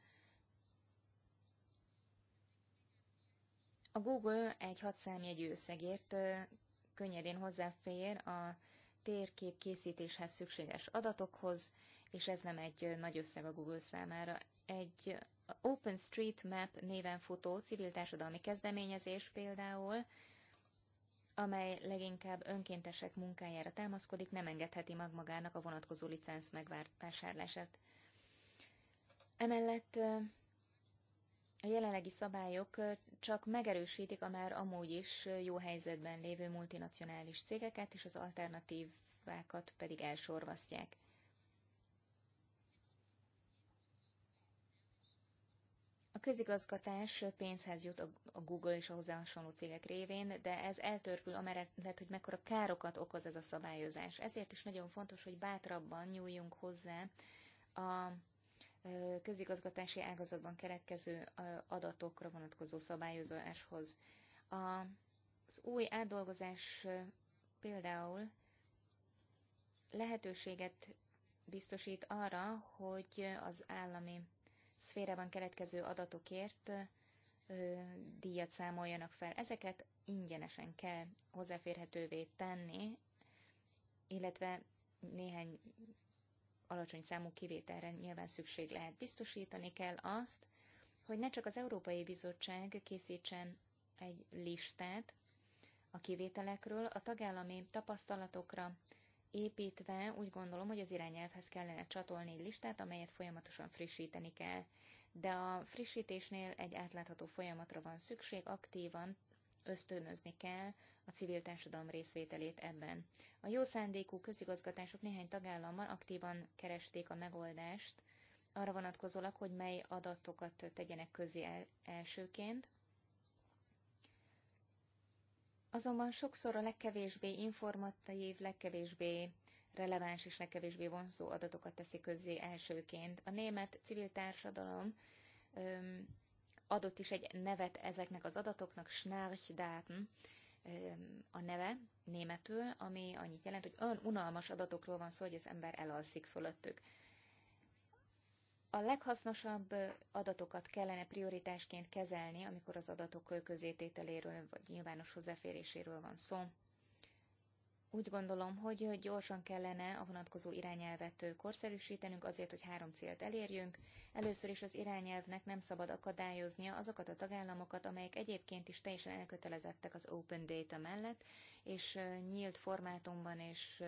A Google egy hat számjegyű összegért könnyedén hozzáfér a térkép készítéshez szükséges adatokhoz, és ez nem egy nagy összeg a Google számára. Egy OpenStreetMap néven futó civil társadalmi kezdeményezés például amely leginkább önkéntesek munkájára támaszkodik, nem engedheti meg magának a vonatkozó licensz megvásárlását. Emellett a jelenlegi szabályok csak megerősítik a már amúgy is jó helyzetben lévő multinacionális cégeket, és az alternatívákat pedig elsorvasztják. A közigazgatás pénzhez jut a Google és a hozzá hasonló cégek révén, de ez eltörpül amellett, hogy mekkora károkat okoz ez a szabályozás. Ezért is nagyon fontos, hogy bátrabban nyúljunk hozzá a közigazgatási ágazatban keletkező adatokra vonatkozó szabályozáshoz. Az új átdolgozás például lehetőséget biztosít arra, hogy az állami szférában keletkező adatokért díjat számoljanak fel. Ezeket ingyenesen kell hozzáférhetővé tenni, illetve néhány alacsony számú kivételre nyilván szükség lehet. Biztosítani kell azt, hogy ne csak az Európai Bizottság készítsen egy listát a kivételekről, a tagállami tapasztalatokra, építve úgy gondolom, hogy az irányelvhez kellene csatolni egy listát, amelyet folyamatosan frissíteni kell. De a frissítésnél egy átlátható folyamatra van szükség, aktívan ösztönözni kell a civil társadalom részvételét ebben. A jó szándékú közigazgatások néhány tagállammal aktívan keresték a megoldást, arra vonatkozólag, hogy mely adatokat tegyenek közé elsőként, azonban sokszor a legkevésbé informatív, legkevésbé releváns és legkevésbé vonzó adatokat teszi közzé elsőként. A német civil társadalom öm, adott is egy nevet ezeknek az adatoknak, Schnarchdaten a neve németül, ami annyit jelent, hogy olyan unalmas adatokról van szó, hogy az ember elalszik fölöttük. A leghasznosabb adatokat kellene prioritásként kezelni, amikor az adatok közétételéről vagy nyilvános hozzáféréséről van szó. Úgy gondolom, hogy gyorsan kellene a vonatkozó irányelvet korszerűsítenünk azért, hogy három célt elérjünk. Először is az irányelvnek nem szabad akadályoznia azokat a tagállamokat, amelyek egyébként is teljesen elkötelezettek az open data mellett, és nyílt formátumban és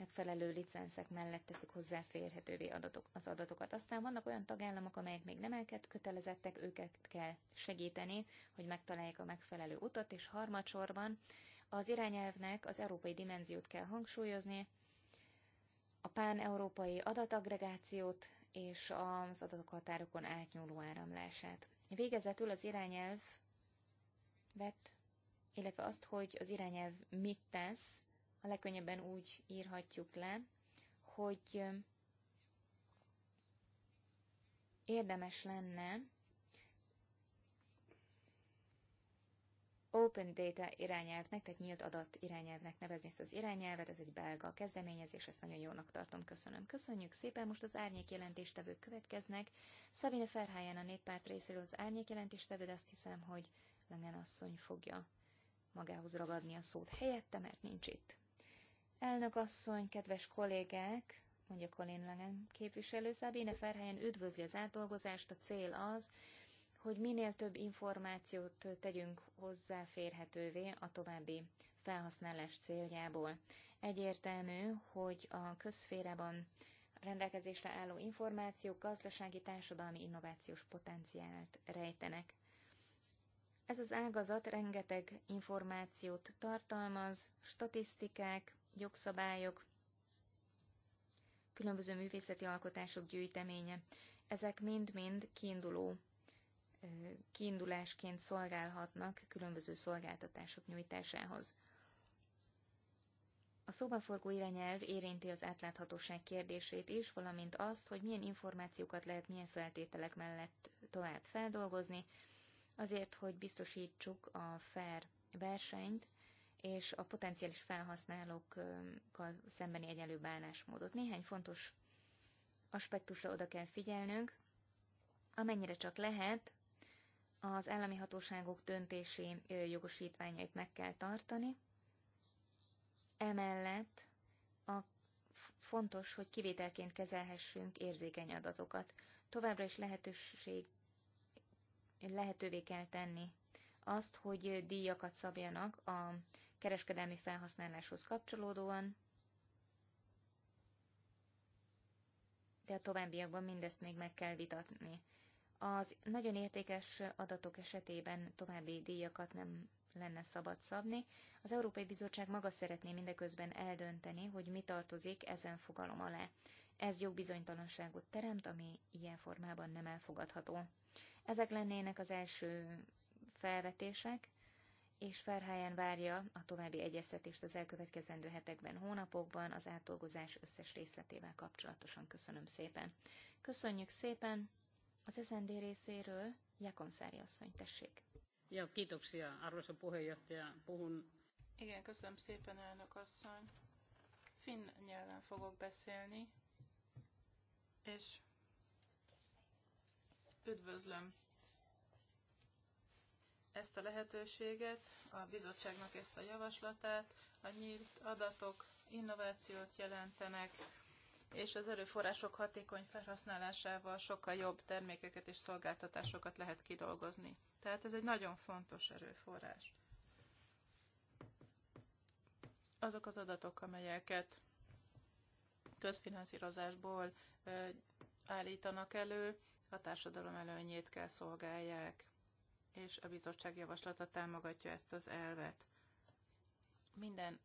megfelelő licenszek mellett teszik hozzáférhetővé adatok, az adatokat. Aztán vannak olyan tagállamok, amelyek még nem elkötelezettek, őket kell segíteni, hogy megtalálják a megfelelő utat, és harmadsorban az irányelvnek az európai dimenziót kell hangsúlyozni, a pán-európai adatagregációt és az adatok határokon átnyúló áramlását. Végezetül az irányelv vett, illetve azt, hogy az irányelv mit tesz, a legkönnyebben úgy írhatjuk le, hogy érdemes lenne Open Data irányelvnek, tehát nyílt adat irányelvnek nevezni ezt az irányelvet, ez egy belga kezdeményezés, ezt nagyon jónak tartom, köszönöm. Köszönjük szépen, most az árnyék jelentéstevők következnek. Szabine Ferháján a néppárt részéről az árnyék jelentéstevő, de azt hiszem, hogy Lengen asszony fogja magához ragadni a szót helyette, mert nincs itt. Elnök asszony, kedves kollégák, mondja Colin Langen képviselő, Szabine Ferhelyen üdvözli az átdolgozást, a cél az, hogy minél több információt tegyünk hozzáférhetővé a további felhasználás céljából. Egyértelmű, hogy a közférában rendelkezésre álló információk gazdasági, társadalmi, innovációs potenciált rejtenek. Ez az ágazat rengeteg információt tartalmaz, statisztikák, jogszabályok, különböző művészeti alkotások gyűjteménye. Ezek mind-mind kiinduló, kiindulásként szolgálhatnak különböző szolgáltatások nyújtásához. A szóbaforgó irányelv érinti az átláthatóság kérdését is, valamint azt, hogy milyen információkat lehet milyen feltételek mellett tovább feldolgozni, azért, hogy biztosítsuk a fair versenyt, és a potenciális felhasználókkal szembeni egyenlő bánásmódot. Néhány fontos aspektusra oda kell figyelnünk, amennyire csak lehet, az állami hatóságok döntési jogosítványait meg kell tartani. Emellett a fontos, hogy kivételként kezelhessünk érzékeny adatokat. Továbbra is lehetőség, lehetővé kell tenni azt, hogy díjakat szabjanak a kereskedelmi felhasználáshoz kapcsolódóan, de a továbbiakban mindezt még meg kell vitatni. Az nagyon értékes adatok esetében további díjakat nem lenne szabad szabni. Az Európai Bizottság maga szeretné mindeközben eldönteni, hogy mi tartozik ezen fogalom alá. Ez jogbizonytalanságot teremt, ami ilyen formában nem elfogadható. Ezek lennének az első felvetések és Ferháján várja a további egyeztetést az elkövetkezendő hetekben, hónapokban az átdolgozás összes részletével kapcsolatosan. Köszönöm szépen. Köszönjük szépen az SND részéről, Jakonszári asszony, tessék. Ja, kiitoksia, a puheenjohtaja, puhun. Igen, köszönöm szépen, elnök asszony. Finn nyelven fogok beszélni, és üdvözlöm ezt a lehetőséget, a bizottságnak ezt a javaslatát, a nyílt adatok innovációt jelentenek, és az erőforrások hatékony felhasználásával sokkal jobb termékeket és szolgáltatásokat lehet kidolgozni. Tehát ez egy nagyon fontos erőforrás. Azok az adatok, amelyeket közfinanszírozásból állítanak elő, a társadalom előnyét kell szolgálják és a bizottság javaslata támogatja ezt az elvet. Minden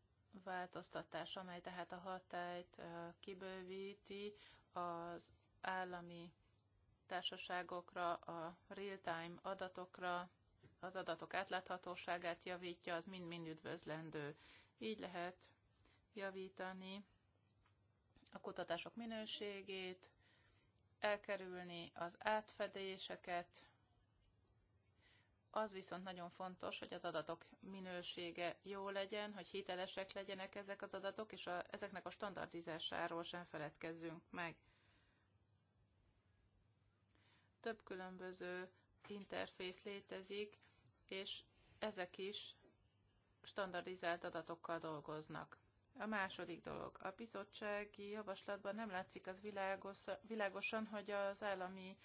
változtatás, amely tehát a hatályt kibővíti az állami társaságokra, a real-time adatokra, az adatok átláthatóságát javítja, az mind-mind üdvözlendő. Így lehet javítani a kutatások minőségét, elkerülni az átfedéseket, az viszont nagyon fontos, hogy az adatok minősége jó legyen, hogy hitelesek legyenek ezek az adatok, és a, ezeknek a standardizásáról sem feledkezzünk meg. Több különböző interfész létezik, és ezek is standardizált adatokkal dolgoznak. A második dolog. A bizottsági javaslatban nem látszik az világos, világosan, hogy az állami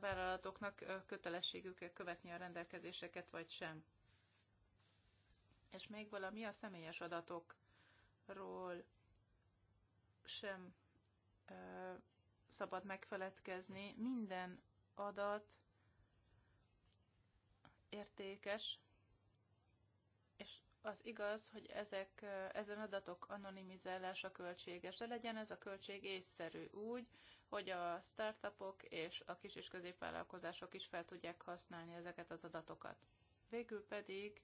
vállalatoknak kötelességük követni a rendelkezéseket, vagy sem. És még valami a személyes adatokról sem ö, szabad megfeledkezni. Minden adat értékes, az igaz, hogy ezek, ezen adatok anonimizálása költséges, de legyen ez a költség észszerű úgy, hogy a startupok és a kis és középvállalkozások is fel tudják használni ezeket az adatokat. Végül pedig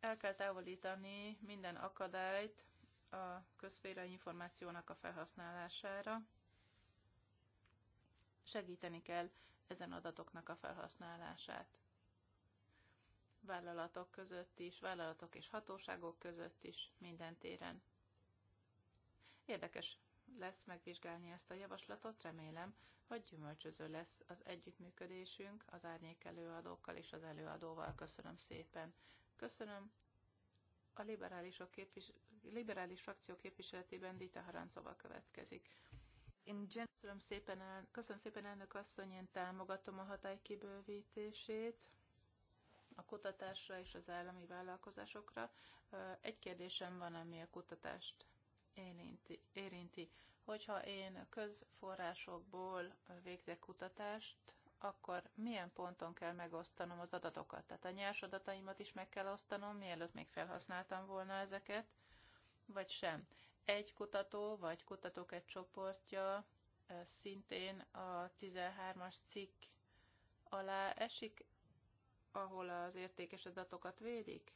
el kell távolítani minden akadályt a közféra információnak a felhasználására. Segíteni kell ezen adatoknak a felhasználását vállalatok között is, vállalatok és hatóságok között is, minden téren. Érdekes lesz megvizsgálni ezt a javaslatot, remélem, hogy gyümölcsöző lesz az együttműködésünk az árnyék előadókkal és az előadóval. Köszönöm szépen. Köszönöm a liberálisok képvis- liberális frakció képviseletében Dita Harancova következik. Köszönöm szépen, el- köszönöm szépen elnök asszony, én támogatom a hatály kibővítését a kutatásra és az állami vállalkozásokra. Egy kérdésem van, ami a kutatást érinti. érinti. Hogyha én közforrásokból végzek kutatást, akkor milyen ponton kell megosztanom az adatokat? Tehát a nyers adataimat is meg kell osztanom, mielőtt még felhasználtam volna ezeket, vagy sem. Egy kutató, vagy kutatók egy csoportja szintén a 13-as cikk alá esik ahol az értékes adatokat védik?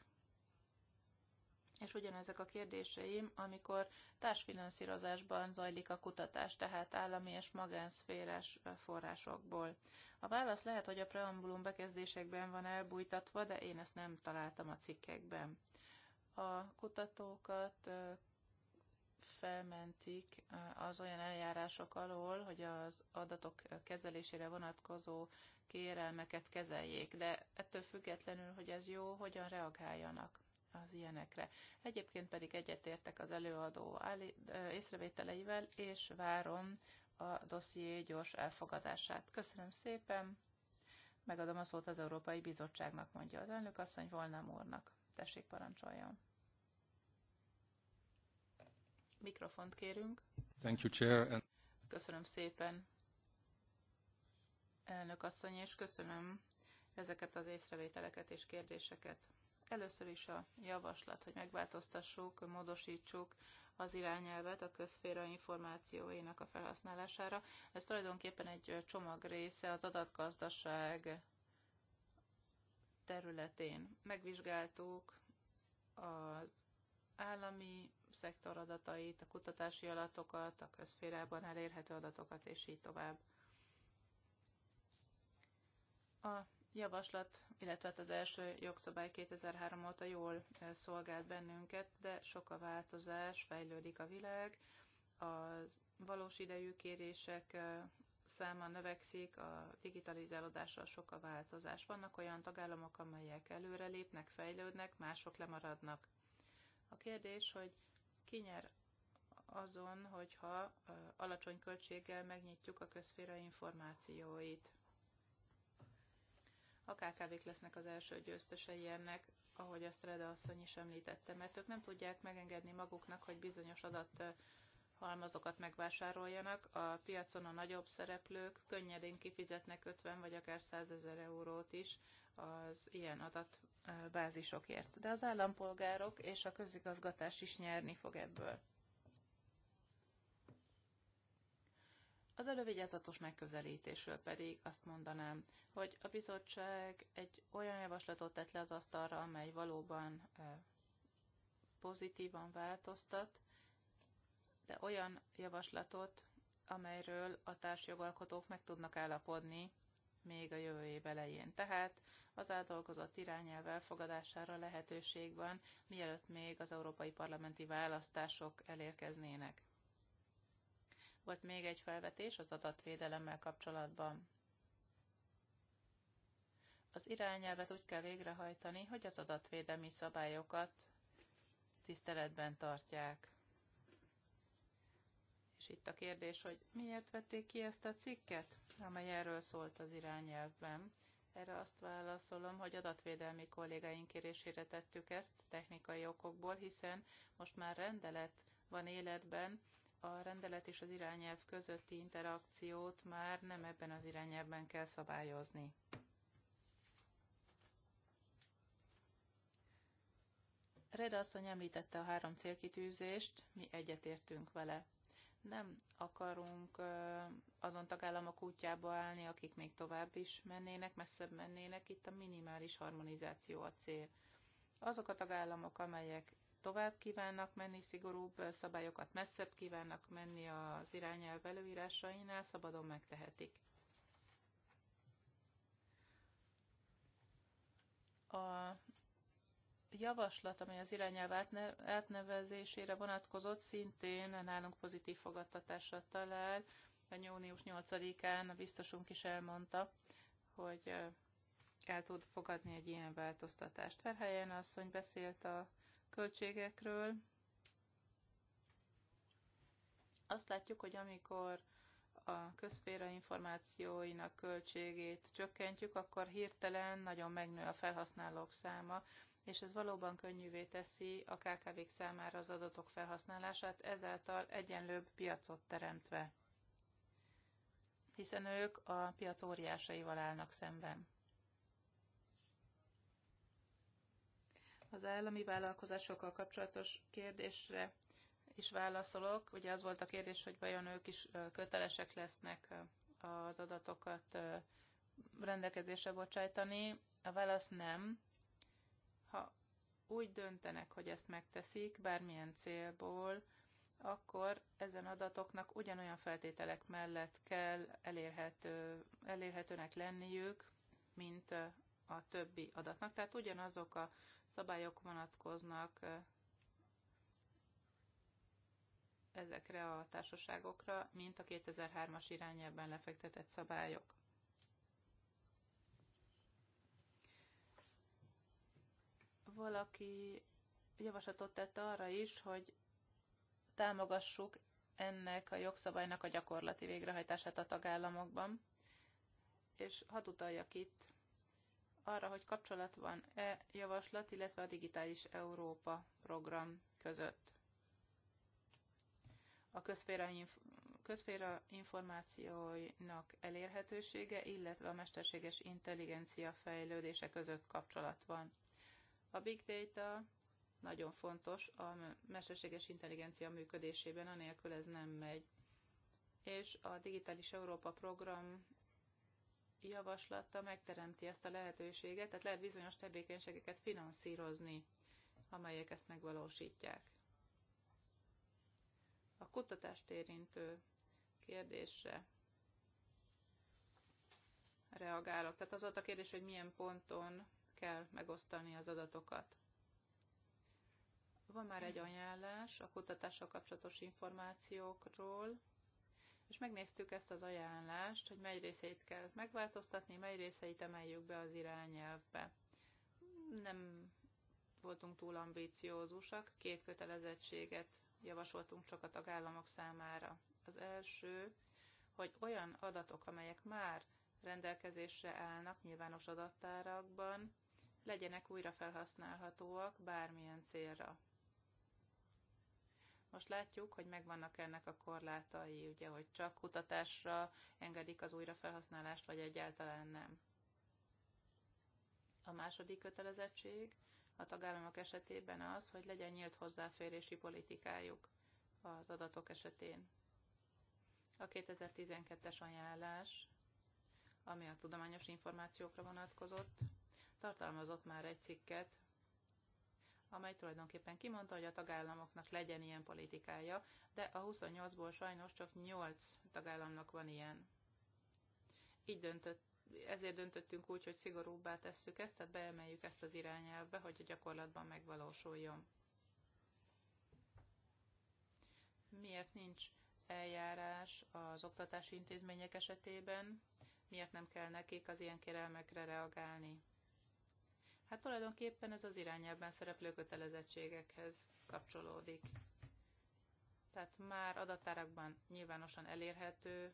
És ugyanezek a kérdéseim, amikor társfinanszírozásban zajlik a kutatás, tehát állami és magánszférás forrásokból. A válasz lehet, hogy a preambulum bekezdésekben van elbújtatva, de én ezt nem találtam a cikkekben. A kutatókat felmentik az olyan eljárások alól, hogy az adatok kezelésére vonatkozó kérelmeket kezeljék, de ettől függetlenül, hogy ez jó, hogyan reagáljanak az ilyenekre. Egyébként pedig egyetértek az előadó észrevételeivel, és várom a dosszié gyors elfogadását. Köszönöm szépen, megadom a szót az Európai Bizottságnak, mondja az elnök asszony Volnám úrnak. Tessék, parancsoljon! Mikrofont kérünk. Thank you, Chair. And... Köszönöm szépen, elnök asszony, és köszönöm ezeket az észrevételeket és kérdéseket. Először is a javaslat, hogy megváltoztassuk, módosítsuk az irányelvet a közféra információinak a felhasználására. Ez tulajdonképpen egy csomag része az adatgazdaság területén. Megvizsgáltuk az állami szektor adatait, a kutatási adatokat, a közférában elérhető adatokat, és így tovább. A javaslat, illetve hát az első jogszabály 2003 óta jól szolgált bennünket, de sok a változás, fejlődik a világ, a valós idejű kérések száma növekszik, a digitalizálódással sok a változás. Vannak olyan tagállamok, amelyek előrelépnek, fejlődnek, mások lemaradnak. A kérdés, hogy kinyer azon, hogyha alacsony költséggel megnyitjuk a közféra információit. A KKV-k lesznek az első győztesei ennek, ahogy azt Reda asszony is említette, mert ők nem tudják megengedni maguknak, hogy bizonyos adat halmazokat megvásároljanak, a piacon a nagyobb szereplők könnyedén kifizetnek 50 vagy akár 100 ezer eurót is az ilyen adatbázisokért. De az állampolgárok és a közigazgatás is nyerni fog ebből. Az elővigyázatos megközelítésről pedig azt mondanám, hogy a bizottság egy olyan javaslatot tett le az asztalra, amely valóban pozitívan változtat, de olyan javaslatot, amelyről a társjogalkotók meg tudnak állapodni még a jövő év elején. Tehát az átdolgozott irányelv elfogadására lehetőség van, mielőtt még az európai parlamenti választások elérkeznének. Volt még egy felvetés az adatvédelemmel kapcsolatban. Az irányelvet úgy kell végrehajtani, hogy az adatvédelmi szabályokat tiszteletben tartják. És itt a kérdés, hogy miért vették ki ezt a cikket, amely erről szólt az irányelvben. Erre azt válaszolom, hogy adatvédelmi kollégáink kérésére tettük ezt technikai okokból, hiszen most már rendelet van életben, a rendelet és az irányelv közötti interakciót már nem ebben az irányelvben kell szabályozni. Reda asszony említette a három célkitűzést, mi egyetértünk vele nem akarunk azon tagállamok útjába állni, akik még tovább is mennének, messzebb mennének, itt a minimális harmonizáció a cél. Azok a tagállamok, amelyek tovább kívánnak menni, szigorúbb szabályokat messzebb kívánnak menni az irányelv előírásainál, szabadon megtehetik. A javaslat, amely az irányelv átnevezésére vonatkozott, szintén nálunk pozitív fogadtatásra talál. A június 8-án a biztosunk is elmondta, hogy el tud fogadni egy ilyen változtatást. Verhelyen asszony beszélt a költségekről. Azt látjuk, hogy amikor a közféra információinak költségét csökkentjük, akkor hirtelen nagyon megnő a felhasználók száma, és ez valóban könnyűvé teszi a KKV-k számára az adatok felhasználását, ezáltal egyenlőbb piacot teremtve, hiszen ők a piac óriásaival állnak szemben. Az állami vállalkozásokkal kapcsolatos kérdésre is válaszolok. Ugye az volt a kérdés, hogy vajon ők is kötelesek lesznek az adatokat rendelkezésre bocsájtani. A válasz nem úgy döntenek, hogy ezt megteszik, bármilyen célból, akkor ezen adatoknak ugyanolyan feltételek mellett kell elérhető, elérhetőnek lenniük, mint a többi adatnak. Tehát ugyanazok a szabályok vonatkoznak ezekre a társaságokra, mint a 2003-as irányelben lefektetett szabályok. valaki javaslatot tett arra is, hogy támogassuk ennek a jogszabálynak a gyakorlati végrehajtását a tagállamokban, és hadd utaljak itt arra, hogy kapcsolat van e javaslat, illetve a Digitális Európa program között. A közféra, inf- közféra információinak elérhetősége, illetve a mesterséges intelligencia fejlődése között kapcsolat van. A big data nagyon fontos a mesterséges intelligencia működésében, anélkül ez nem megy. És a Digitális Európa program javaslata megteremti ezt a lehetőséget, tehát lehet bizonyos tevékenységeket finanszírozni, amelyek ezt megvalósítják. A kutatást érintő kérdésre reagálok. Tehát az volt a kérdés, hogy milyen ponton kell megosztani az adatokat. Van már egy ajánlás a kutatással kapcsolatos információkról, és megnéztük ezt az ajánlást, hogy mely részeit kell megváltoztatni, mely részeit emeljük be az irányelvbe. Nem voltunk túl ambíciózusak, két kötelezettséget javasoltunk csak a tagállamok számára. Az első, hogy olyan adatok, amelyek már rendelkezésre állnak nyilvános adattárakban, legyenek újra felhasználhatóak bármilyen célra. Most látjuk, hogy megvannak ennek a korlátai, ugye, hogy csak kutatásra engedik az újrafelhasználást, vagy egyáltalán nem. A második kötelezettség a tagállamok esetében az, hogy legyen nyílt hozzáférési politikájuk az adatok esetén. A 2012-es ajánlás, ami a tudományos információkra vonatkozott, tartalmazott már egy cikket, amely tulajdonképpen kimondta, hogy a tagállamoknak legyen ilyen politikája, de a 28-ból sajnos csak 8 tagállamnak van ilyen. Így döntött, ezért döntöttünk úgy, hogy szigorúbbá tesszük ezt, tehát beemeljük ezt az irányelvbe, hogy a gyakorlatban megvalósuljon. Miért nincs eljárás az oktatási intézmények esetében? Miért nem kell nekik az ilyen kérelmekre reagálni? Hát tulajdonképpen ez az irányelvben szereplő kötelezettségekhez kapcsolódik. Tehát már adattárakban nyilvánosan elérhető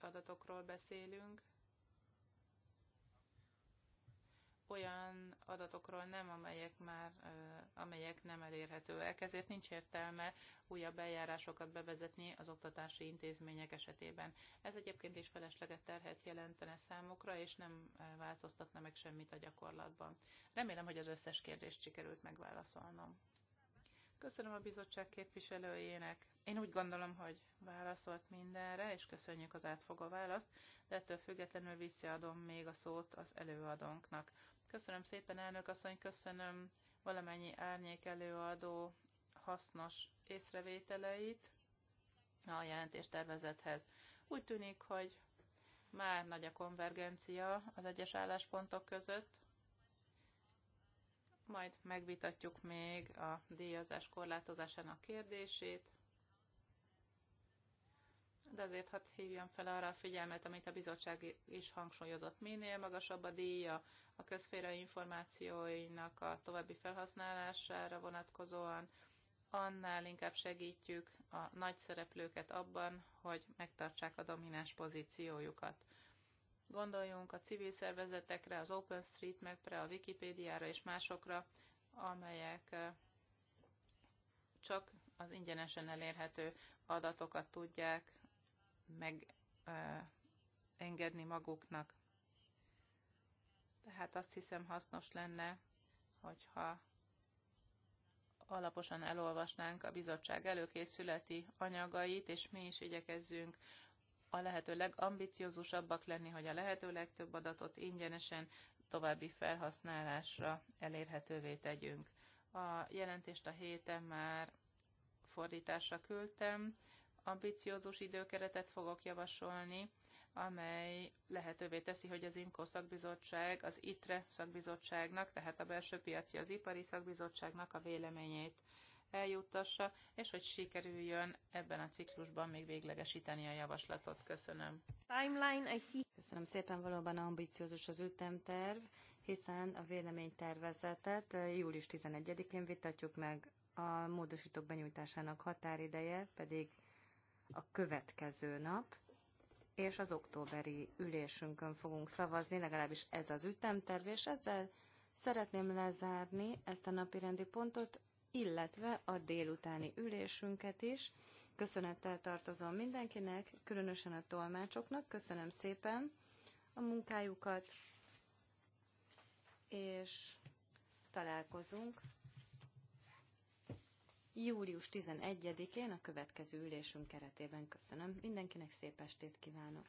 adatokról beszélünk, olyan adatokról nem, amelyek már, amelyek nem elérhetőek, ezért nincs értelme újabb eljárásokat bevezetni az oktatási intézmények esetében. Ez egyébként is felesleget terhet jelentene számukra, és nem változtatna meg semmit a gyakorlatban. Remélem, hogy az összes kérdést sikerült megválaszolnom. Köszönöm a bizottság képviselőjének. Én úgy gondolom, hogy válaszolt mindenre, és köszönjük az átfogó választ, de ettől függetlenül visszaadom még a szót az előadónknak. Köszönöm szépen, elnök asszony, köszönöm valamennyi árnyék előadó hasznos észrevételeit a jelentéstervezethez. Úgy tűnik, hogy már nagy a konvergencia az egyes álláspontok között, majd megvitatjuk még a díjazás korlátozásának kérdését, de azért hadd hívjam fel arra a figyelmet, amit a bizottság is hangsúlyozott. Minél magasabb a díja a közféra információinak a további felhasználására vonatkozóan, annál inkább segítjük a nagy szereplőket abban, hogy megtartsák a domináns pozíciójukat. Gondoljunk a civil szervezetekre, az OpenStreetMap-re, a Wikipédiára és másokra, amelyek eh, csak az ingyenesen elérhető adatokat tudják megengedni maguknak. Tehát azt hiszem hasznos lenne, hogyha alaposan elolvasnánk a bizottság előkészületi anyagait, és mi is igyekezzünk a lehető legambiciózusabbak lenni, hogy a lehető legtöbb adatot ingyenesen további felhasználásra elérhetővé tegyünk. A jelentést a héten már fordításra küldtem, ambiciózus időkeretet fogok javasolni, amely lehetővé teszi, hogy az IMCO szakbizottság az ITRE szakbizottságnak, tehát a belső piaci az ipari szakbizottságnak a véleményét eljuttassa, és hogy sikerüljön ebben a ciklusban még véglegesíteni a javaslatot. Köszönöm. Timeline, I see. Köszönöm szépen, valóban ambiciózus az ütemterv, hiszen a véleménytervezetet eh, július 11-én vitatjuk meg, a módosítók benyújtásának határideje pedig a következő nap, és az októberi ülésünkön fogunk szavazni, legalábbis ez az ütemterv, és ezzel szeretném lezárni ezt a napirendi pontot, illetve a délutáni ülésünket is. Köszönettel tartozom mindenkinek, különösen a tolmácsoknak. Köszönöm szépen a munkájukat, és találkozunk július 11-én a következő ülésünk keretében. Köszönöm mindenkinek, szép estét kívánok!